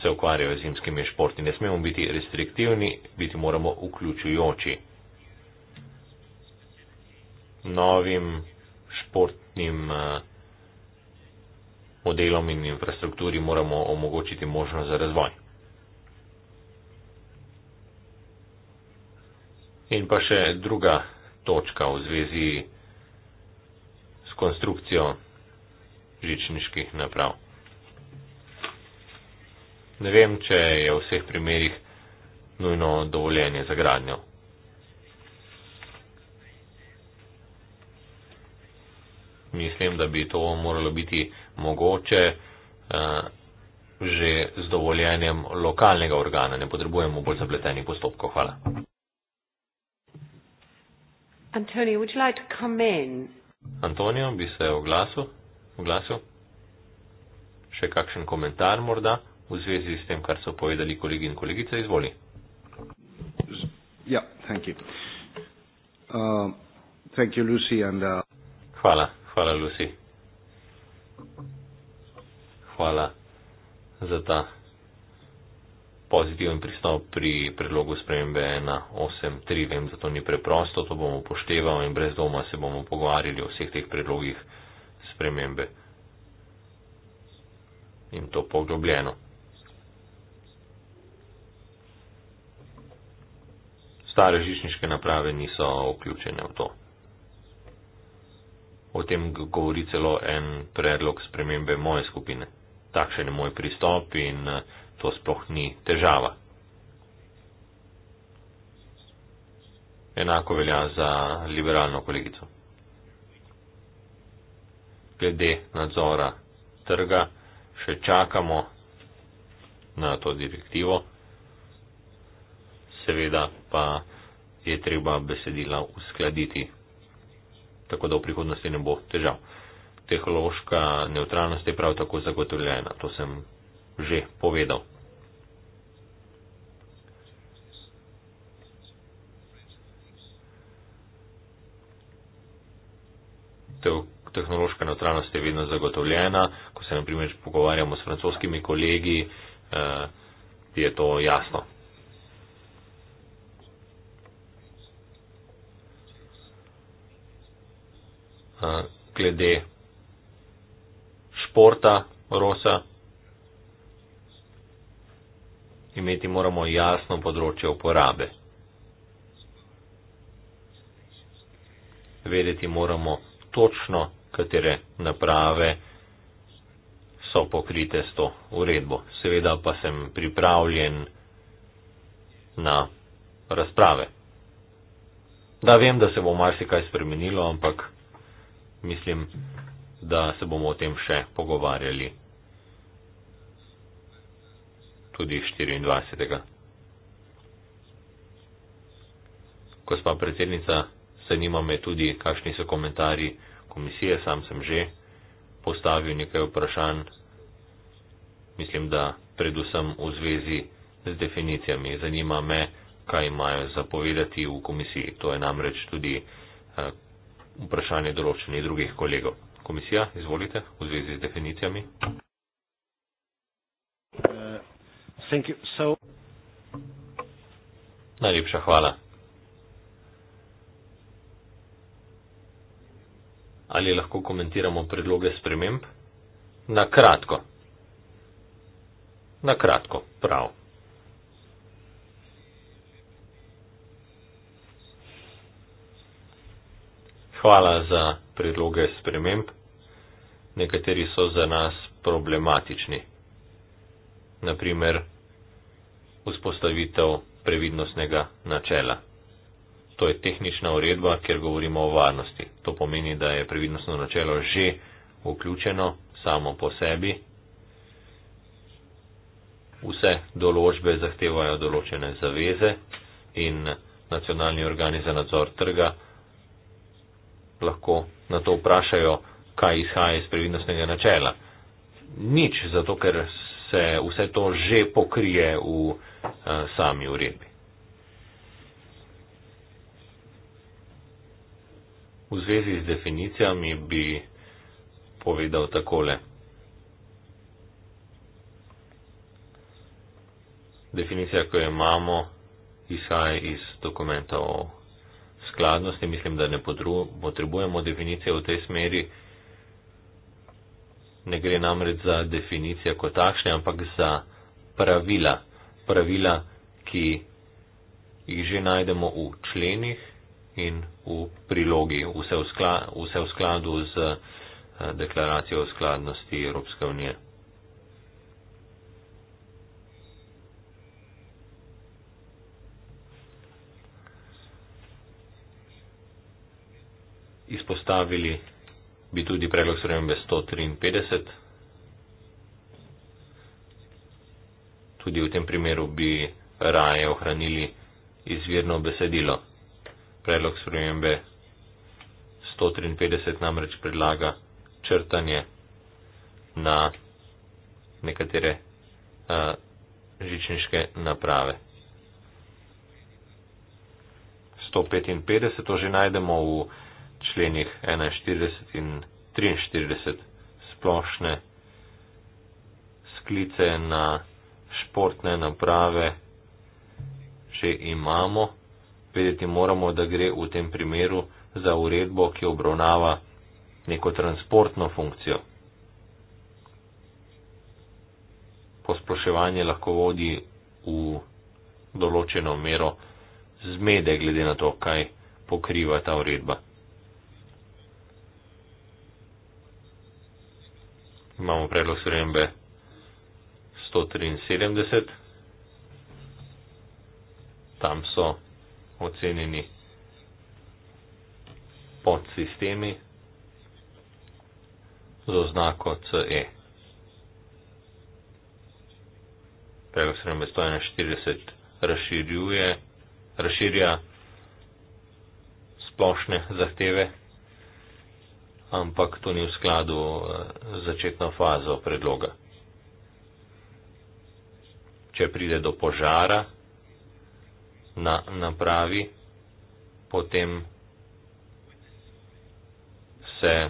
se ukvarjajo z zimskimi športi. Ne smemo biti restriktivni, biti moramo vključujoči novim športnim eh, modelom in infrastrukturi moramo omogočiti možnost za razvoj. In pa še druga točka v zvezi s konstrukcijo žičniških naprav. Ne vem, če je v vseh primerjih nujno dovoljenje za gradnjo. mislim, da bi to moralo biti mogoče eh, že z dovoljenjem lokalnega organa. Ne potrebujemo bolj zapletenih postopkov. Hvala. Antonio, would you like to come in? Antonio, bi se oglasil? oglasil? Še kakšen komentar morda v zvezi s tem, kar so povedali kolegi in kolegice? Izvoli. Ja, yeah, uh, uh... hvala. Hvala. Hvala, Lucy. Hvala za ta pozitiven pristop pri predlogu spremembe 183. Vem, da to ni preprosto, to bomo upoštevali in brez doma se bomo pogovarjali o vseh teh predlogih spremembe. In to poglobljeno. Stare žičniške naprave niso vključene v to. O tem govori celo en predlog spremembe moje skupine. Takšen je moj pristop in eh, to sploh ni težava. Enako velja za liberalno kolegico. Glede nadzora trga še čakamo na to direktivo. Seveda pa je treba besedila uskladiti tako da v prihodnosti ne bo težav. Tehnološka neutralnost je prav tako zagotovljena, to sem že povedal. Tehnološka neutralnost je vedno zagotovljena. Ko se naprimer pogovarjamo s francoskimi kolegi, eh, je to jasno. Eh, glede športa, rosa. Imeti moramo jasno področje uporabe. Vedeti moramo točno, katere naprave so pokrite s to uredbo. Seveda pa sem pripravljen na razprave. Da vem, da se bo marsikaj spremenilo, ampak mislim, da se bomo o tem še pogovarjali tudi 24. Gospa predsednica, zanima me tudi, kakšni so komentarji komisije, sam sem že postavil nekaj vprašanj, mislim, da predvsem v zvezi z definicijami. Zanima me, kaj imajo zapovedati v komisiji. To je namreč tudi eh, vprašanje določenih drugih kolegov. Komisija, izvolite, v zvezi z definicijami. Uh, so... Najlepša hvala. Ali lahko komentiramo predloge sprememb? Na kratko. Na kratko, prav. hvala za predloge sprememb. Nekateri so za nas problematični. Naprimer, vzpostavitev previdnostnega načela. To je tehnična uredba, kjer govorimo o varnosti. To pomeni, da je previdnostno načelo že vključeno samo po sebi. Vse določbe zahtevajo določene zaveze in nacionalni organi za nadzor trga lahko na to vprašajo, kaj izhaja iz previdnostnega načela. Nič, zato ker se vse to že pokrije v a, eh, sami uredbi. V zvezi z definicijami bi povedal takole. Definicija, ki jo imamo, izhaja iz dokumenta o skladnosti, mislim, da ne potrebujemo definicije v tej smeri. Ne gre namreč za definicijo kot takšne, ampak za pravila. Pravila, ki jih že najdemo v členih in v prilogi. Vse v skladu z eh, deklaracijo o skladnosti Evropske unije. izpostavili bi tudi predlog spremembe 153. Tudi v tem primeru bi raje ohranili izvirno besedilo. Predlog spremembe 153 namreč predlaga črtanje na nekatere a, žičniške naprave. 155 to že najdemo v členih 41 in 43 splošne sklice na športne naprave že imamo. Vedeti moramo, da gre v tem primeru za uredbo, ki obravnava neko transportno funkcijo. Posploševanje lahko vodi v določeno mero zmede glede na to, kaj pokriva ta uredba. imamo predlog spremembe 173. Tam so ocenjeni podsistemi z oznako CE. Predlog spremembe 141 razširja splošne zahteve ampak to ni v skladu eh, z začetno fazo predloga. Če pride do požara na napravi, potem se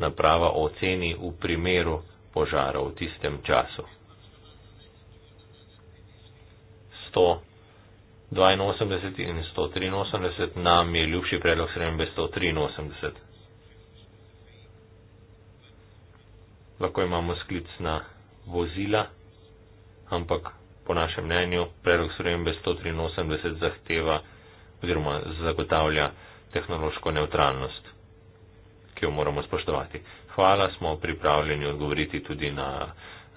naprava oceni v primeru požara v tistem času. 182 in 183 nam je ljubši predlog srednje 183. lahko imamo sklic na vozila, ampak po našem mnenju predlog spremembe 183 zahteva oziroma zagotavlja tehnološko neutralnost, ki jo moramo spoštovati. Hvala, smo pripravljeni odgovoriti tudi na,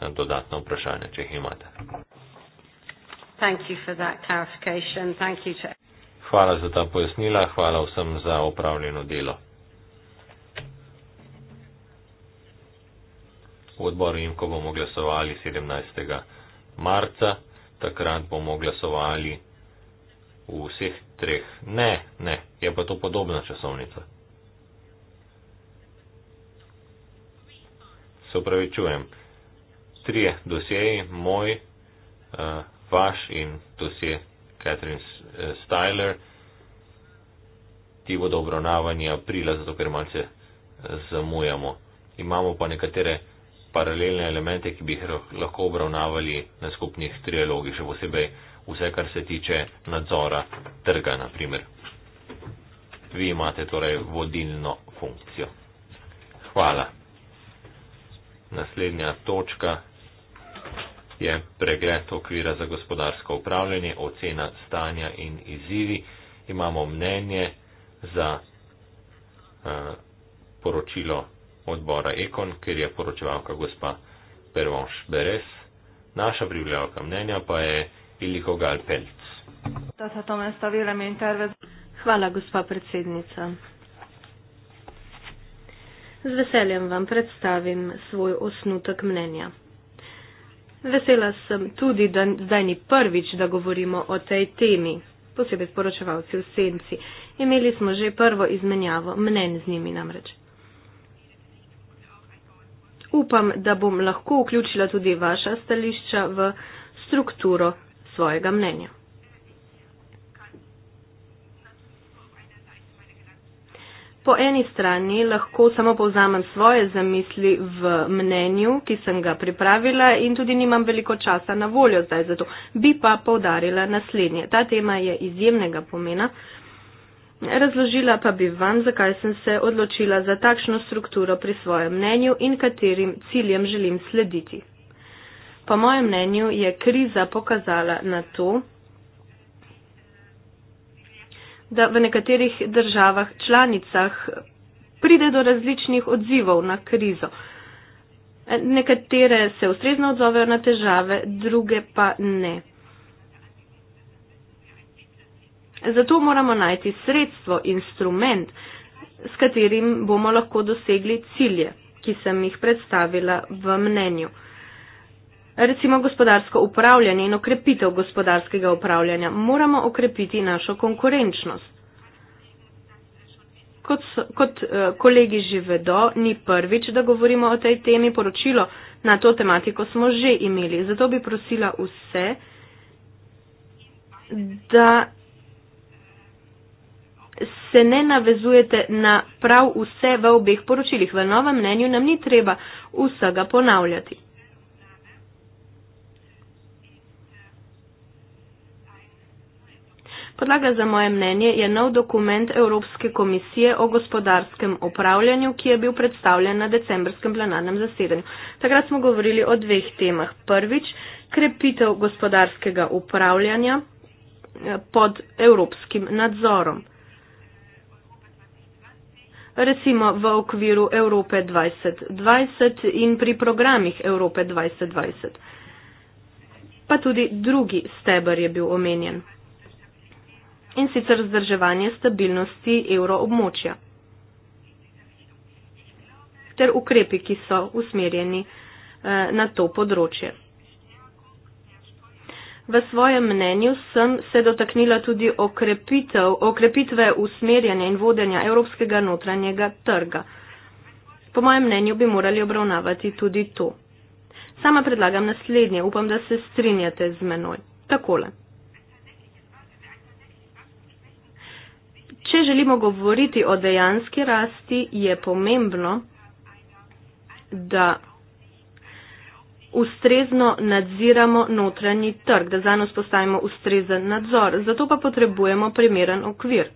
na dodatno vprašanje, če jih imate. Hvala za ta pojasnila, hvala vsem za opravljeno delo. v odboru IMKO bomo glasovali 17. marca, takrat bomo glasovali v vseh treh. Ne, ne, je pa to podobna časovnica. Se upravičujem. Trije dosjeji, moj, uh, vaš in dosje Catherine eh, Styler, ti bodo obravnavani aprila, zato ker malce eh, zamujamo. Imamo pa nekatere paralelne elemente, ki bi jih lahko obravnavali na skupnih trialogih, še posebej vse, kar se tiče nadzora trga, naprimer. Vi imate torej vodilno funkcijo. Hvala. Naslednja točka je pregled okvira za gospodarsko upravljanje, ocena stanja in izzivi. Imamo mnenje za uh, poročilo odbora Ekon, kjer je poročevalka gospa Pervonš Beres, naša privljavka mnenja pa je Iliko Galpelc. Hvala, gospa predsednica. Z veseljem vam predstavim svoj osnutek mnenja. Vesela sem tudi, da zdaj ni prvič, da govorimo o tej temi, posebej sporočevalci v senci. Imeli smo že prvo izmenjavo mnen z njimi namreč upam, da bom lahko vključila tudi vaša stališča v strukturo svojega mnenja. Po eni strani lahko samo povzamem svoje zamisli v mnenju, ki sem ga pripravila in tudi nimam veliko časa na voljo zdaj za to. Bi pa povdarila naslednje. Ta tema je izjemnega pomena. Uh, Razložila pa bi vam, zakaj sem se odločila za takšno strukturo pri svojem mnenju in katerim ciljem želim slediti. Po mojem mnenju je kriza pokazala na to, da v nekaterih državah članicah pride do različnih odzivov na krizo. Nekatere se ustrezno odzovejo na težave, druge pa ne. Zato moramo najti sredstvo, instrument, s katerim bomo lahko dosegli cilje, ki sem jih predstavila v mnenju. Recimo gospodarsko upravljanje in okrepitev gospodarskega upravljanja. Moramo okrepiti našo konkurenčnost. Kot, so, kot uh, kolegi že vedo, ni prvič, da govorimo o tej temi. Poročilo na to tematiko smo že imeli. Zato bi prosila vse, da se ne navezujete na prav vse v obeh poročilih. V novem mnenju nam ni treba vsega ponavljati. Podlaga za moje mnenje je nov dokument Evropske komisije o gospodarskem upravljanju, ki je bil predstavljen na decembrskem plenarnem zasedanju. Takrat smo govorili o dveh temah. Prvič, krepitev gospodarskega upravljanja eh, pod evropskim nadzorom recimo v okviru Evrope 2020 in pri programih Evrope 2020. Pa tudi drugi stebr je bil omenjen. In sicer vzdrževanje stabilnosti evroobmočja. Ter ukrepi, ki so usmerjeni eh, na to področje. V svojem mnenju sem se dotaknila tudi okrepitev, okrepitve usmerjanja in vodenja evropskega notranjega trga. Po mojem mnenju bi morali obravnavati tudi to. Sama predlagam naslednje, upam, da se strinjate z menoj. Takole. Če želimo govoriti o dejanski rasti, je pomembno, da ustrezno nadziramo notranji trg, da zanj vzpostavimo ustrezen nadzor. Zato pa potrebujemo primeren okvir.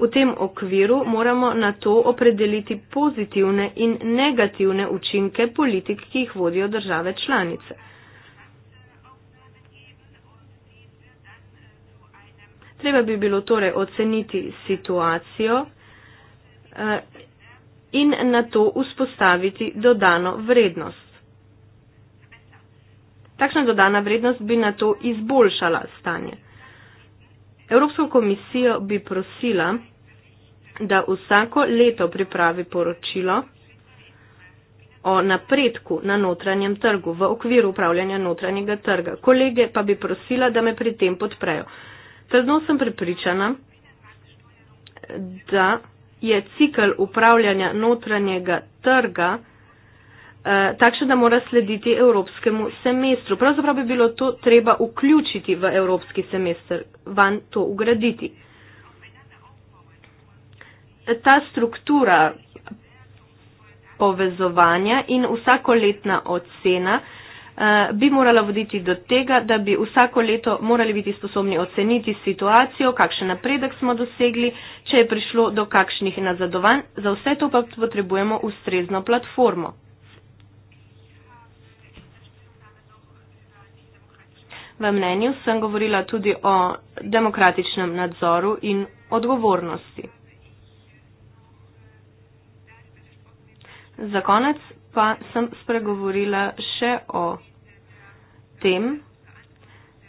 V tem okviru moramo na to opredeliti pozitivne in negativne učinke politik, ki jih vodijo države članice. Treba bi bilo torej oceniti situacijo eh, in na to vzpostaviti dodano vrednost. Takšna dodana vrednost bi na to izboljšala stanje. Evropsko komisijo bi prosila, da vsako leto pripravi poročilo o napredku na notranjem trgu v okviru upravljanja notranjega trga. Kolege pa bi prosila, da me pri tem podprejo. Trdno sem prepričana, da je cikl upravljanja notranjega trga eh, takšen, da mora slediti evropskemu semestru. Pravzaprav bi bilo to treba vključiti v evropski semester, van to ugraditi. Ta struktura povezovanja in vsakoletna ocena eh, Eh, bi morala voditi do tega, da bi vsako leto morali biti sposobni oceniti situacijo, kakšen napredek smo dosegli, če je prišlo do kakšnih nazadovanj, za vse to pa potrebujemo ustrezno platformo. V mnenju sem govorila tudi o demokratičnem nadzoru in odgovornosti. Za konec pa sem spregovorila še o tem,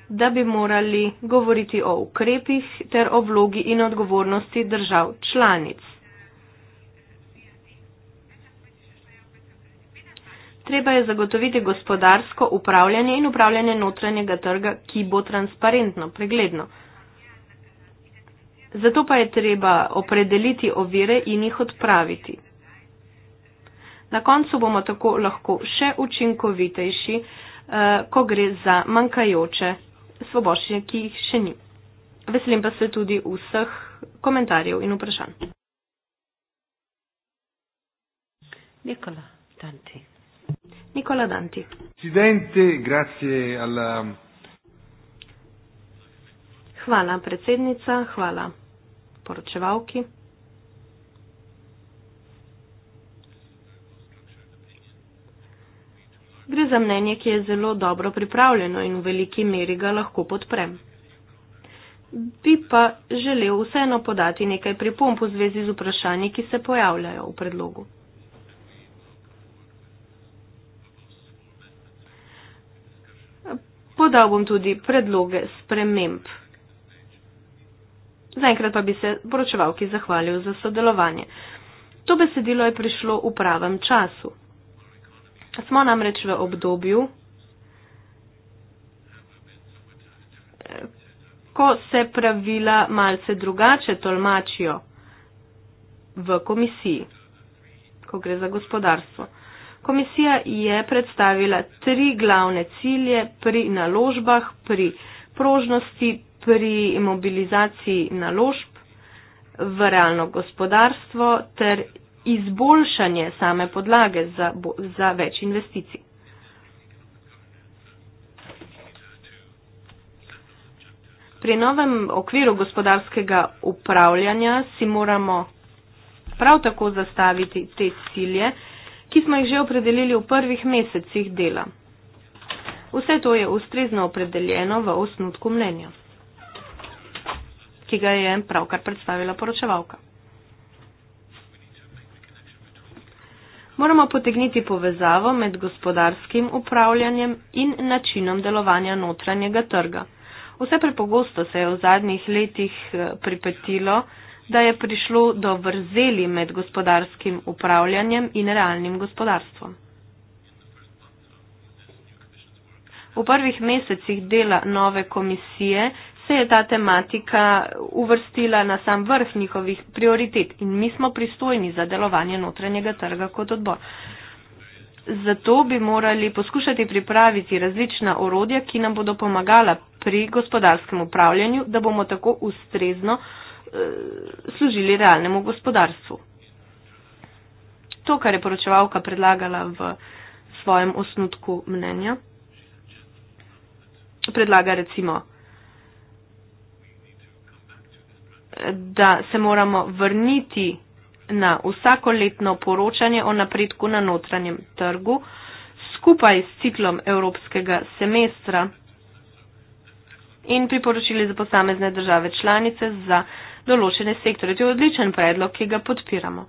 da bi morali govoriti o ukrepih ter o vlogi in odgovornosti držav članic. Treba je zagotoviti gospodarsko upravljanje in upravljanje notranjega trga, ki bo transparentno, pregledno. Zato pa je treba opredeliti ovire in jih odpraviti. Na koncu bomo tako lahko še učinkovitejši, eh, ko gre za manjkajoče svoboščine, ki jih še ni. Veselim pa se tudi vseh komentarjev in vprašanj. Nikola Danti. Nikola Danti. Presidente, grazie alla. Hvala predsednica, hvala poročevalki. gre za mnenje, ki je zelo dobro pripravljeno in v veliki meri ga lahko podprem. Bi pa želel vseeno podati nekaj pripomp v zvezi z vprašanji, ki se pojavljajo v predlogu. Podal bom tudi predloge sprememb. Zaenkrat pa bi se poročevalki zahvalil za sodelovanje. To besedilo je prišlo v pravem času. Smo namreč v obdobju, ko se pravila malce drugače tolmačijo v komisiji, ko gre za gospodarstvo. Komisija je predstavila tri glavne cilje pri naložbah, pri prožnosti, pri mobilizaciji naložb v realno gospodarstvo ter izboljšanje same podlage za, za več investicij. Pri novem okviru gospodarskega upravljanja si moramo prav tako zastaviti te cilje, ki smo jih že opredelili v prvih mesecih dela. Vse to je ustrezno opredeljeno v osnutku mnenja, ki ga je pravkar predstavila poročevalka. moramo potegniti povezavo med gospodarskim upravljanjem in načinom delovanja notranjega trga. Vse prepogosto se je v zadnjih letih eh, pripetilo, da je prišlo do vrzeli med gospodarskim upravljanjem in realnim gospodarstvom. V prvih mesecih dela nove komisije se je ta tematika uvrstila na sam vrh njihovih prioritet in mi smo pristojni za delovanje notranjega trga kot odbor. Zato bi morali poskušati pripraviti različna orodja, ki nam bodo pomagala pri gospodarskem upravljanju, da bomo tako ustrezno e, služili realnemu gospodarstvu. To, kar je poročevalka predlagala v svojem osnutku mnenja, predlaga recimo da se moramo vrniti na vsakoletno poročanje o napredku na notranjem trgu skupaj s ciklom evropskega semestra in priporočili za posamezne države članice za določene sektore. To je odličen predlog, ki ga podpiramo.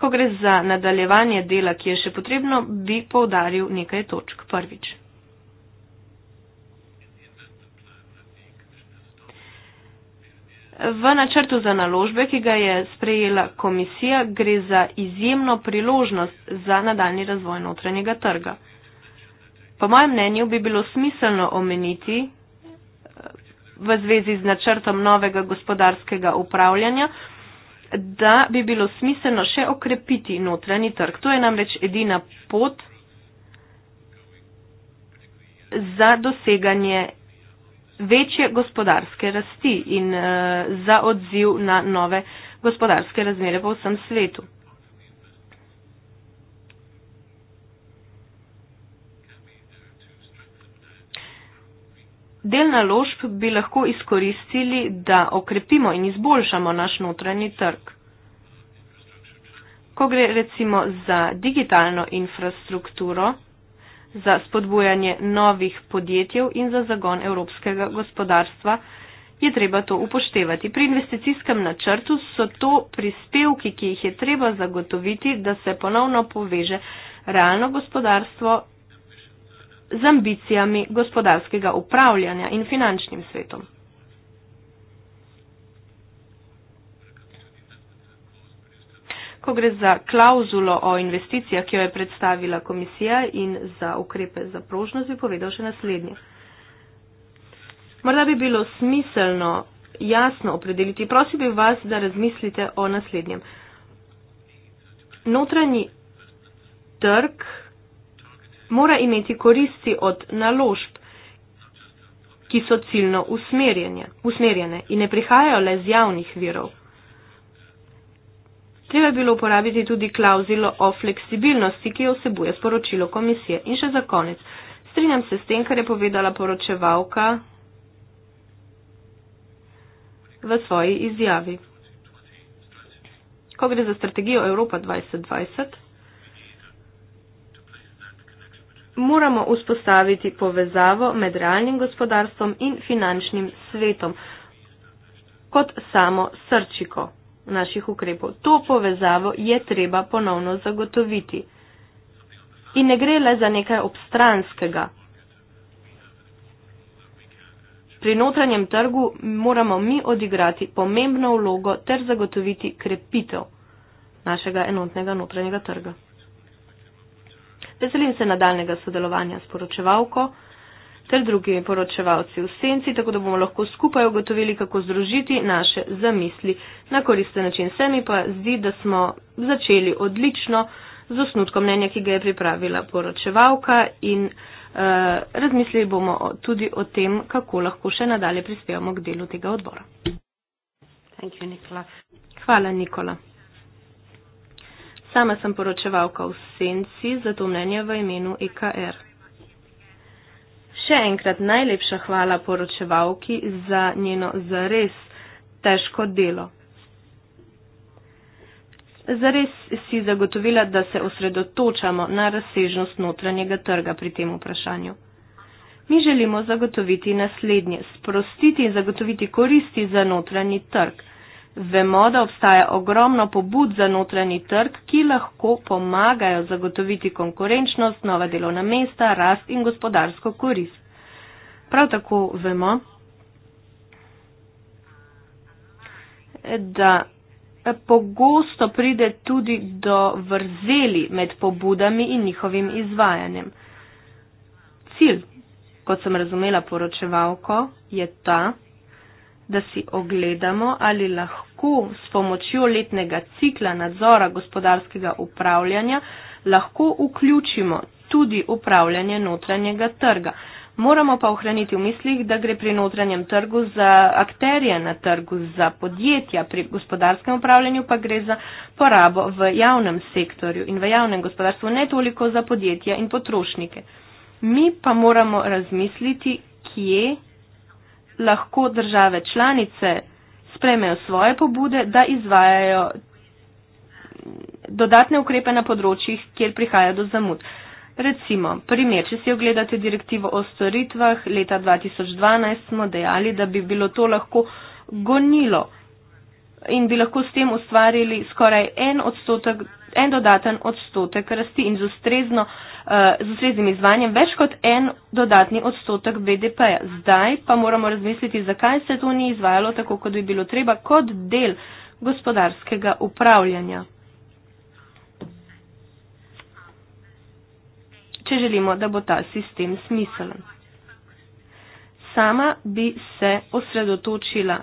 Ko gre za nadaljevanje dela, ki je še potrebno, bi poudaril nekaj točk. Prvič. V načrtu za naložbe, ki ga je sprejela komisija, gre za izjemno priložnost za nadaljni razvoj notranjega trga. Po mojem mnenju bi bilo smiselno omeniti eh, v zvezi z načrtom novega gospodarskega upravljanja, da bi bilo smiselno še okrepiti notranji trg. To je namreč edina pot za doseganje večje gospodarske rasti in uh, za odziv na nove gospodarske razmere po vsem svetu. Del naložb bi lahko izkoristili, da okrepimo in izboljšamo naš notranji trg. Ko gre recimo za digitalno infrastrukturo, za spodbujanje novih podjetij in za zagon evropskega gospodarstva, je treba to upoštevati. Pri investicijskem načrtu so to prispevki, ki jih je treba zagotoviti, da se ponovno poveže realno gospodarstvo z ambicijami gospodarskega upravljanja in finančnim svetom. ko gre za klauzulo o investicijah, ki jo je predstavila komisija in za ukrepe za prožnost, bi povedal še naslednje. Morda bi bilo smiselno jasno opredeliti, prosim bi vas, da razmislite o naslednjem. Notranji trg mora imeti koristi od naložb, ki so ciljno usmerjene in ne prihajajo le z javnih virov. Treba je bilo uporabiti tudi klauzulo o fleksibilnosti, ki jo vsebuje sporočilo komisije. In še za konec. Strinjam se s tem, kar je povedala poročevalka v svoji izjavi. Ko gre za strategijo Evropa 2020, moramo vzpostaviti povezavo med realnim gospodarstvom in finančnim svetom kot samo srčiko naših ukrepov. To povezavo je treba ponovno zagotoviti. In ne gre le za nekaj obstranskega. Pri notranjem trgu moramo mi odigrati pomembno vlogo ter zagotoviti krepitev našega enotnega notranjega trga. Veselim se nadaljnega sodelovanja s poročevalko ter drugimi poročevalci v senci, tako da bomo lahko skupaj ugotovili, kako združiti naše zamisli na koristen način. Se mi pa zdi, da smo začeli odlično z osnutkom mnenja, ki ga je pripravila poročevalka in uh, razmislili bomo tudi o tem, kako lahko še nadalje prispevamo k delu tega odbora. You, Nikola. Hvala, Nikola. Sama sem poročevalka v senci za to mnenje v imenu EKR. Še enkrat najlepša hvala poročevalki za njeno zares težko delo. Zares si zagotovila, da se osredotočamo na razsežnost notranjega trga pri tem vprašanju. Mi želimo zagotoviti naslednje: sprostiti in zagotoviti koristi za notranji trg. Vemo, da obstaja ogromno pobud za notranji trg, ki lahko pomagajo zagotoviti konkurenčnost, nova delovna mesta, rast in gospodarsko korist. Prav tako vemo, da pogosto pride tudi do vrzeli med pobudami in njihovim izvajanjem. Cilj, kot sem razumela poročevalko, je ta, da si ogledamo, ali lahko s pomočjo letnega cikla nadzora gospodarskega upravljanja lahko vključimo tudi upravljanje notranjega trga. Moramo pa ohraniti v mislih, da gre pri notranjem trgu za akterje na trgu, za podjetja, pri gospodarskem upravljanju pa gre za porabo v javnem sektorju in v javnem gospodarstvu, ne toliko za podjetja in potrošnike. Mi pa moramo razmisliti, kje lahko države članice spremejo svoje pobude, da izvajajo dodatne ukrepe na področjih, kjer prihaja do zamud. Recimo, primer, če si ogledate direktivo o storitvah, leta 2012 smo dejali, da bi bilo to lahko gonilo in bi lahko s tem ustvarili skoraj en, odstotek, en dodaten odstotek rasti in z ustrezno Eh, z ustreznim izvanjem več kot en dodatni odstotek BDP-ja. Zdaj pa moramo razmisliti, zakaj se to ni izvajalo tako, kot bi bilo treba, kot del gospodarskega upravljanja. Če želimo, da bo ta sistem smiselen. Sama bi se osredotočila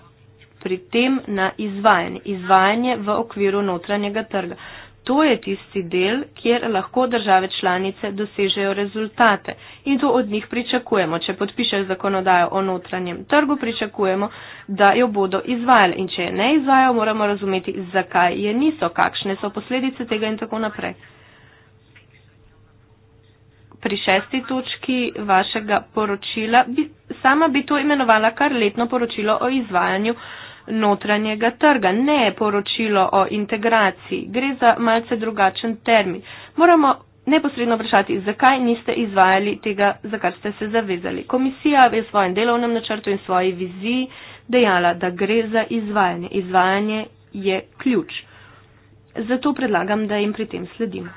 pri tem na izvajanje, izvajanje v okviru notranjega trga. Uh, to je tisti del, kjer lahko države članice dosežejo rezultate in to od njih pričakujemo. Če podpišejo zakonodajo o notranjem trgu, pričakujemo, da jo bodo izvajali in če je ne izvajo, moramo razumeti, zakaj je niso, kakšne so posledice tega in tako naprej. Pri šesti točki vašega poročila bi, sama bi to imenovala kar letno poročilo o izvajanju notranjega trga, ne poročilo o integraciji. Gre za malce drugačen termin. Moramo neposredno vprašati, zakaj niste izvajali tega, za kar ste se zavezali. Komisija je v svojem delovnem načrtu in svoji viziji dejala, da gre za izvajanje. Izvajanje je ključ. Zato predlagam, da jim pri tem sledimo.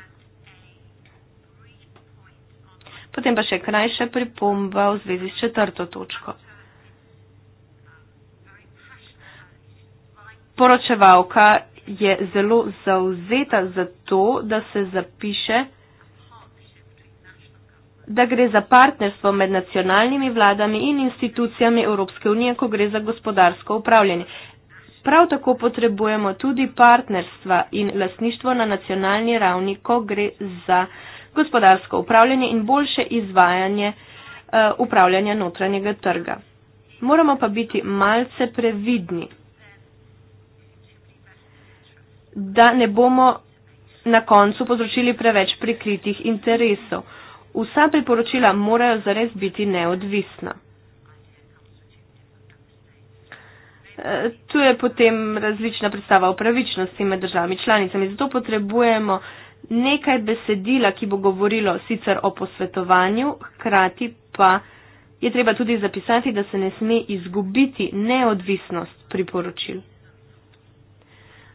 Potem pa še krajša pripomba v zvezi s četrto točko. poročevalka je zelo zauzeta za to, da se zapiše, da gre za partnerstvo med nacionalnimi vladami in institucijami Evropske unije, ko gre za gospodarsko upravljanje. Prav tako potrebujemo tudi partnerstva in lasništvo na nacionalni ravni, ko gre za gospodarsko upravljanje in boljše izvajanje uh, upravljanja notranjega trga. Moramo pa biti malce previdni da ne bomo na koncu povzročili preveč prikritih interesov. Vsa priporočila morajo zares biti neodvisna. E, tu je potem različna predstava o pravičnosti med državami članicami, zato potrebujemo nekaj besedila, ki bo govorilo sicer o posvetovanju, hkrati pa je treba tudi zapisati, da se ne sme izgubiti neodvisnost priporočil.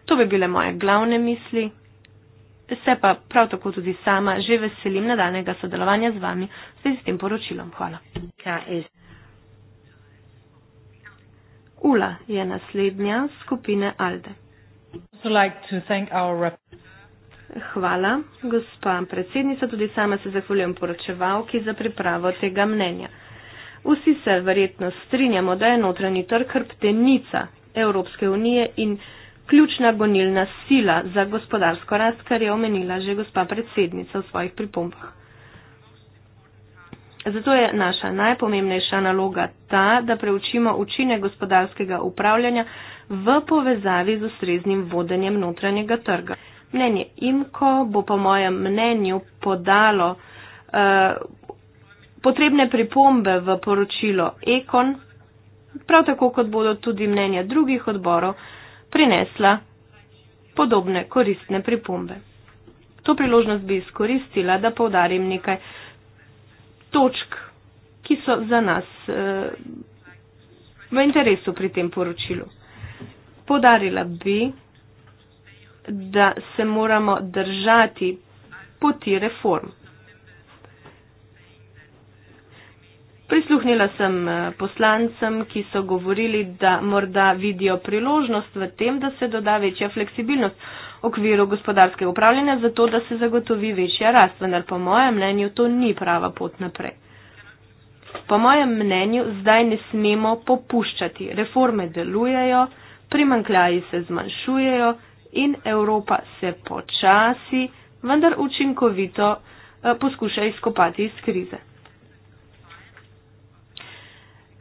To bi bile moje glavne misli. Se pa prav tako tudi sama že veselim nadaljnega sodelovanja z vami v zvezi s tem poročilom. Hvala. Ula je naslednja skupine Alde. Hvala, gospa predsednica, tudi sama se zahvaljujem poročevalki za pripravo tega mnenja. Vsi se verjetno strinjamo, da je notranji trg hrbtenica Evropske unije in ključna gonilna sila za gospodarsko rast, kar je omenila že gospa predsednica v svojih pripombah. Zato je naša najpomembnejša naloga ta, da preučimo učine gospodarskega upravljanja v povezavi z ustreznim vodenjem notranjega trga. Mnenje IMKO bo po mojem mnenju podalo uh, potrebne pripombe v poročilo EKON, prav tako kot bodo tudi mnenja drugih odborov, uh, prinesla podobne koristne pripombe. To priložnost bi izkoristila, da povdarim nekaj točk, ki so za nas eh, v interesu pri tem poročilu. Podarila bi, da se moramo držati poti reform. Prisluhnila sem eh, poslancem, ki so govorili, da morda vidijo priložnost v tem, da se doda večja fleksibilnost v okviru gospodarskega upravljanja, zato da se zagotovi večja rast, vendar po mojem mnenju to ni prava pot naprej. Po mojem mnenju zdaj ne smemo popuščati. Reforme delujejo, primankljaji se zmanjšujejo in Evropa se počasi, vendar učinkovito eh, poskuša izkopati iz krize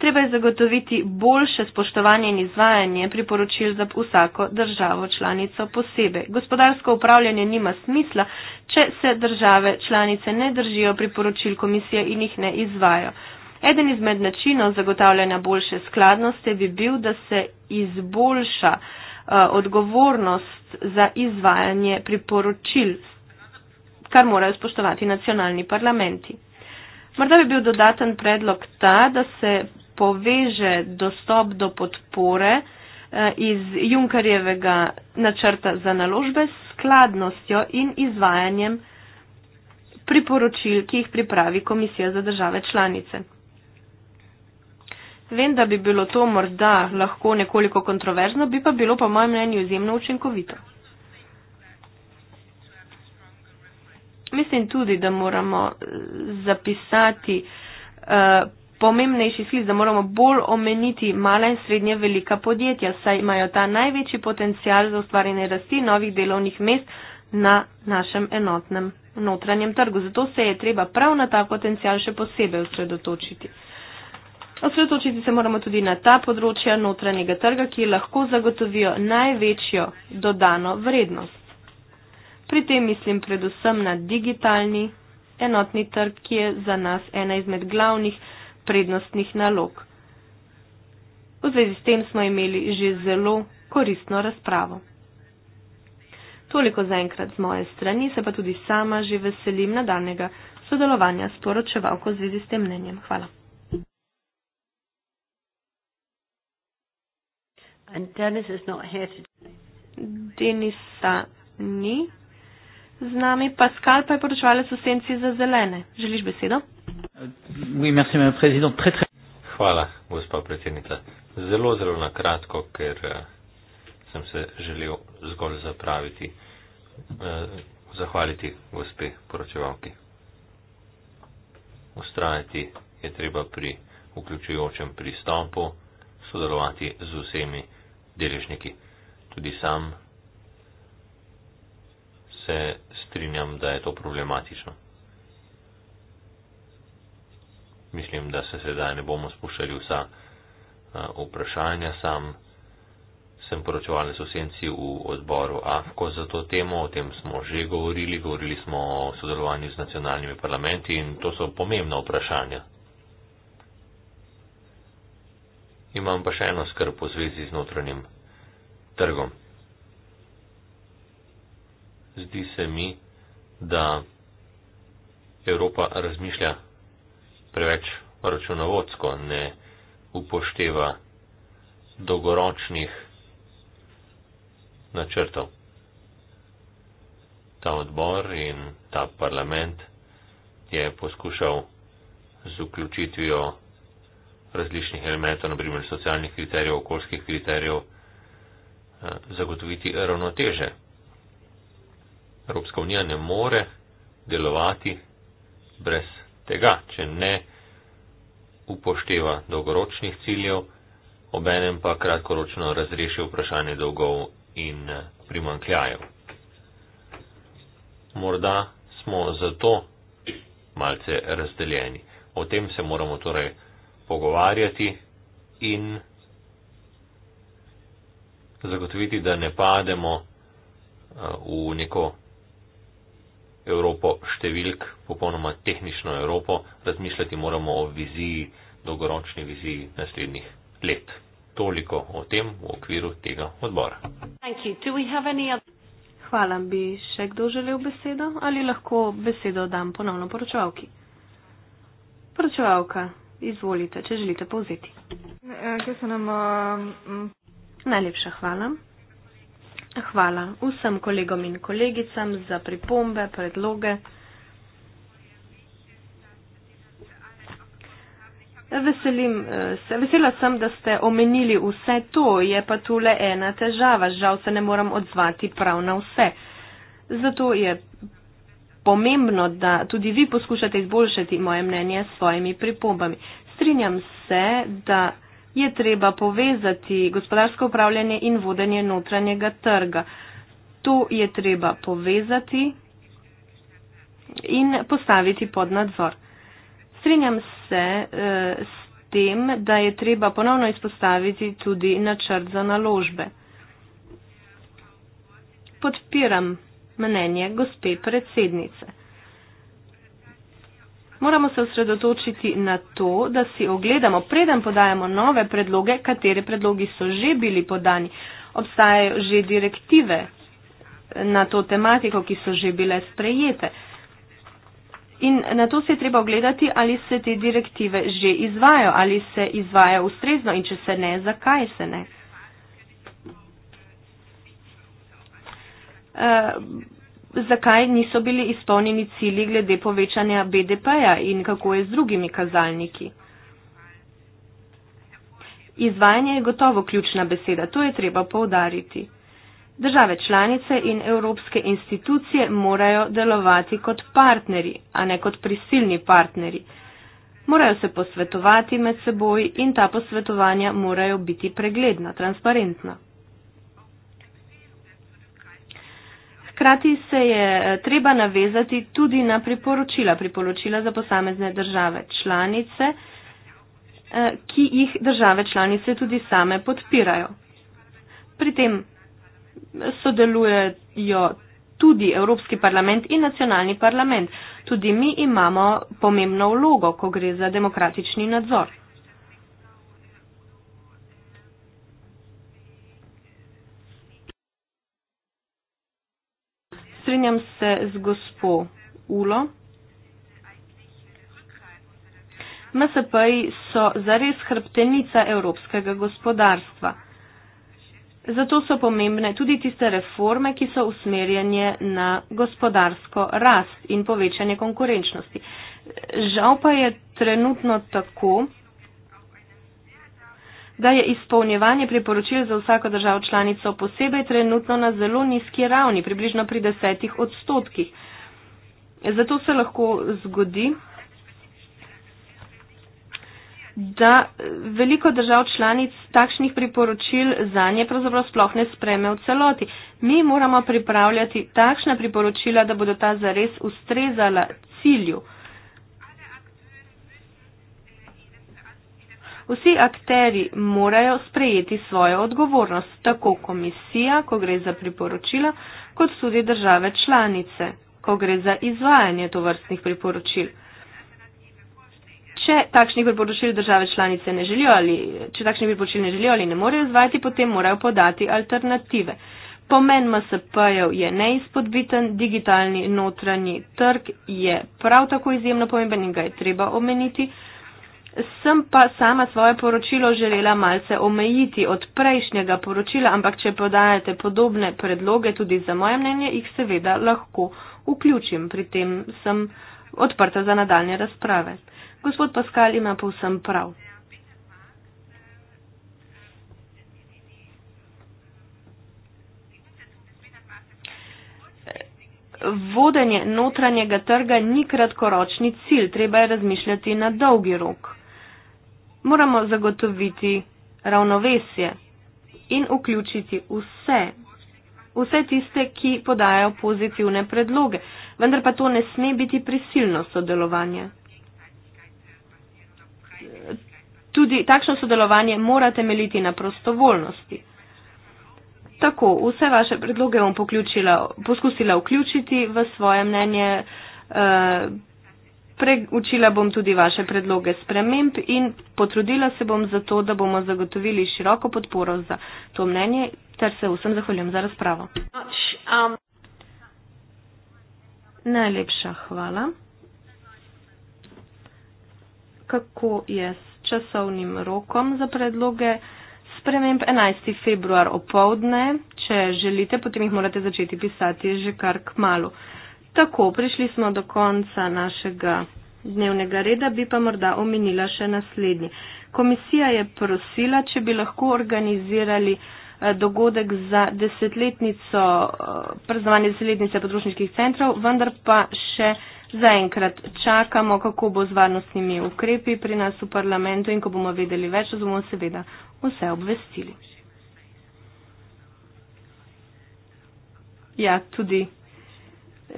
treba je zagotoviti boljše spoštovanje in izvajanje priporočil za vsako državo članico posebej. Gospodarsko upravljanje nima smisla, če se države članice ne držijo priporočil komisije in jih ne izvajo. Eden izmed načinov zagotavljanja boljše skladnosti bi bil, da se izboljša uh, odgovornost za izvajanje priporočil, kar morajo spoštovati nacionalni parlamenti. Morda bi bil dodaten predlog ta, da se poveže dostop do podpore eh, iz Junkarjevega načrta za naložbe s skladnostjo in izvajanjem priporočil, ki jih pripravi Komisija za države članice. Vem, da bi bilo to morda lahko nekoliko kontroverzno, bi pa bilo po mojem mnenju izjemno učinkovito. Mislim tudi, da moramo eh, zapisati uh, pomembnejši sklic, da moramo bolj omeniti mala in srednje velika podjetja, saj imajo ta največji potencial za ustvarjanje rasti novih delovnih mest na našem enotnem notranjem trgu. Zato se je treba prav na ta potencial še posebej osredotočiti. Osredotočiti se moramo tudi na ta področja notranjega trga, ki lahko zagotovijo največjo dodano vrednost. Pri tem mislim predvsem na digitalni enotni trg, ki je za nas ena izmed glavnih prednostnih nalog. V zvezi s tem smo imeli že zelo koristno razpravo. Toliko zaenkrat z moje strani, se pa tudi sama že veselim nadaljnega sodelovanja s poročevalko v zvezi s tem mnenjem. Hvala. Denisa ni z nami, Pascal pa je poročevalec v senci za zelene. Želiš besedo? Oui, merci, président. Très, très... Hvala, gospod predsednica. Zelo, zelo na kratko, ker uh, sem se želel zgolj zapraviti, uh, zahvaliti gospe poročevalki. Ustrajati je treba pri vključujočem pristopu, sodelovati z vsemi deležniki. Tudi sam se strinjam, da je to problematično. mislim, da se sedaj ne bomo spuščali vsa vprašanja. Sam sem poročevalni sosedci v odboru AFKO za to temo, o tem smo že govorili, govorili smo o sodelovanju z nacionalnimi parlamenti in to so pomembna vprašanja. Imam pa še eno skrb v zvezi z notranjim trgom. Zdi se mi, da Evropa razmišlja preveč računovodsko, ne upošteva dolgoročnih načrtov. Ta odbor in ta parlament je poskušal z vključitvijo različnih elementov, naprimer socialnih kriterijev, okoljskih kriterijev, eh, zagotoviti ravnoteže. Evropska unija ne more delovati brez tega, če ne upošteva dolgoročnih ciljev, obenem pa kratkoročno razreši vprašanje dolgov in eh, primankljajev. Morda smo zato malce razdeljeni. O tem se moramo torej pogovarjati in zagotoviti, da ne pademo eh, v neko Evropo številk, popolnoma tehnično Evropo, razmišljati moramo o viziji, dolgoročni viziji naslednjih let. Toliko o tem v okviru tega odbora. Hvala, bi še kdo želel besedo ali lahko besedo dam ponovno poročevalki? Poročevalka, izvolite, če želite povzeti. Eh, eh, eh, Najlepša hvala. Hvala vsem kolegom in kolegicam za pripombe, predloge. Veselim eh, se, vesela sem, da ste omenili vse to, je pa tu le ena težava, žal se ne moram odzvati prav na vse. Zato je pomembno, da tudi vi poskušate izboljšati moje mnenje s svojimi pripombami. Strinjam se, da je treba povezati gospodarsko upravljanje in vodenje notranjega trga. To je treba povezati in postaviti pod nadzor. Strinjam se e, s tem, da je treba ponovno izpostaviti tudi načrt za naložbe. Podpiram mnenje gospe predsednice moramo se osredotočiti na to, da si ogledamo, preden podajamo nove predloge, kateri predlogi so že bili podani. Obstajajo že direktive na to tematiko, ki so že bile sprejete. In na to se je treba ogledati, ali se te direktive že izvajo, ali se izvajo ustrezno in če se ne, zakaj se ne. Uh, zakaj niso bili izpolnjeni cilji glede povečanja BDP-ja in kako je z drugimi kazalniki. Izvajanje je gotovo ključna beseda, to je treba poudariti. Države članice in evropske institucije morajo delovati kot partneri, a ne kot prisilni partneri. Morajo se posvetovati med seboj in ta posvetovanja morajo biti pregledna, transparentna. Hkrati se je eh, treba navezati tudi na priporočila, priporočila za posamezne države članice, eh, ki jih države članice tudi same podpirajo. Pri tem eh, sodelujejo tudi Evropski parlament in nacionalni parlament. Tudi mi imamo pomembno vlogo, ko gre za demokratični nadzor. strinjam se z gospo Ulo. MSP-ji so zares hrbtenica evropskega gospodarstva. Zato so pomembne tudi tiste reforme, ki so usmerjene na gospodarsko rast in povečanje konkurenčnosti. Žal pa je trenutno tako, da je izpolnjevanje priporočil za vsako državo članico posebej trenutno na zelo nizki ravni, približno pri desetih odstotkih. Zato se lahko zgodi, da veliko držav članic takšnih priporočil za nje pravzaprav sploh ne spreme v celoti. Mi moramo pripravljati takšna priporočila, da bodo ta zares ustrezala cilju. Vsi akteri morajo sprejeti svojo odgovornost, tako komisija, ko gre za priporočila, kot tudi države članice, ko gre za izvajanje tovrstnih priporočil. Če takšnih priporočil države članice ne želijo ali če takšnih priporočil ne želijo ali ne morejo izvajati, potem morajo podati alternative. Pomen MSP-jev je neizpodbiten, digitalni notranji trg je prav tako izjemno pomemben in ga je treba omeniti sem pa sama svoje poročilo želela malce omejiti od prejšnjega poročila, ampak če podajate podobne predloge tudi za moje mnenje, jih seveda lahko vključim. Pri tem sem odprta za nadaljne razprave. Gospod Paskal ima povsem prav. Vodenje notranjega trga ni kratkoročni cilj, treba je razmišljati na dolgi rok moramo zagotoviti ravnovesje in vključiti vse, vse tiste, ki podajajo pozitivne predloge, vendar pa to ne sme biti prisilno sodelovanje. Tudi takšno sodelovanje mora temeljiti na prostovoljnosti. Tako, vse vaše predloge bom poskusila vključiti v svoje mnenje, eh, Preučila bom tudi vaše predloge sprememb in potrudila se bom za to, da bomo zagotovili široko podporo za to mnenje, ter se vsem zahvaljujem za razpravo. Najlepša hvala. Kako je s časovnim rokom za predloge sprememb 11. februar opovdne? Če želite, potem jih morate začeti pisati že kar k malu. Tako, prišli smo do konca našega dnevnega reda, bi pa morda omenila še naslednji. Komisija je prosila, če bi lahko organizirali eh, dogodek za desetletnico, eh, praznovanje desetletnice potrošniških centrov, vendar pa še zaenkrat čakamo, kako bo z varnostnimi ukrepi pri nas v parlamentu in ko bomo vedeli več, bomo seveda vse obvestili. Ja, tudi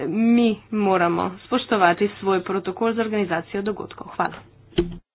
mi moramo spoštovati svoj protokol za organizacijo dogodkov. Hvala.